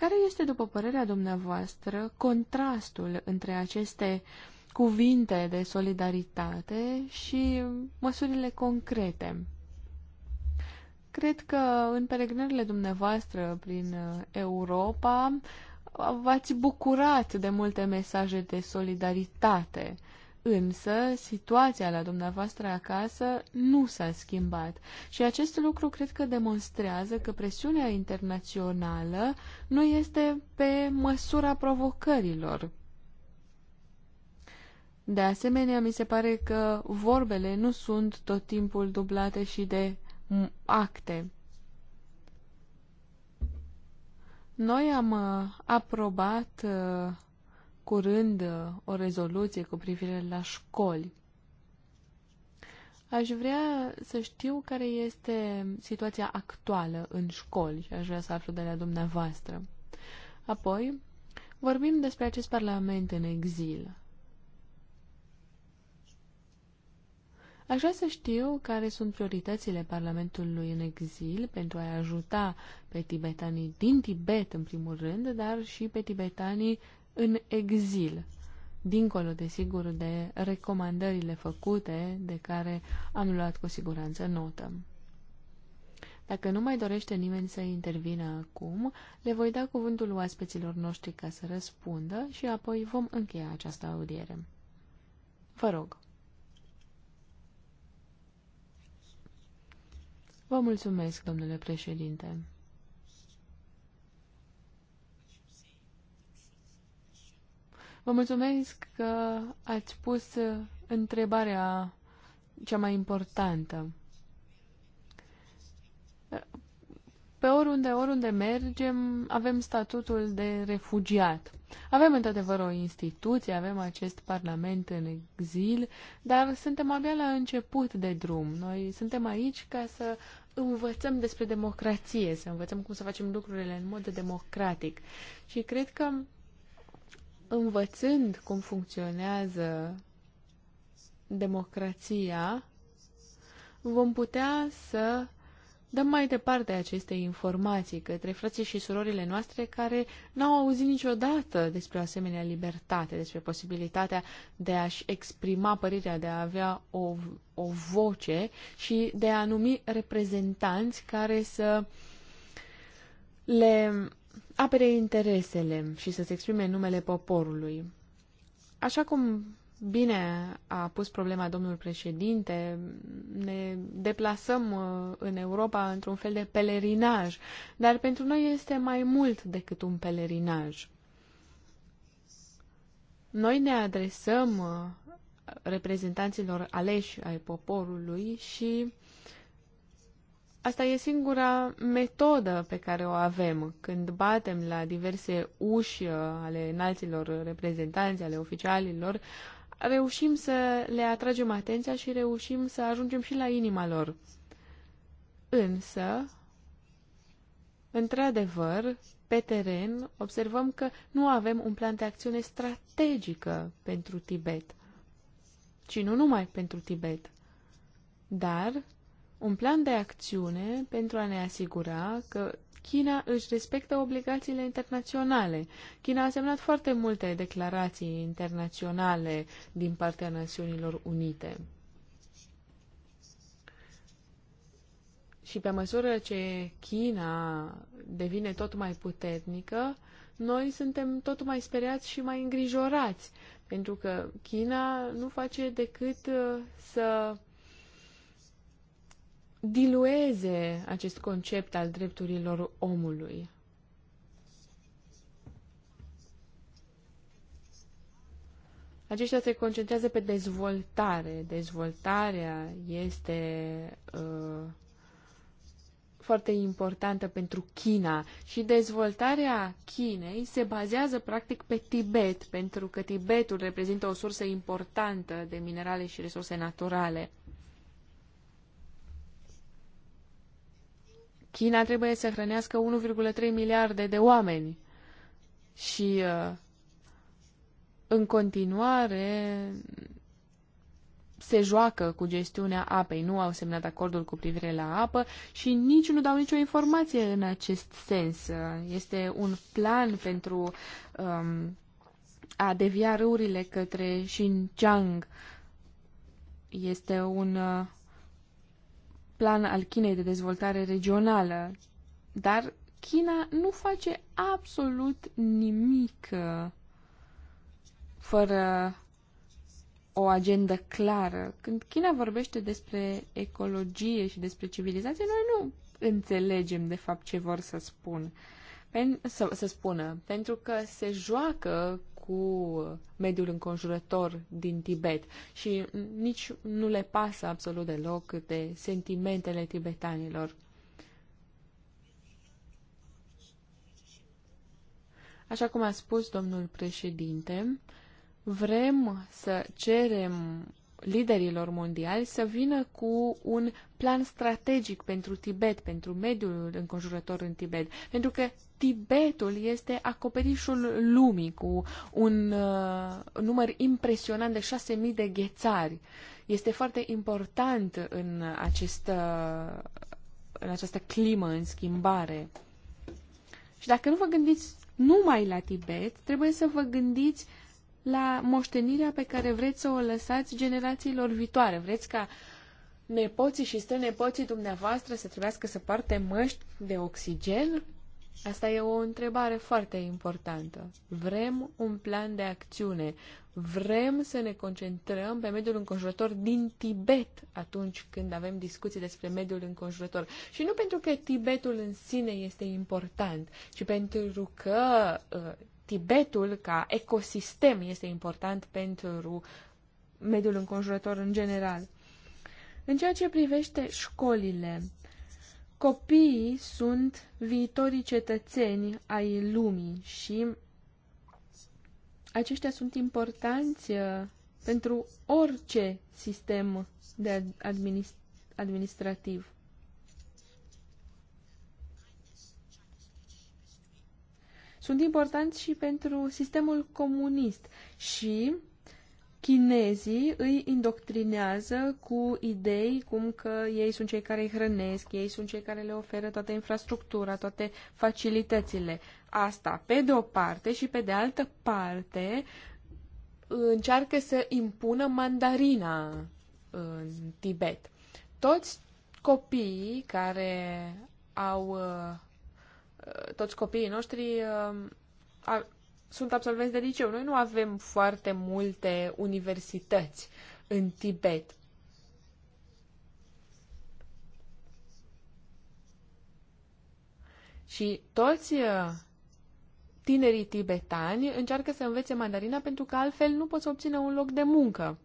Care este, după părerea dumneavoastră, contrastul între aceste cuvinte de solidaritate și măsurile concrete? Cred că în peregrinările dumneavoastră prin uh, Europa v-ați bucurat de multe mesaje de solidaritate Însă, situația la dumneavoastră acasă nu s-a schimbat și acest lucru cred că demonstrează că presiunea internațională nu este pe măsura provocărilor. De asemenea, mi se pare că vorbele nu sunt tot timpul dublate și de acte. Noi am uh, aprobat uh, curând uh, o rezoluție cu privire la școli. Aș vrea să știu care este situația actuală în școli și aș vrea să aflu de la dumneavoastră. Apoi, vorbim despre acest parlament în exil. Aș vrea să știu care sunt prioritățile Parlamentului în exil pentru a ajuta pe tibetanii din Tibet, în primul rând, dar și pe tibetanii în exil, dincolo, de sigur de recomandările făcute de care am luat cu siguranță notă. Dacă nu mai dorește nimeni să intervină acum, le voi da cuvântul oaspeților noștri ca să răspundă și apoi vom încheia această audiere. Vă rog. Vă mulțumesc, domnule președinte. Vă mulțumesc că ați pus uh, întrebarea cea mai importantă. Pe oriunde, oriunde mergem, avem statutul de refugiat. Avem într-adevăr o instituție, avem acest parlament în exil, dar suntem abia la început de drum. Noi suntem aici ca să învățăm despre democrație, să învățăm cum să facem lucrurile în mod democratic. Și cred că învățând cum funcționează democrația, vom putea să dăm mai departe aceste informații către frații și surorile noastre care n-au auzit niciodată despre o asemenea libertate, despre posibilitatea de a-și exprima părerea, de a avea o, o voce și de a numi reprezentanți care să le apere interesele și să se exprime numele poporului. Așa cum bine a pus problema domnul președinte, ne deplasăm uh, în Europa într-un fel de pelerinaj, dar pentru noi este mai mult decât un pelerinaj. Noi ne adresăm uh, reprezentanților aleși ai poporului și Asta e singura metodă pe care o avem când batem la diverse uși uh, ale înalților reprezentanți, ale oficialilor, reușim să le atragem atenția și reușim să ajungem și la inima lor. Însă, într-adevăr, pe teren observăm că nu avem un plan de acțiune strategică pentru Tibet. Și nu numai pentru Tibet, dar un plan de acțiune pentru a ne asigura că China își respectă obligațiile internaționale. China a semnat foarte multe declarații internaționale din partea Națiunilor Unite. Și pe măsură ce China devine tot mai puternică, noi suntem tot mai speriați și mai îngrijorați, pentru că China nu face decât uh, să dilueze acest concept al drepturilor omului. Aceștia se concentrează pe dezvoltare. Dezvoltarea este uh, foarte importantă pentru China și dezvoltarea Chinei se bazează practic pe Tibet, pentru că Tibetul reprezintă o sursă importantă de minerale și resurse naturale. China trebuie să hrănească 1,3 miliarde de oameni și uh, în continuare se joacă cu gestiunea apei, nu au semnat acordul cu privire la apă și nici nu dau nicio informație în acest sens. Uh, este un plan pentru um, a devia râurile către Xinjiang. Este un uh, plan al Chinei de dezvoltare regională, dar China nu face absolut nimic uh, fără o agendă clară. Când China vorbește despre ecologie și despre civilizație, noi nu înțelegem de fapt ce vor să spun. Pen- să, să spună, pentru că se joacă cu mediul înconjurător din Tibet și nici nu le pasă absolut deloc de sentimentele tibetanilor. Așa cum a spus domnul președinte, vrem să cerem liderilor mondiali să vină cu un plan strategic pentru Tibet, pentru mediul înconjurător în Tibet, pentru că Tibetul este acoperișul lumii cu un uh, număr impresionant de 6.000 de ghețari. Este foarte important în, acest, uh, în această climă în schimbare. Și dacă nu vă gândiți numai la Tibet, trebuie să vă gândiți uh, la moștenirea pe care vreți să o lăsați generațiilor viitoare. Vreți ca nepoții și strănepoții dumneavoastră să trebuiască să poarte măști de oxigen? Asta e o întrebare foarte importantă. Vrem un plan de acțiune. Vrem să ne concentrăm pe mediul înconjurător din Tibet atunci când avem discuții despre mediul înconjurător. Și nu pentru că Tibetul în sine este important, ci pentru că uh, Tibetul ca ecosistem este important pentru mediul înconjurător în general. În ceea ce privește școlile, copiii sunt viitorii cetățeni ai lumii și aceștia sunt importanți uh, pentru orice sistem de administ- administrativ. sunt importanți și pentru sistemul comunist și chinezii îi indoctrinează cu idei cum că ei sunt cei care îi hrănesc, ei sunt cei care le oferă toată infrastructura, toate facilitățile. Asta pe de o parte și pe de altă parte încearcă să impună mandarina în Tibet. Toți copiii care au uh, Uh, toți copiii noștri uh, a, sunt absolvenți de liceu. Noi nu avem foarte multe universități în Tibet. Și toți uh, tinerii tibetani încearcă să învețe mandarina pentru că altfel nu pot să obțină un loc de muncă.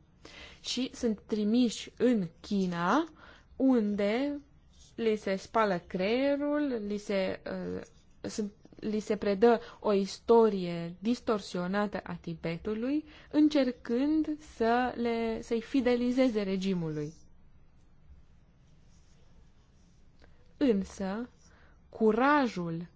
Și sunt trimiși în China, unde li se spală creierul, li se, uh, sunt, li se predă o istorie distorsionată a Tibetului, încercând să le, să-i fidelizeze regimului. Însă, curajul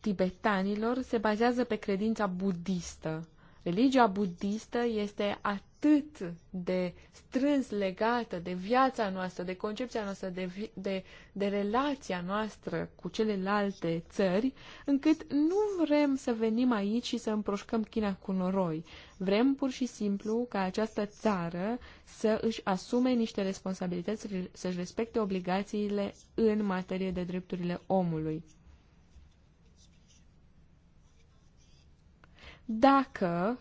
tibetanilor se bazează pe credința budistă religia budistă este atât de strâns legată de viața noastră, de concepția noastră, de, de, de relația noastră cu celelalte țări, încât nu vrem să venim aici și să împroșcăm China cu noroi. Vrem pur și simplu ca această țară să își asume niște responsabilități, să-și respecte obligațiile în materie de drepturile omului. dacă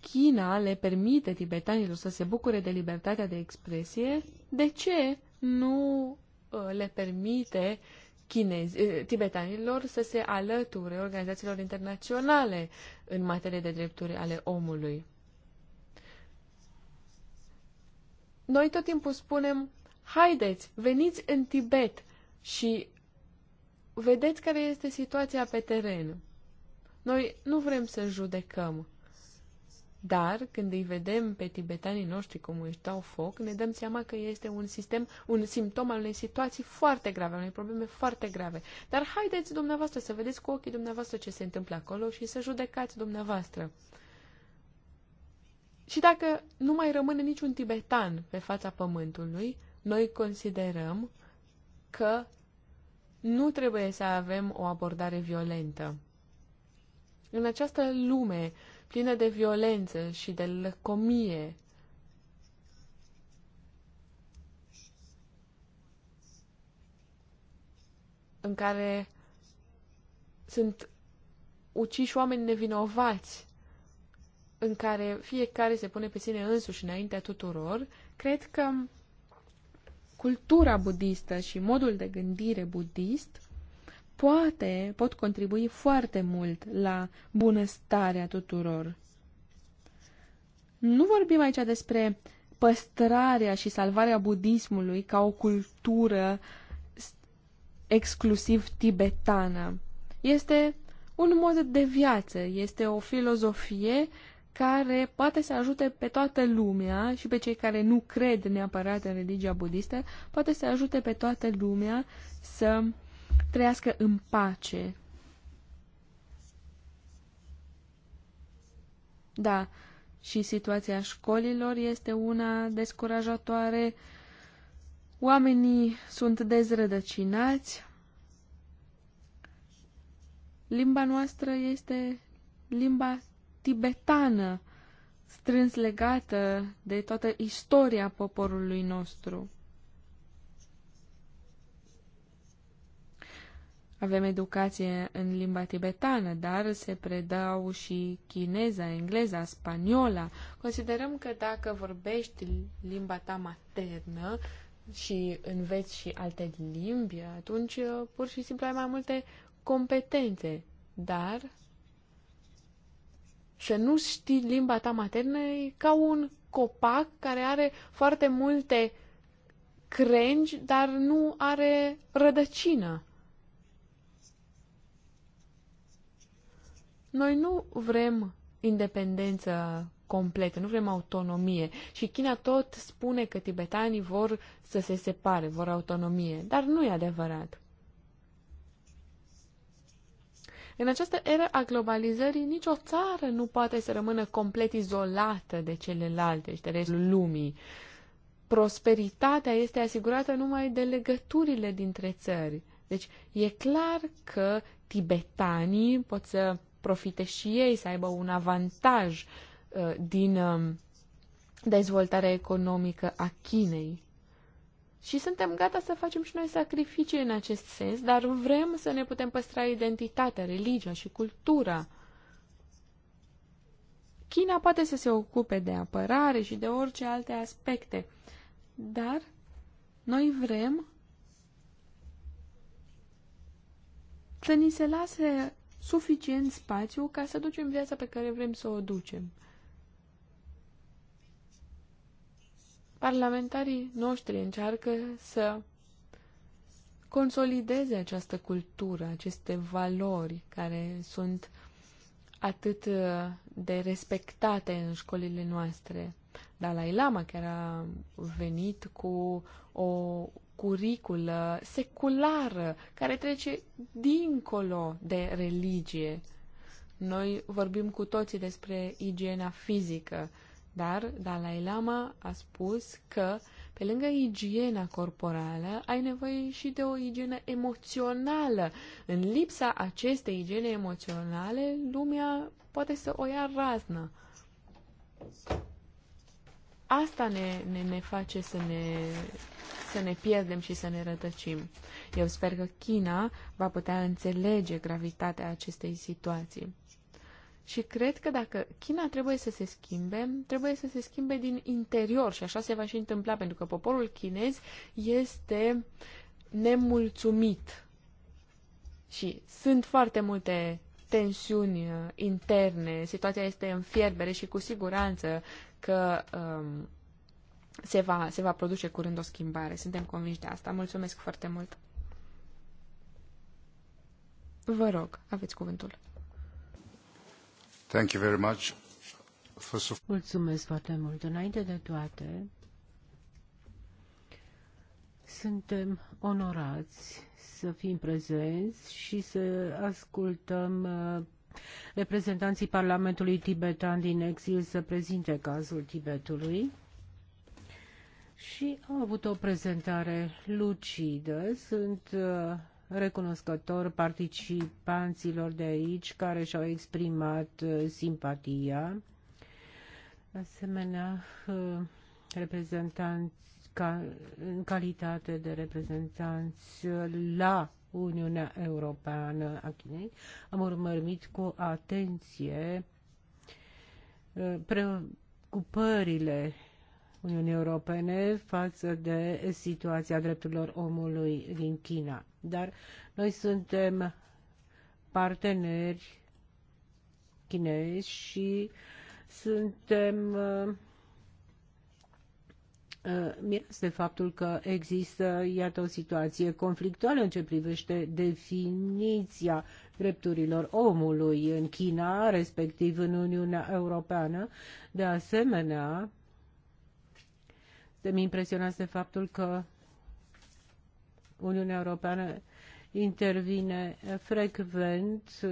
China le permite tibetanilor să se bucure de libertatea de expresie, de ce nu uh, le permite chinezi, uh, tibetanilor să se alăture organizațiilor internaționale în materie de drepturi ale omului? Noi tot timpul spunem, haideți, veniți în Tibet și vedeți care este situația pe teren. Noi nu vrem să judecăm, dar când îi vedem pe tibetanii noștri cum își dau foc, ne dăm seama că este un sistem, un simptom al unei situații foarte grave, al unei probleme foarte grave. Dar haideți dumneavoastră să vedeți cu ochii dumneavoastră ce se întâmplă acolo și să judecați dumneavoastră. Și dacă nu mai rămâne niciun tibetan pe fața pământului, noi considerăm că nu trebuie să avem o abordare violentă. În această lume plină de violență și de lăcomie, în care sunt uciși oameni nevinovați, în care fiecare se pune pe sine însuși înaintea tuturor, cred că cultura budistă și modul de gândire budist poate, pot contribui foarte mult la bunăstarea tuturor. Nu vorbim aici despre păstrarea și salvarea budismului ca o cultură exclusiv tibetană. Este un mod de viață, este o filozofie care poate să ajute pe toată lumea și pe cei care nu cred neapărat în religia budistă, poate să ajute pe toată lumea să trăiască în pace. Da, și situația școlilor este una descurajatoare. Oamenii sunt dezrădăcinați. Limba noastră este limba tibetană, strâns legată de toată istoria poporului nostru. Avem educație în limba tibetană, dar se predau și chineza, engleza, spaniola. Considerăm că dacă vorbești limba ta maternă și înveți și alte limbi, atunci uh, pur și simplu ai mai multe competențe. Dar să nu știi limba ta maternă e ca un copac care are foarte multe crengi, dar nu are rădăcină. Noi nu vrem independență completă, nu vrem autonomie. Și China tot spune că tibetanii vor să se separe, vor autonomie, dar nu e adevărat. În această era a globalizării, nicio țară nu poate să rămână complet izolată de celelalte și de restul lumii. Prosperitatea este asigurată numai de legăturile dintre țări. Deci e clar că tibetanii pot să profite și ei, să aibă un avantaj uh, din um, dezvoltarea economică a Chinei. Și suntem gata să facem și noi sacrificii în acest sens, dar vrem să ne putem păstra identitatea, religia și cultura. China poate să se ocupe de apărare și de orice alte aspecte, dar noi vrem să ni se lase suficient spațiu ca să ducem viața pe care vrem să o ducem. Parlamentarii noștri încearcă să consolideze această cultură, aceste valori care sunt atât uh, de respectate în școlile noastre. Dalai Lama chiar a venit cu o curiculă seculară care trece dincolo de religie. Noi vorbim cu toții despre igiena fizică, dar Dalai Lama a spus că pe lângă igiena corporală ai nevoie și de o igienă emoțională. În lipsa acestei igiene emoționale, lumea poate să o ia raznă. Asta ne, ne, ne face să ne, să ne pierdem și să ne rătăcim. Eu sper că China va putea înțelege gravitatea acestei situații. Și cred că dacă China trebuie să se schimbe, trebuie să se schimbe din interior și așa se va și întâmpla, pentru că poporul chinez este nemulțumit. Și sunt foarte multe tensiuni uh, interne, situația este în fierbere și cu siguranță că um, se, va, se va produce curând o schimbare. Suntem convinși de asta. Mulțumesc foarte mult. Vă rog, aveți cuvântul. Thank you very much. Mulțumesc foarte mult. Înainte de toate, suntem onorați să fim prezenți și să ascultăm uh, reprezentanții Parlamentului tibetan din exil să prezinte cazul Tibetului și au avut o prezentare lucidă. Sunt uh, recunoscător participanților de aici care și-au exprimat uh, simpatia. De asemenea, uh, reprezentanți ca, în calitate de reprezentanți la Uniunea Europeană a Chinei. Am urmărit cu atenție uh, preocupările Uniunii Europene față de situația drepturilor omului din China. Dar noi suntem parteneri chinezi și suntem uh, Uh, este faptul că există, iată, o situație conflictuală în ce privește definiția drepturilor omului în China, respectiv în Uniunea Europeană. De asemenea, suntem impresionați de faptul că Uniunea Europeană intervine frecvent uh,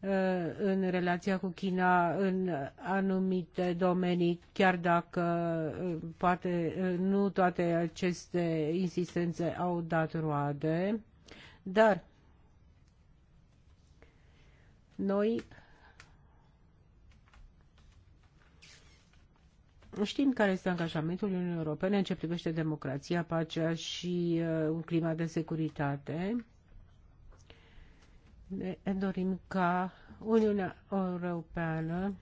Uh, în relația cu China în anumite domenii, chiar dacă uh, poate uh, nu toate aceste insistențe au dat roade, dar noi Știm care este angajamentul Uniunii Europene în ce privește democrația, pacea și un climat de securitate. Ne dorim ca Uniunea Europeană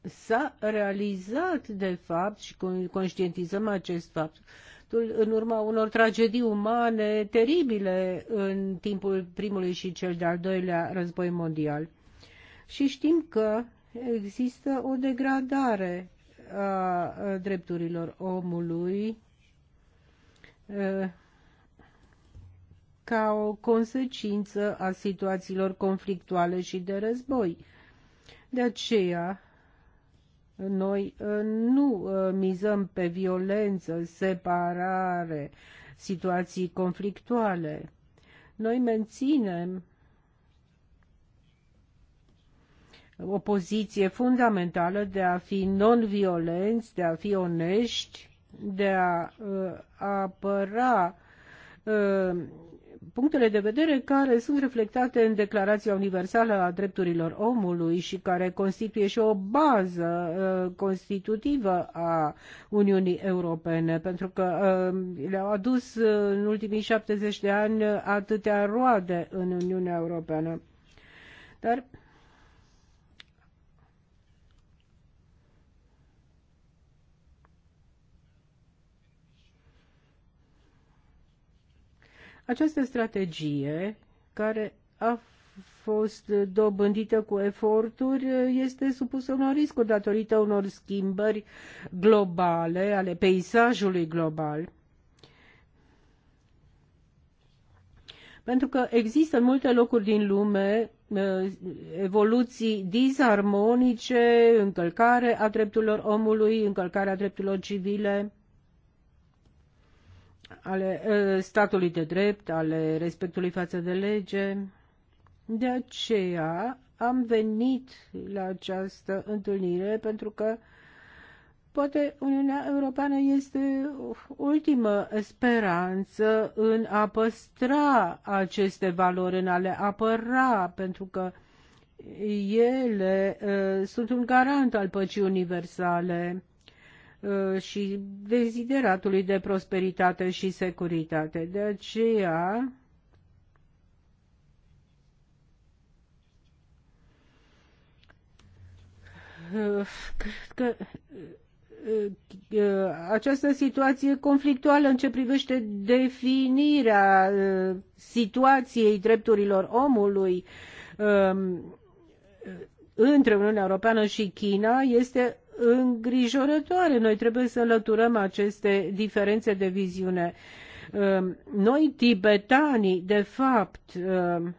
s-a realizat, de fapt, și conștientizăm acest fapt, în urma unor tragedii umane teribile în timpul primului și cel de-al doilea război mondial. Și știm că există o degradare a drepturilor omului ca o consecință a situațiilor conflictuale și de război. De aceea, noi uh, nu uh, mizăm pe violență, separare, situații conflictuale. Noi menținem o poziție fundamentală de a fi non-violenți, de a fi onești, de a uh, apăra uh, punctele de vedere care sunt reflectate în Declarația Universală a Drepturilor Omului și care constituie și o bază uh, constitutivă a Uniunii Europene, pentru că uh, le-au adus uh, în ultimii 70 de ani atâtea roade în Uniunea Europeană. Dar Această strategie, care a fost dobândită cu eforturi, este supusă unor riscuri datorită unor schimbări globale ale peisajului global. Pentru că există în multe locuri din lume uh, evoluții disarmonice, încălcare a drepturilor omului, încălcarea drepturilor civile, ale statului de drept, ale respectului față de lege. De aceea am venit la această întâlnire pentru că poate Uniunea Europeană este ultimă speranță în a păstra aceste valori, în a le apăra, pentru că ele uh, sunt un garant al păcii universale Uh, și dezideratului de prosperitate și securitate. De aceea, uh, cred că uh, această situație conflictuală în ce privește definirea situației drepturilor omului um, între Uniunea Europeană și China este îngrijorătoare. Noi trebuie să înlăturăm aceste diferențe de viziune. Ehm, noi, tibetanii, de fapt, ehm,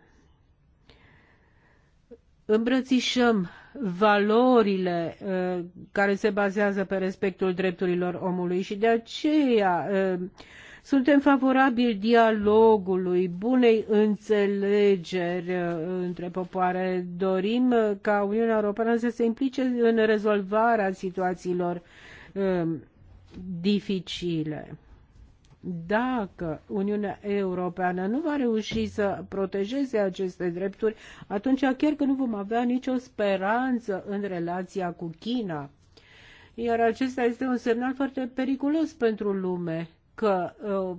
îmbrățișăm valorile ehm, care se bazează pe respectul drepturilor omului și de aceea suntem favorabili dialogului, bunei înțelegeri uh, între popoare. Dorim uh, ca Uniunea Europeană să se implice în rezolvarea situațiilor um, dificile dacă Uniunea Europeană nu va reuși să protejeze aceste drepturi, atunci chiar că nu vom avea nicio speranță în relația cu China. Iar acesta este un semnal foarte periculos pentru lume că uh,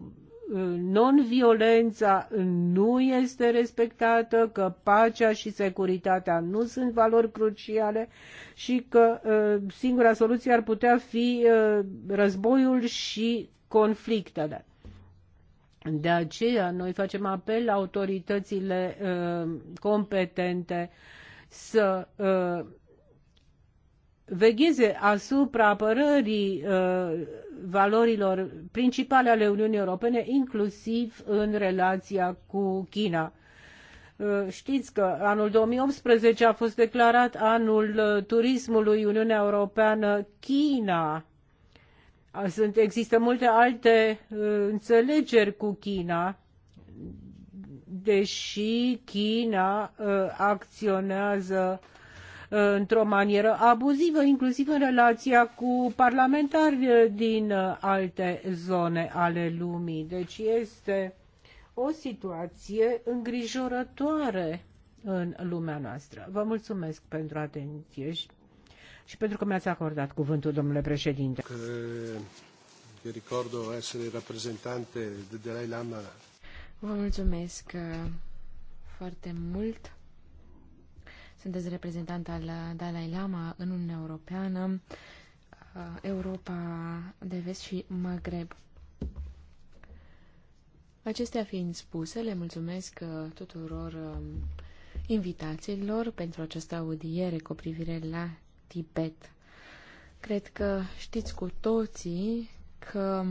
uh, non-violența nu este respectată, că pacea și securitatea nu sunt valori cruciale și că uh, singura soluție ar putea fi războiul și conflictele. De aceea noi facem apel la autoritățile competente să vegheze asupra apărării uh, valorilor principale ale Uniunii Europene, inclusiv în relația cu China. Uh, știți că anul 2018 a fost declarat anul uh, turismului Uniunea Europeană-China. Sunt, există multe alte înțelegeri cu China, deși China acționează Uh, într-o manieră abuzivă, inclusiv în relația cu parlamentari uh, din uh, alte zone ale lumii. Deci este o situație îngrijorătoare în lumea noastră. Vă mulțumesc pentru atenție și, și pentru că mi-ați acordat cuvântul, domnule președinte. Că, eu ricordo essere de Dalai Lama. Vă mulțumesc foarte mult. Sunteți reprezentant al Dalai Lama în Uniunea Europeană, uh, Europa de Vest și Maghreb. Acestea fiind spuse, le mulțumesc uh, tuturor um, invitațiilor pentru această audiere cu privire la Tibet. Cred că știți cu toții că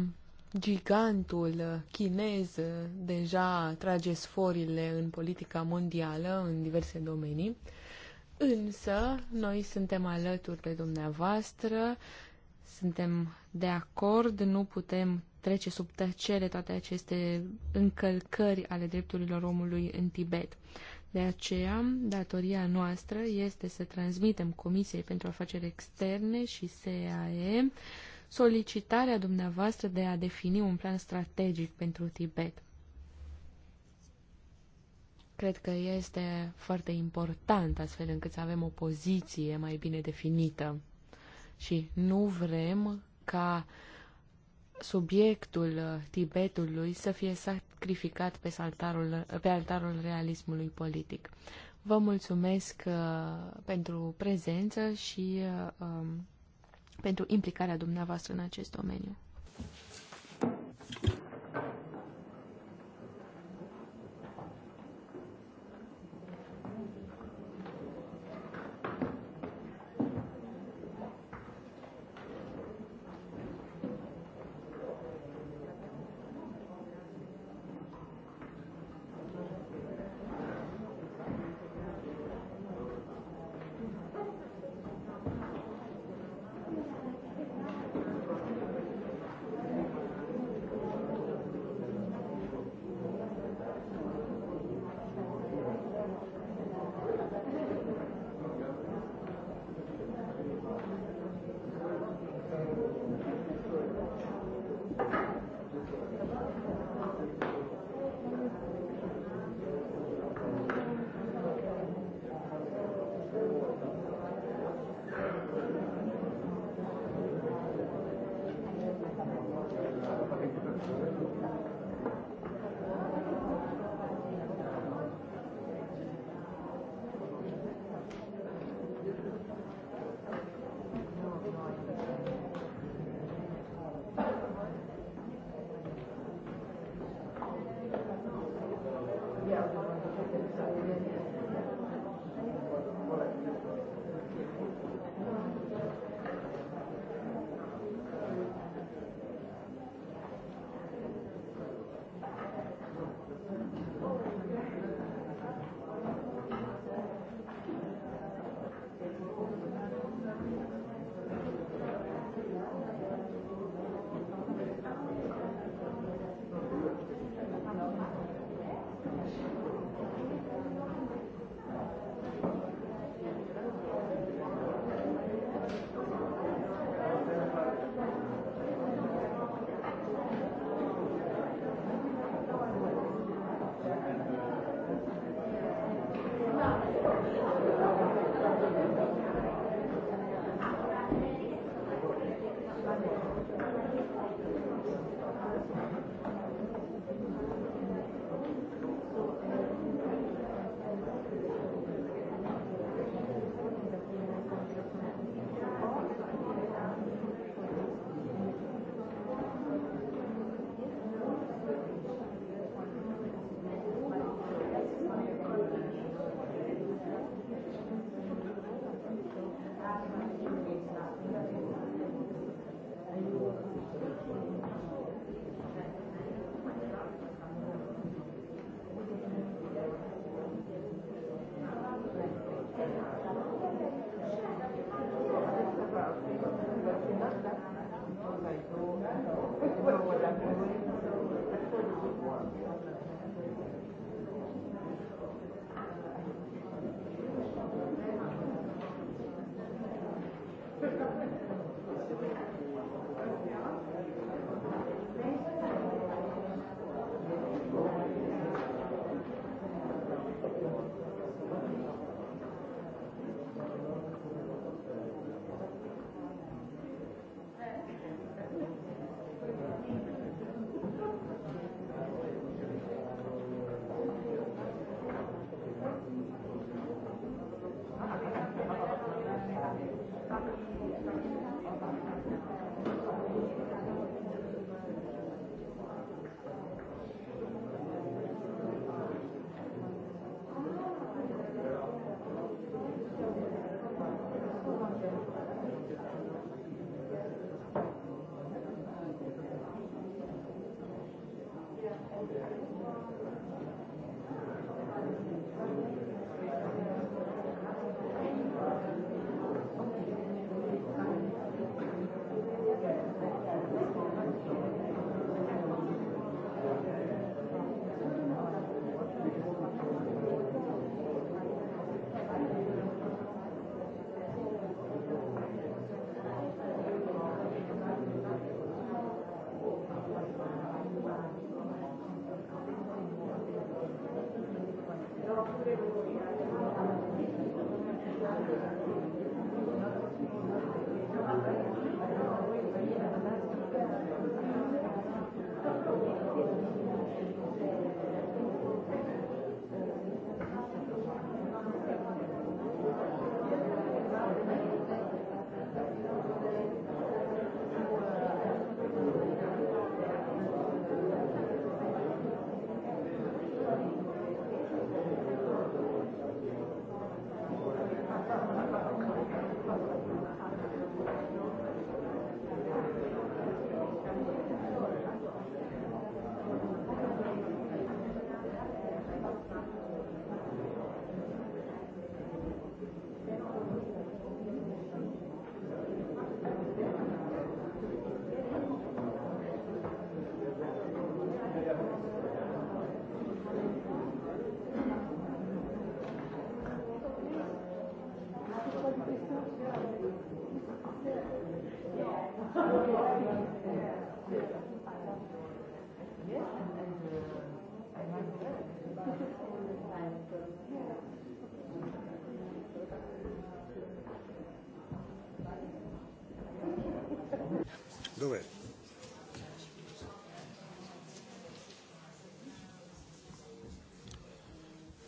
gigantul chinez deja trage sforile în politica mondială, în diverse domenii. Însă, noi suntem alături de dumneavoastră, suntem de acord, nu putem trece sub tăcere toate aceste încălcări ale drepturilor omului în Tibet. De aceea, datoria noastră este să transmitem Comisiei pentru Afaceri Externe și SAE solicitarea dumneavoastră de a defini un plan strategic pentru Tibet. Cred că este foarte important astfel încât să avem o poziție mai bine definită și nu vrem ca subiectul Tibetului să fie sacrificat pe altarul, pe altarul realismului politic. Vă mulțumesc uh, pentru prezență și uh, um, pentru implicarea dumneavoastră în acest domeniu.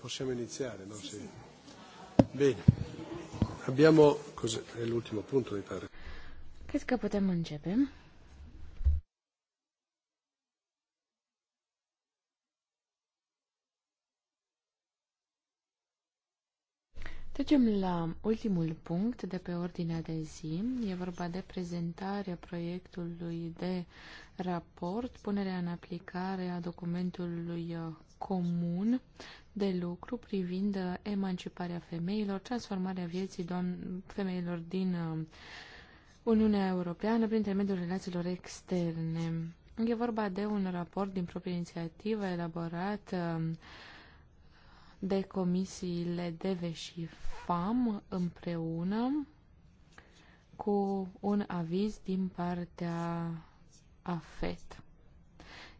Possiamo iniziare, no? Sì. Bine. Abbiamo... Cos'è? È l'ultimo punto, mi pare. Cred că putem începe. Trecem la ultimul punct de pe ordinea de zi. E vorba de prezentarea proiectului de raport, punerea în aplicare a documentului comun de lucru privind uh, emanciparea femeilor, transformarea vieții femeilor din uh, Uniunea Europeană prin intermediul relațiilor externe. E vorba de un raport din proprie inițiativă elaborat um, de comisiile DV și FAM împreună cu un aviz din partea AFET.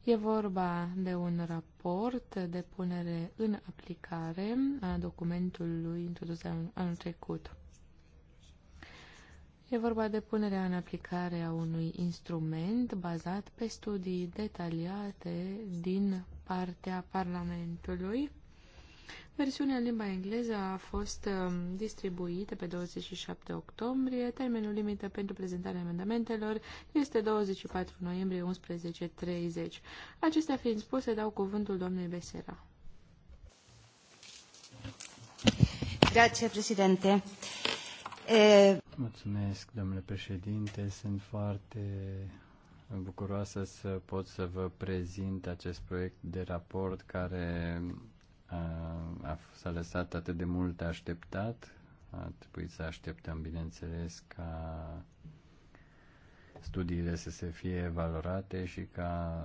E vorba de un raport de punere în aplicare a documentului introdus anul trecut. E vorba de punerea în aplicare a unui instrument bazat pe studii detaliate din partea Parlamentului Versiunea în limba engleză a fost um, distribuită pe 27 octombrie. Termenul limită pentru prezentarea amendamentelor este 24 noiembrie 11.30. Acestea fiind spuse, dau cuvântul doamnei Besera. Grazie, președinte. E... Mulțumesc, domnule președinte. Sunt foarte bucuroasă să pot să vă prezint acest proiect de raport care s-a lăsat atât de mult așteptat. A trebuit să așteptăm, bineînțeles, ca studiile să se fie valorate și ca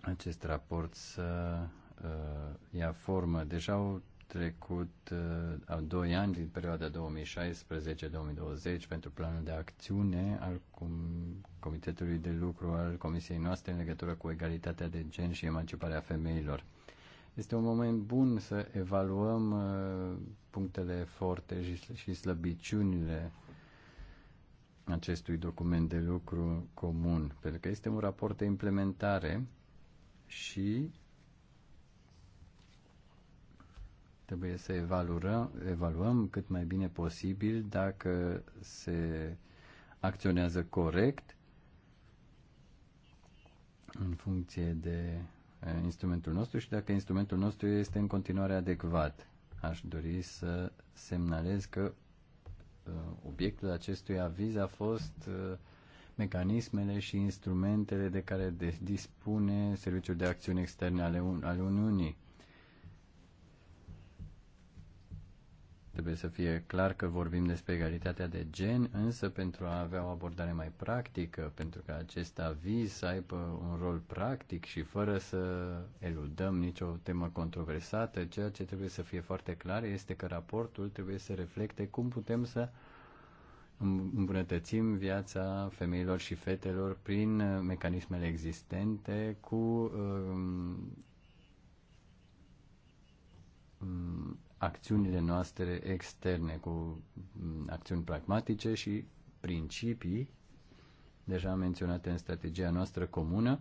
acest raport să uh, ia formă. Deja au trecut uh, au doi ani din perioada 2016-2020 pentru planul de acțiune al com- Comitetului de Lucru al Comisiei noastre în legătură cu egalitatea de gen și emanciparea femeilor. Este un moment bun să evaluăm uh, punctele forte și, slăbiciunile acestui document de lucru comun, pentru că este un raport de implementare și trebuie să evaluăm, evaluăm cât mai bine posibil dacă se acționează corect în funcție de instrumentul nostru și dacă instrumentul nostru este în continuare adecvat. Aș dori să semnalez că uh, obiectul acestui aviz a fost uh, mecanismele și instrumentele de care dispune Serviciul de Acțiune Externe ale, ale Uniunii Trebuie să fie clar că vorbim despre egalitatea de gen, însă pentru a avea o abordare mai practică, pentru ca acest aviz să aibă un rol practic și fără să eludăm nicio temă controversată, ceea ce trebuie să fie foarte clar este că raportul trebuie să reflecte cum putem să îmbunătățim viața femeilor și fetelor prin mecanismele existente cu um, um acțiunile noastre externe cu mm, acțiuni pragmatice și principii deja menționate în strategia noastră comună.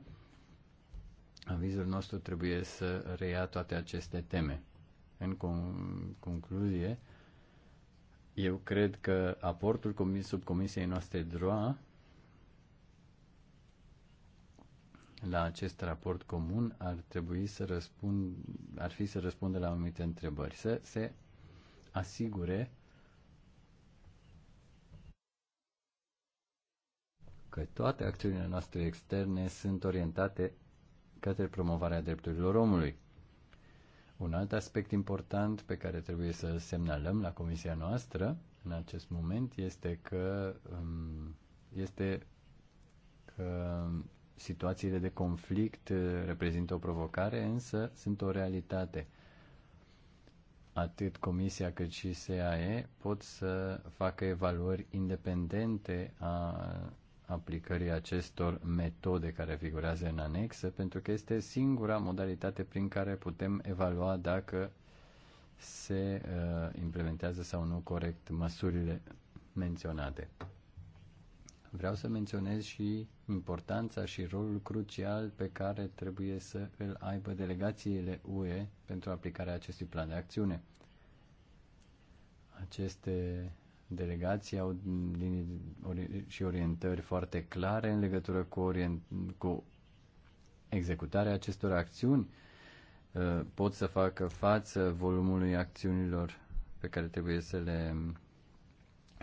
Avizul nostru trebuie să reia toate aceste teme. În concluzie, eu cred că aportul subcomisiei noastre DROA la acest raport comun ar trebui să răspund, ar fi să răspundă la anumite întrebări, să se asigure că toate acțiunile noastre externe sunt orientate către promovarea drepturilor omului. Un alt aspect important pe care trebuie să semnalăm la comisia noastră în acest moment este că um, este că situațiile de conflict uh, reprezintă o provocare, însă sunt o realitate. Atât Comisia cât și SAE pot să facă evaluări independente a aplicării acestor metode care figurează în anexă, pentru că este singura modalitate prin care putem evalua dacă se uh, implementează sau nu corect măsurile menționate vreau să menționez și importanța și rolul crucial pe care trebuie să îl aibă delegațiile UE pentru aplicarea acestui plan de acțiune. Aceste delegații au linii și orientări foarte clare în legătură cu, orient, cu executarea acestor acțiuni, uh, pot să facă față volumului acțiunilor pe care trebuie să le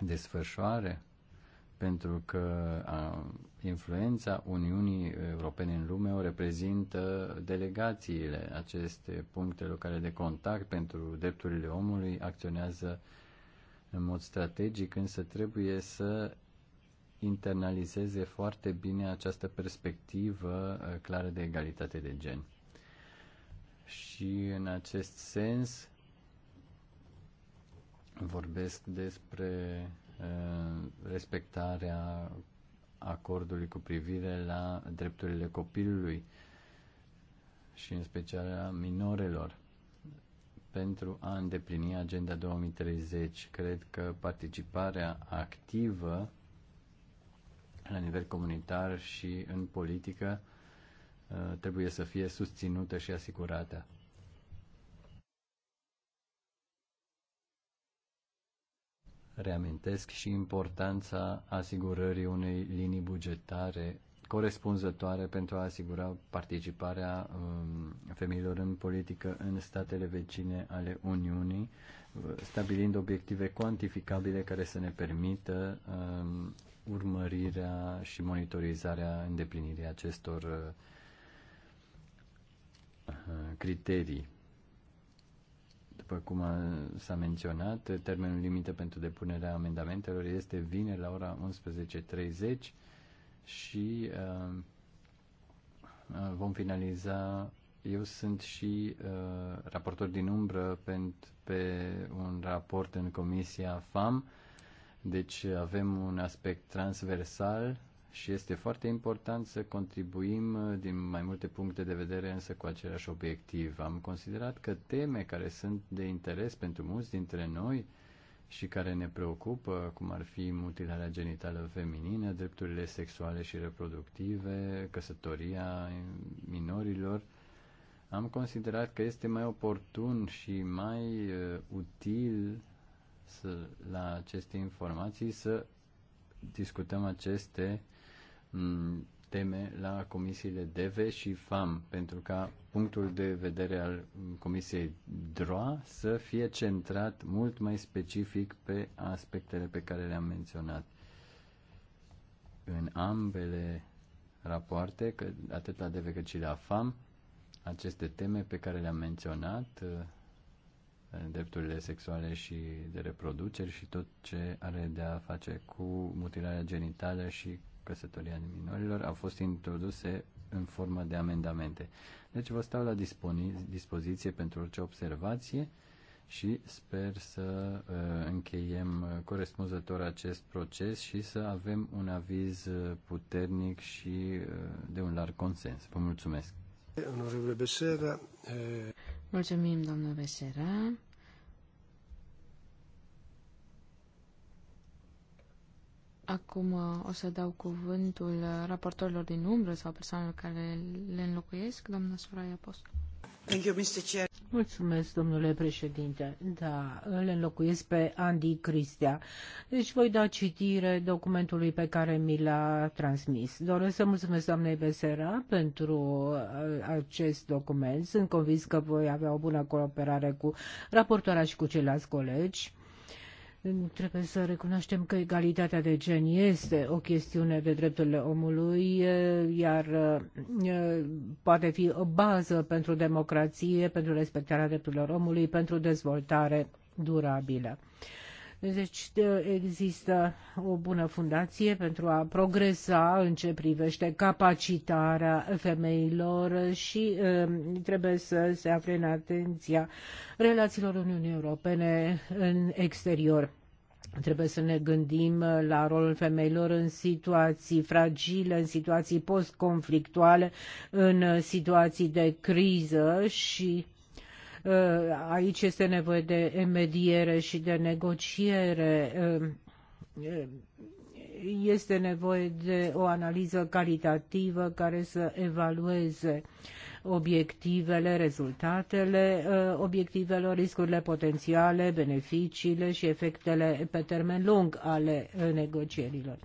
desfășoare pentru că a, influența Uniunii Europene în lume o reprezintă delegațiile. Aceste puncte locale de contact pentru drepturile omului acționează în mod strategic, însă trebuie să internalizeze foarte bine această perspectivă clară de egalitate de gen. Și în acest sens vorbesc despre Uh, respectarea acordului cu privire la drepturile copilului și în special a minorelor pentru a îndeplini Agenda 2030. Cred că participarea activă la nivel comunitar și în politică uh, trebuie să fie susținută și asigurată. reamintesc și importanța asigurării unei linii bugetare corespunzătoare pentru a asigura participarea um, femeilor în politică în statele vecine ale Uniunii, uh, stabilind obiective cuantificabile care să ne permită um, urmărirea și monitorizarea îndeplinirii acestor uh, uh, criterii. După cum s-a menționat, termenul limită pentru depunerea amendamentelor este vineri la ora 11.30 și uh, uh, vom finaliza. Eu sunt și uh, raportor din umbră pe, pe un raport în Comisia FAM, deci avem un aspect transversal și este foarte important să contribuim uh, din mai multe puncte de vedere, însă cu același obiectiv. Am considerat că teme care sunt de interes pentru mulți dintre noi și care ne preocupă, cum ar fi mutilarea genitală feminină, drepturile sexuale și reproductive, căsătoria minorilor, am considerat că este mai oportun și mai uh, util să, la aceste informații să discutăm aceste Mm, teme la comisiile DV și FAM, pentru ca punctul de vedere al comisiei DROA să fie centrat mult mai specific pe aspectele pe care le-am menționat. În ambele rapoarte, că, atât la DV cât și la FAM, aceste teme pe care le-am menționat, uh, drepturile sexuale și de reproducere și tot ce are de a face cu mutilarea genitală și căsătoria minorilor au fost introduse în formă de amendamente. Deci vă stau la dispoziție pentru orice observație și sper să uh, încheiem uh, corespunzător acest proces și să avem un aviz uh, puternic și uh, de un larg consens. Vă mulțumesc! Onorevole Besera. Uh, Mulțumim, domnul Besera. Acum uh, o să dau cuvântul uh, raportorilor din umbră sau persoanelor care le înlocuiesc, doamna Soraya Post. Mulțumesc, domnule președinte. Da, îl înlocuiesc pe Andy Cristea. Deci voi da citire documentului pe care mi l-a transmis. Doresc să mulțumesc doamnei Besera pentru uh, acest document. Sunt convins că voi avea o bună cooperare cu raportoarea și cu ceilalți colegi Trebuie să recunoaștem că egalitatea de gen este o chestiune de drepturile omului, iar poate fi o bază pentru democrație, pentru respectarea drepturilor omului, pentru dezvoltare durabilă. Deci există o bună fundație pentru a progresa în ce privește capacitarea femeilor și um, trebuie să se afle în atenția relațiilor Uniunii Europene în exterior. Trebuie să ne gândim la rolul femeilor în situații fragile, în situații post-conflictuale, în situații de criză și Eh, aici este nevoie de mediere și de negociere. Eh, eh, este nevoie de o analiză calitativă care să evalueze obiectivele, rezultatele obiectivelor, riscurile potențiale, beneficiile și efectele pe termen lung ale negocierilor.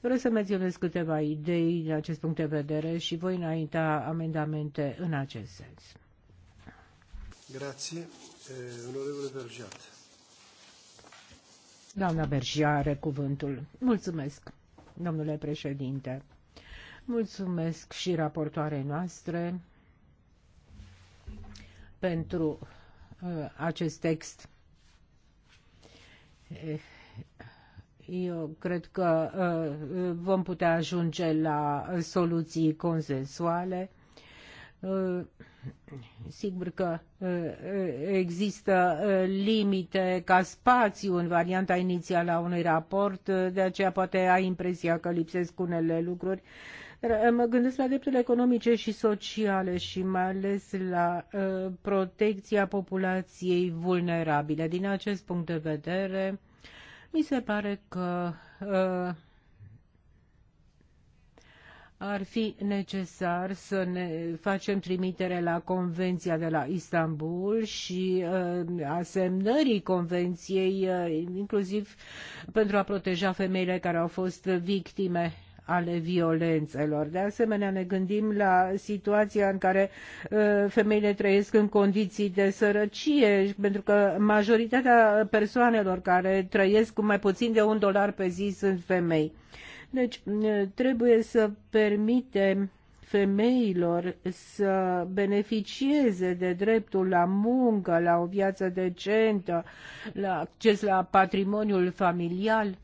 Doresc să menționez câteva idei din acest punct de vedere și voi înainta amendamente în acest sens. Grazie. Eh, onorevole Bergiat. Doamna Bergiat are cuvântul. Mulțumesc, domnule președinte. Mulțumesc și raportoarei noastre pentru uh, acest text. Eh, eu cred că uh, vom putea ajunge la soluții consensuale. Uh, Sigur că uh, uh, există uh, limite ca spațiu în varianta inițială a unui raport, de aceea poate ai impresia că lipsesc unele lucruri. Mă gândesc la drepturile economice și sociale și mai ales la protecția populației vulnerabile. Din acest punct de vedere, mi se pare că ar fi necesar să ne facem trimitere la Convenția de la Istanbul și uh, asemnării Convenției, uh, inclusiv pentru a proteja femeile care au fost victime ale violențelor. De asemenea, ne gândim la situația în care uh, femeile trăiesc în condiții de sărăcie, pentru că majoritatea persoanelor care trăiesc cu mai puțin de un dolar pe zi sunt femei. Uh, deci trebuie să permitem femeilor să beneficieze de dreptul la muncă, la o viață decentă, la acces la patrimoniul familial.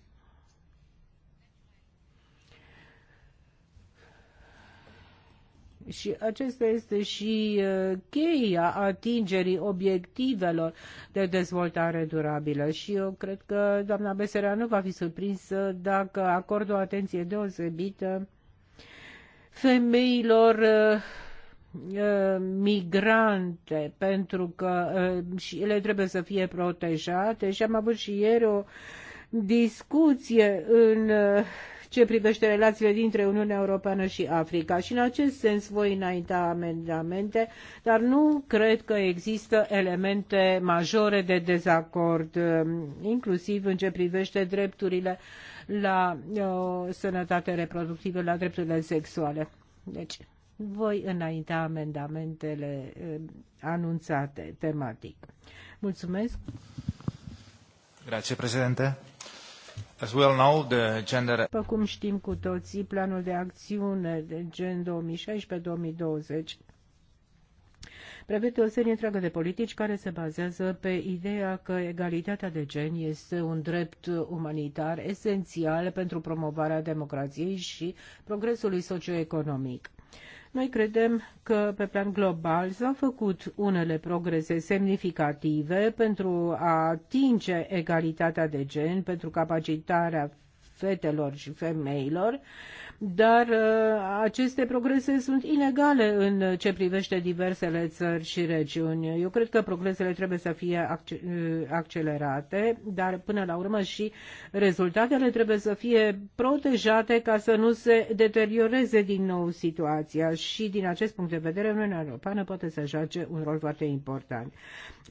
Și acesta este și uh, cheia atingerii obiectivelor de dezvoltare durabilă. Și eu cred că doamna Besera nu va fi surprinsă dacă acordă o atenție deosebită femeilor uh, uh, migrante, pentru că și ele trebuie să fie protejate și am avut și ieri o discuție în ce privește relațiile dintre Uniunea Europeană și Africa. Și în acest sens voi înainta amendamente, dar nu cred că există elemente majore de dezacord, um, inclusiv în ce privește drepturile la uh, sănătate reproductivă, la drepturile sexuale. Deci, voi înainta amendamentele um, anunțate tematic. Mulțumesc. Grazie, președinte. As the gender... După cum știm cu toții, planul de acțiune de gen 2016-2020 prevede o serie întreagă de politici care se bazează pe ideea că egalitatea de gen este un drept umanitar esențial pentru promovarea democrației și progresului socioeconomic. Noi credem că pe plan global s-au făcut unele progrese semnificative pentru a atinge egalitatea de gen, pentru capacitarea fetelor și femeilor, dar uh, aceste progrese sunt inegale în ce privește diversele țări și regiuni. Eu cred că progresele trebuie să fie uh, accelerate, dar până la urmă și rezultatele trebuie să fie protejate ca să nu se deterioreze din nou situația și din acest punct de vedere Uniunea Europeană poate să joace un rol foarte important.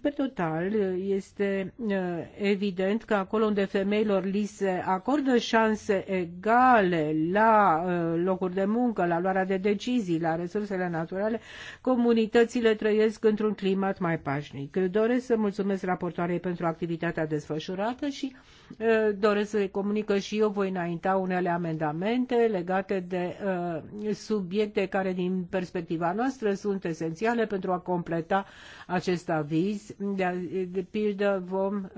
Pe total, este uh, evident că acolo unde femeilor li se acordă șanse egale la Eh, locuri de muncă, la luarea de decizii, la resursele naturale, comunitățile trăiesc într-un climat mai pașnic. Doresc să mulțumesc raportoarei pentru activitatea desfășurată și eh, doresc să comunică și eu voi înainta unele amendamente legate de eh, subiecte care din perspectiva noastră sunt esențiale pentru a completa acest aviz. De, de pildă vom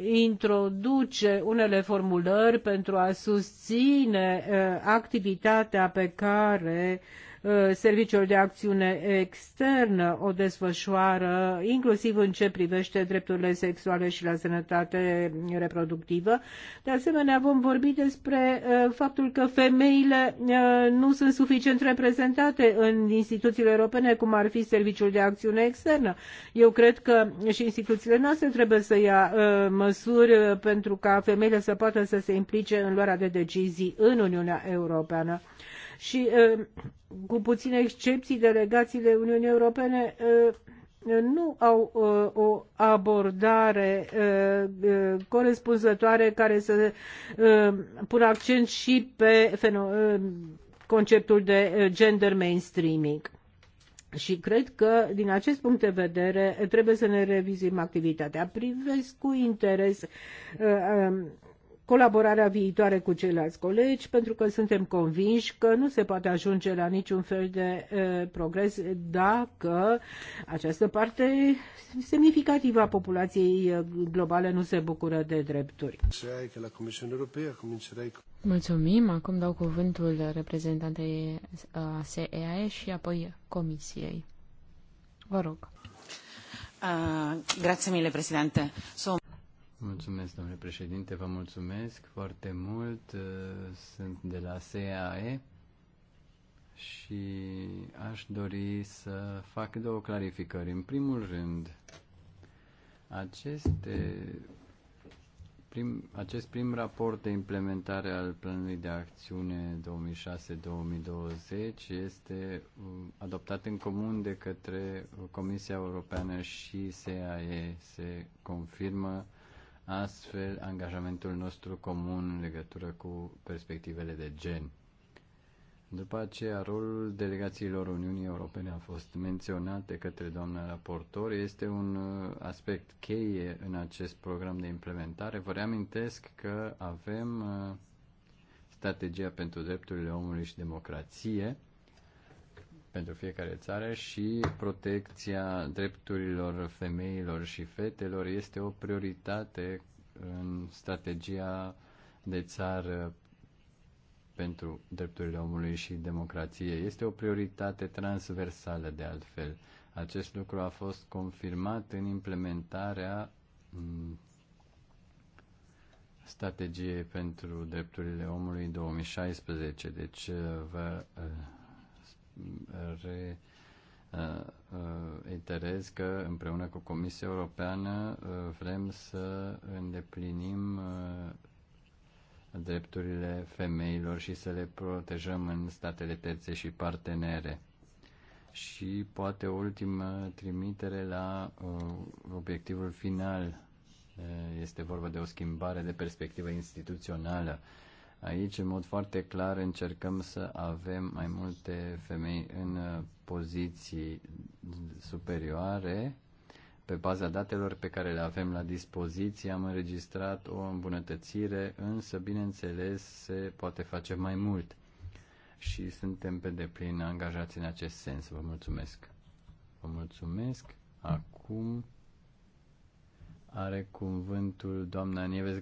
introduce unele formulări pentru a susține uh, activitatea pe care uh, Uh, serviciul de Acțiune Externă o desfășoară inclusiv în ce privește drepturile sexuale și la sănătate reproductivă. De asemenea, vom vorbi despre uh, faptul că femeile uh, nu sunt suficient reprezentate în instituțiile europene, cum ar fi Serviciul de Acțiune Externă. Eu cred că și instituțiile noastre trebuie să ia măsuri pentru ca femeile să poată să se implice în luarea de decizii în Uniunea Europeană și cu puține excepții delegațiile Uniunii Europene nu au o abordare corespunzătoare care să pună accent și pe conceptul de gender mainstreaming. Și cred că, din acest punct de vedere, trebuie să ne revizim activitatea. Privesc cu interes uh, colaborarea viitoare cu ceilalți colegi, pentru că suntem convinși că nu se poate ajunge la niciun fel de uh, progres dacă această parte semnificativă a populației globale nu se bucură de drepturi. Mulțumim. Acum dau cuvântul reprezentantei SEAE și apoi Comisiei. Vă rog. Uh, grazie mille, Presidente. So Mulțumesc, domnule președinte, vă mulțumesc foarte mult. Sunt de la SEAE și aș dori să fac două clarificări. În primul rând, aceste, prim, acest prim raport de implementare al Planului de Acțiune 2006-2020 este uh, adoptat în comun de către Comisia Europeană și SEAE. Se confirmă astfel angajamentul nostru comun în legătură cu perspectivele de gen. După aceea, rolul delegațiilor Uniunii Europene a fost menționat de către doamna raportor. Este un uh, aspect cheie în acest program de implementare. Vă reamintesc că avem uh, strategia pentru drepturile omului și democrație, pentru fiecare țară și protecția drepturilor femeilor și fetelor este o prioritate în strategia de țară pentru drepturile omului și democrație. Este o prioritate transversală de altfel. Acest lucru a fost confirmat în implementarea mm, strategiei pentru drepturile omului 2016. Deci uh, vă uh, re, uh, uh, iterez că împreună cu Comisia Europeană uh, vrem să îndeplinim drepturile femeilor și să le protejăm în statele terțe și partenere. Și poate o ultimă trimitere la obiectivul final. Este vorba de o schimbare de perspectivă instituțională. Aici, în mod foarte clar, încercăm să avem mai multe femei în uh, poziții superioare. Pe baza datelor pe care le avem la dispoziție, am înregistrat o îmbunătățire, însă, bineînțeles, se poate face mai mult. Și suntem pe deplin angajați în acest sens. Vă mulțumesc! Vă mulțumesc! Acum are cuvântul doamna Nieves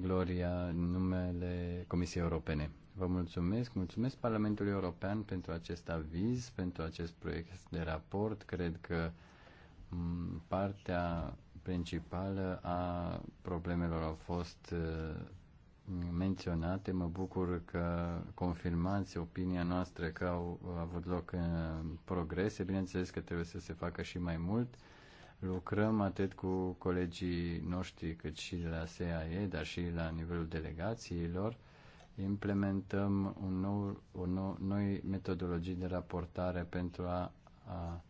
Gloria în numele Comisiei Europene. Vă mulțumesc, mulțumesc Parlamentului European pentru acest aviz, pentru acest proiect de raport. Cred că mm, partea principală a problemelor au fost uh, menționate. Mă bucur că confirmați opinia noastră că au avut loc uh, progrese. Bineînțeles că trebuie să se facă și mai mult Lucrăm atât cu colegii noștri cât și la SAE, dar și la nivelul delegațiilor. Implementăm un nou, o nou, noi metodologii de raportare pentru a, a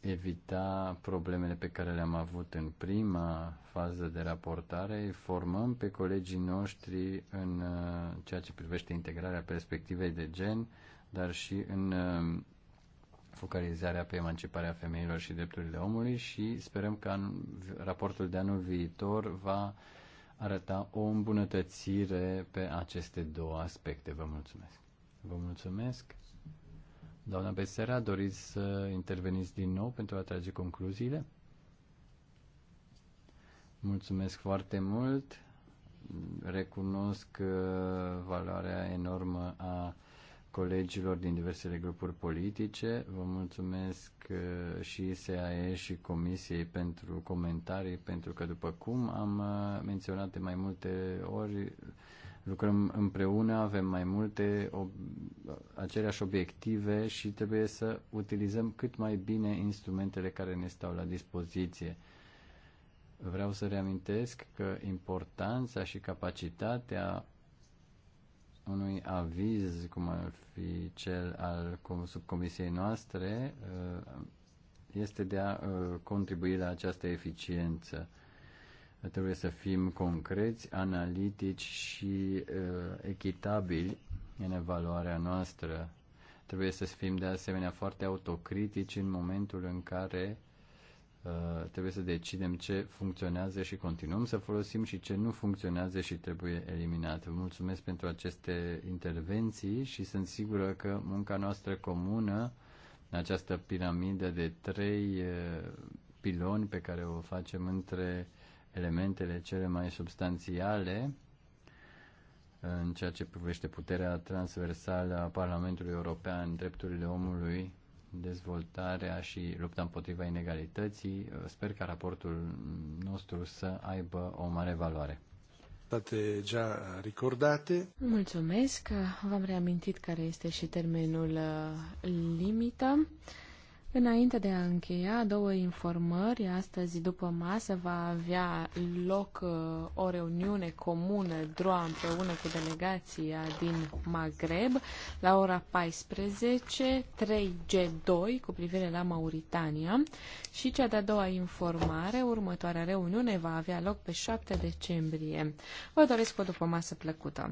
evita problemele pe care le-am avut în prima fază de raportare, formăm pe colegii noștri în uh, ceea ce privește integrarea perspectivei de gen, dar și în uh, focalizarea pe emanciparea femeilor și drepturile omului și sperăm că în raportul de anul viitor va arăta o îmbunătățire pe aceste două aspecte. Vă mulțumesc. Vă mulțumesc. Doamna Besera, doriți să interveniți din nou pentru a trage concluziile? Mulțumesc foarte mult. Recunosc uh, valoarea enormă a colegilor din diversele grupuri politice. Vă mulțumesc uh, și SAE și Comisiei pentru comentarii, pentru că, după cum am uh, menționat de mai multe ori, lucrăm împreună, avem mai multe ob- aceleași obiective și trebuie să utilizăm cât mai bine instrumentele care ne stau la dispoziție. Vreau să reamintesc că importanța și capacitatea unui aviz, cum ar fi cel al subcomisiei noastre, uh, este de a uh, contribui la această eficiență. Trebuie să fim concreți, analitici și uh, echitabili în evaluarea noastră. Trebuie să fim de asemenea foarte autocritici în momentul în care Uh, trebuie să decidem ce funcționează și continuăm să folosim și ce nu funcționează și trebuie eliminat. Vă mulțumesc pentru aceste intervenții și sunt sigură că munca noastră comună în această piramidă de trei uh, piloni pe care o facem între elementele cele mai substanțiale uh, în ceea ce privește puterea transversală a Parlamentului European, drepturile omului, dezvoltarea și lupta împotriva inegalității. Uh, sper ca raportul nostru să aibă o mare valoare. Toate già ricordate. Mulțumesc, v-am reamintit care este și termenul uh, limită. Înainte de a încheia, două informări. Astăzi, după masă, va avea loc uh, o reuniune comună, DROA, împreună cu delegația din Maghreb, la ora 14, 3G2, cu privire la Mauritania. Și cea de-a doua informare, următoarea reuniune va avea loc pe 7 decembrie. Vă doresc o după masă plăcută!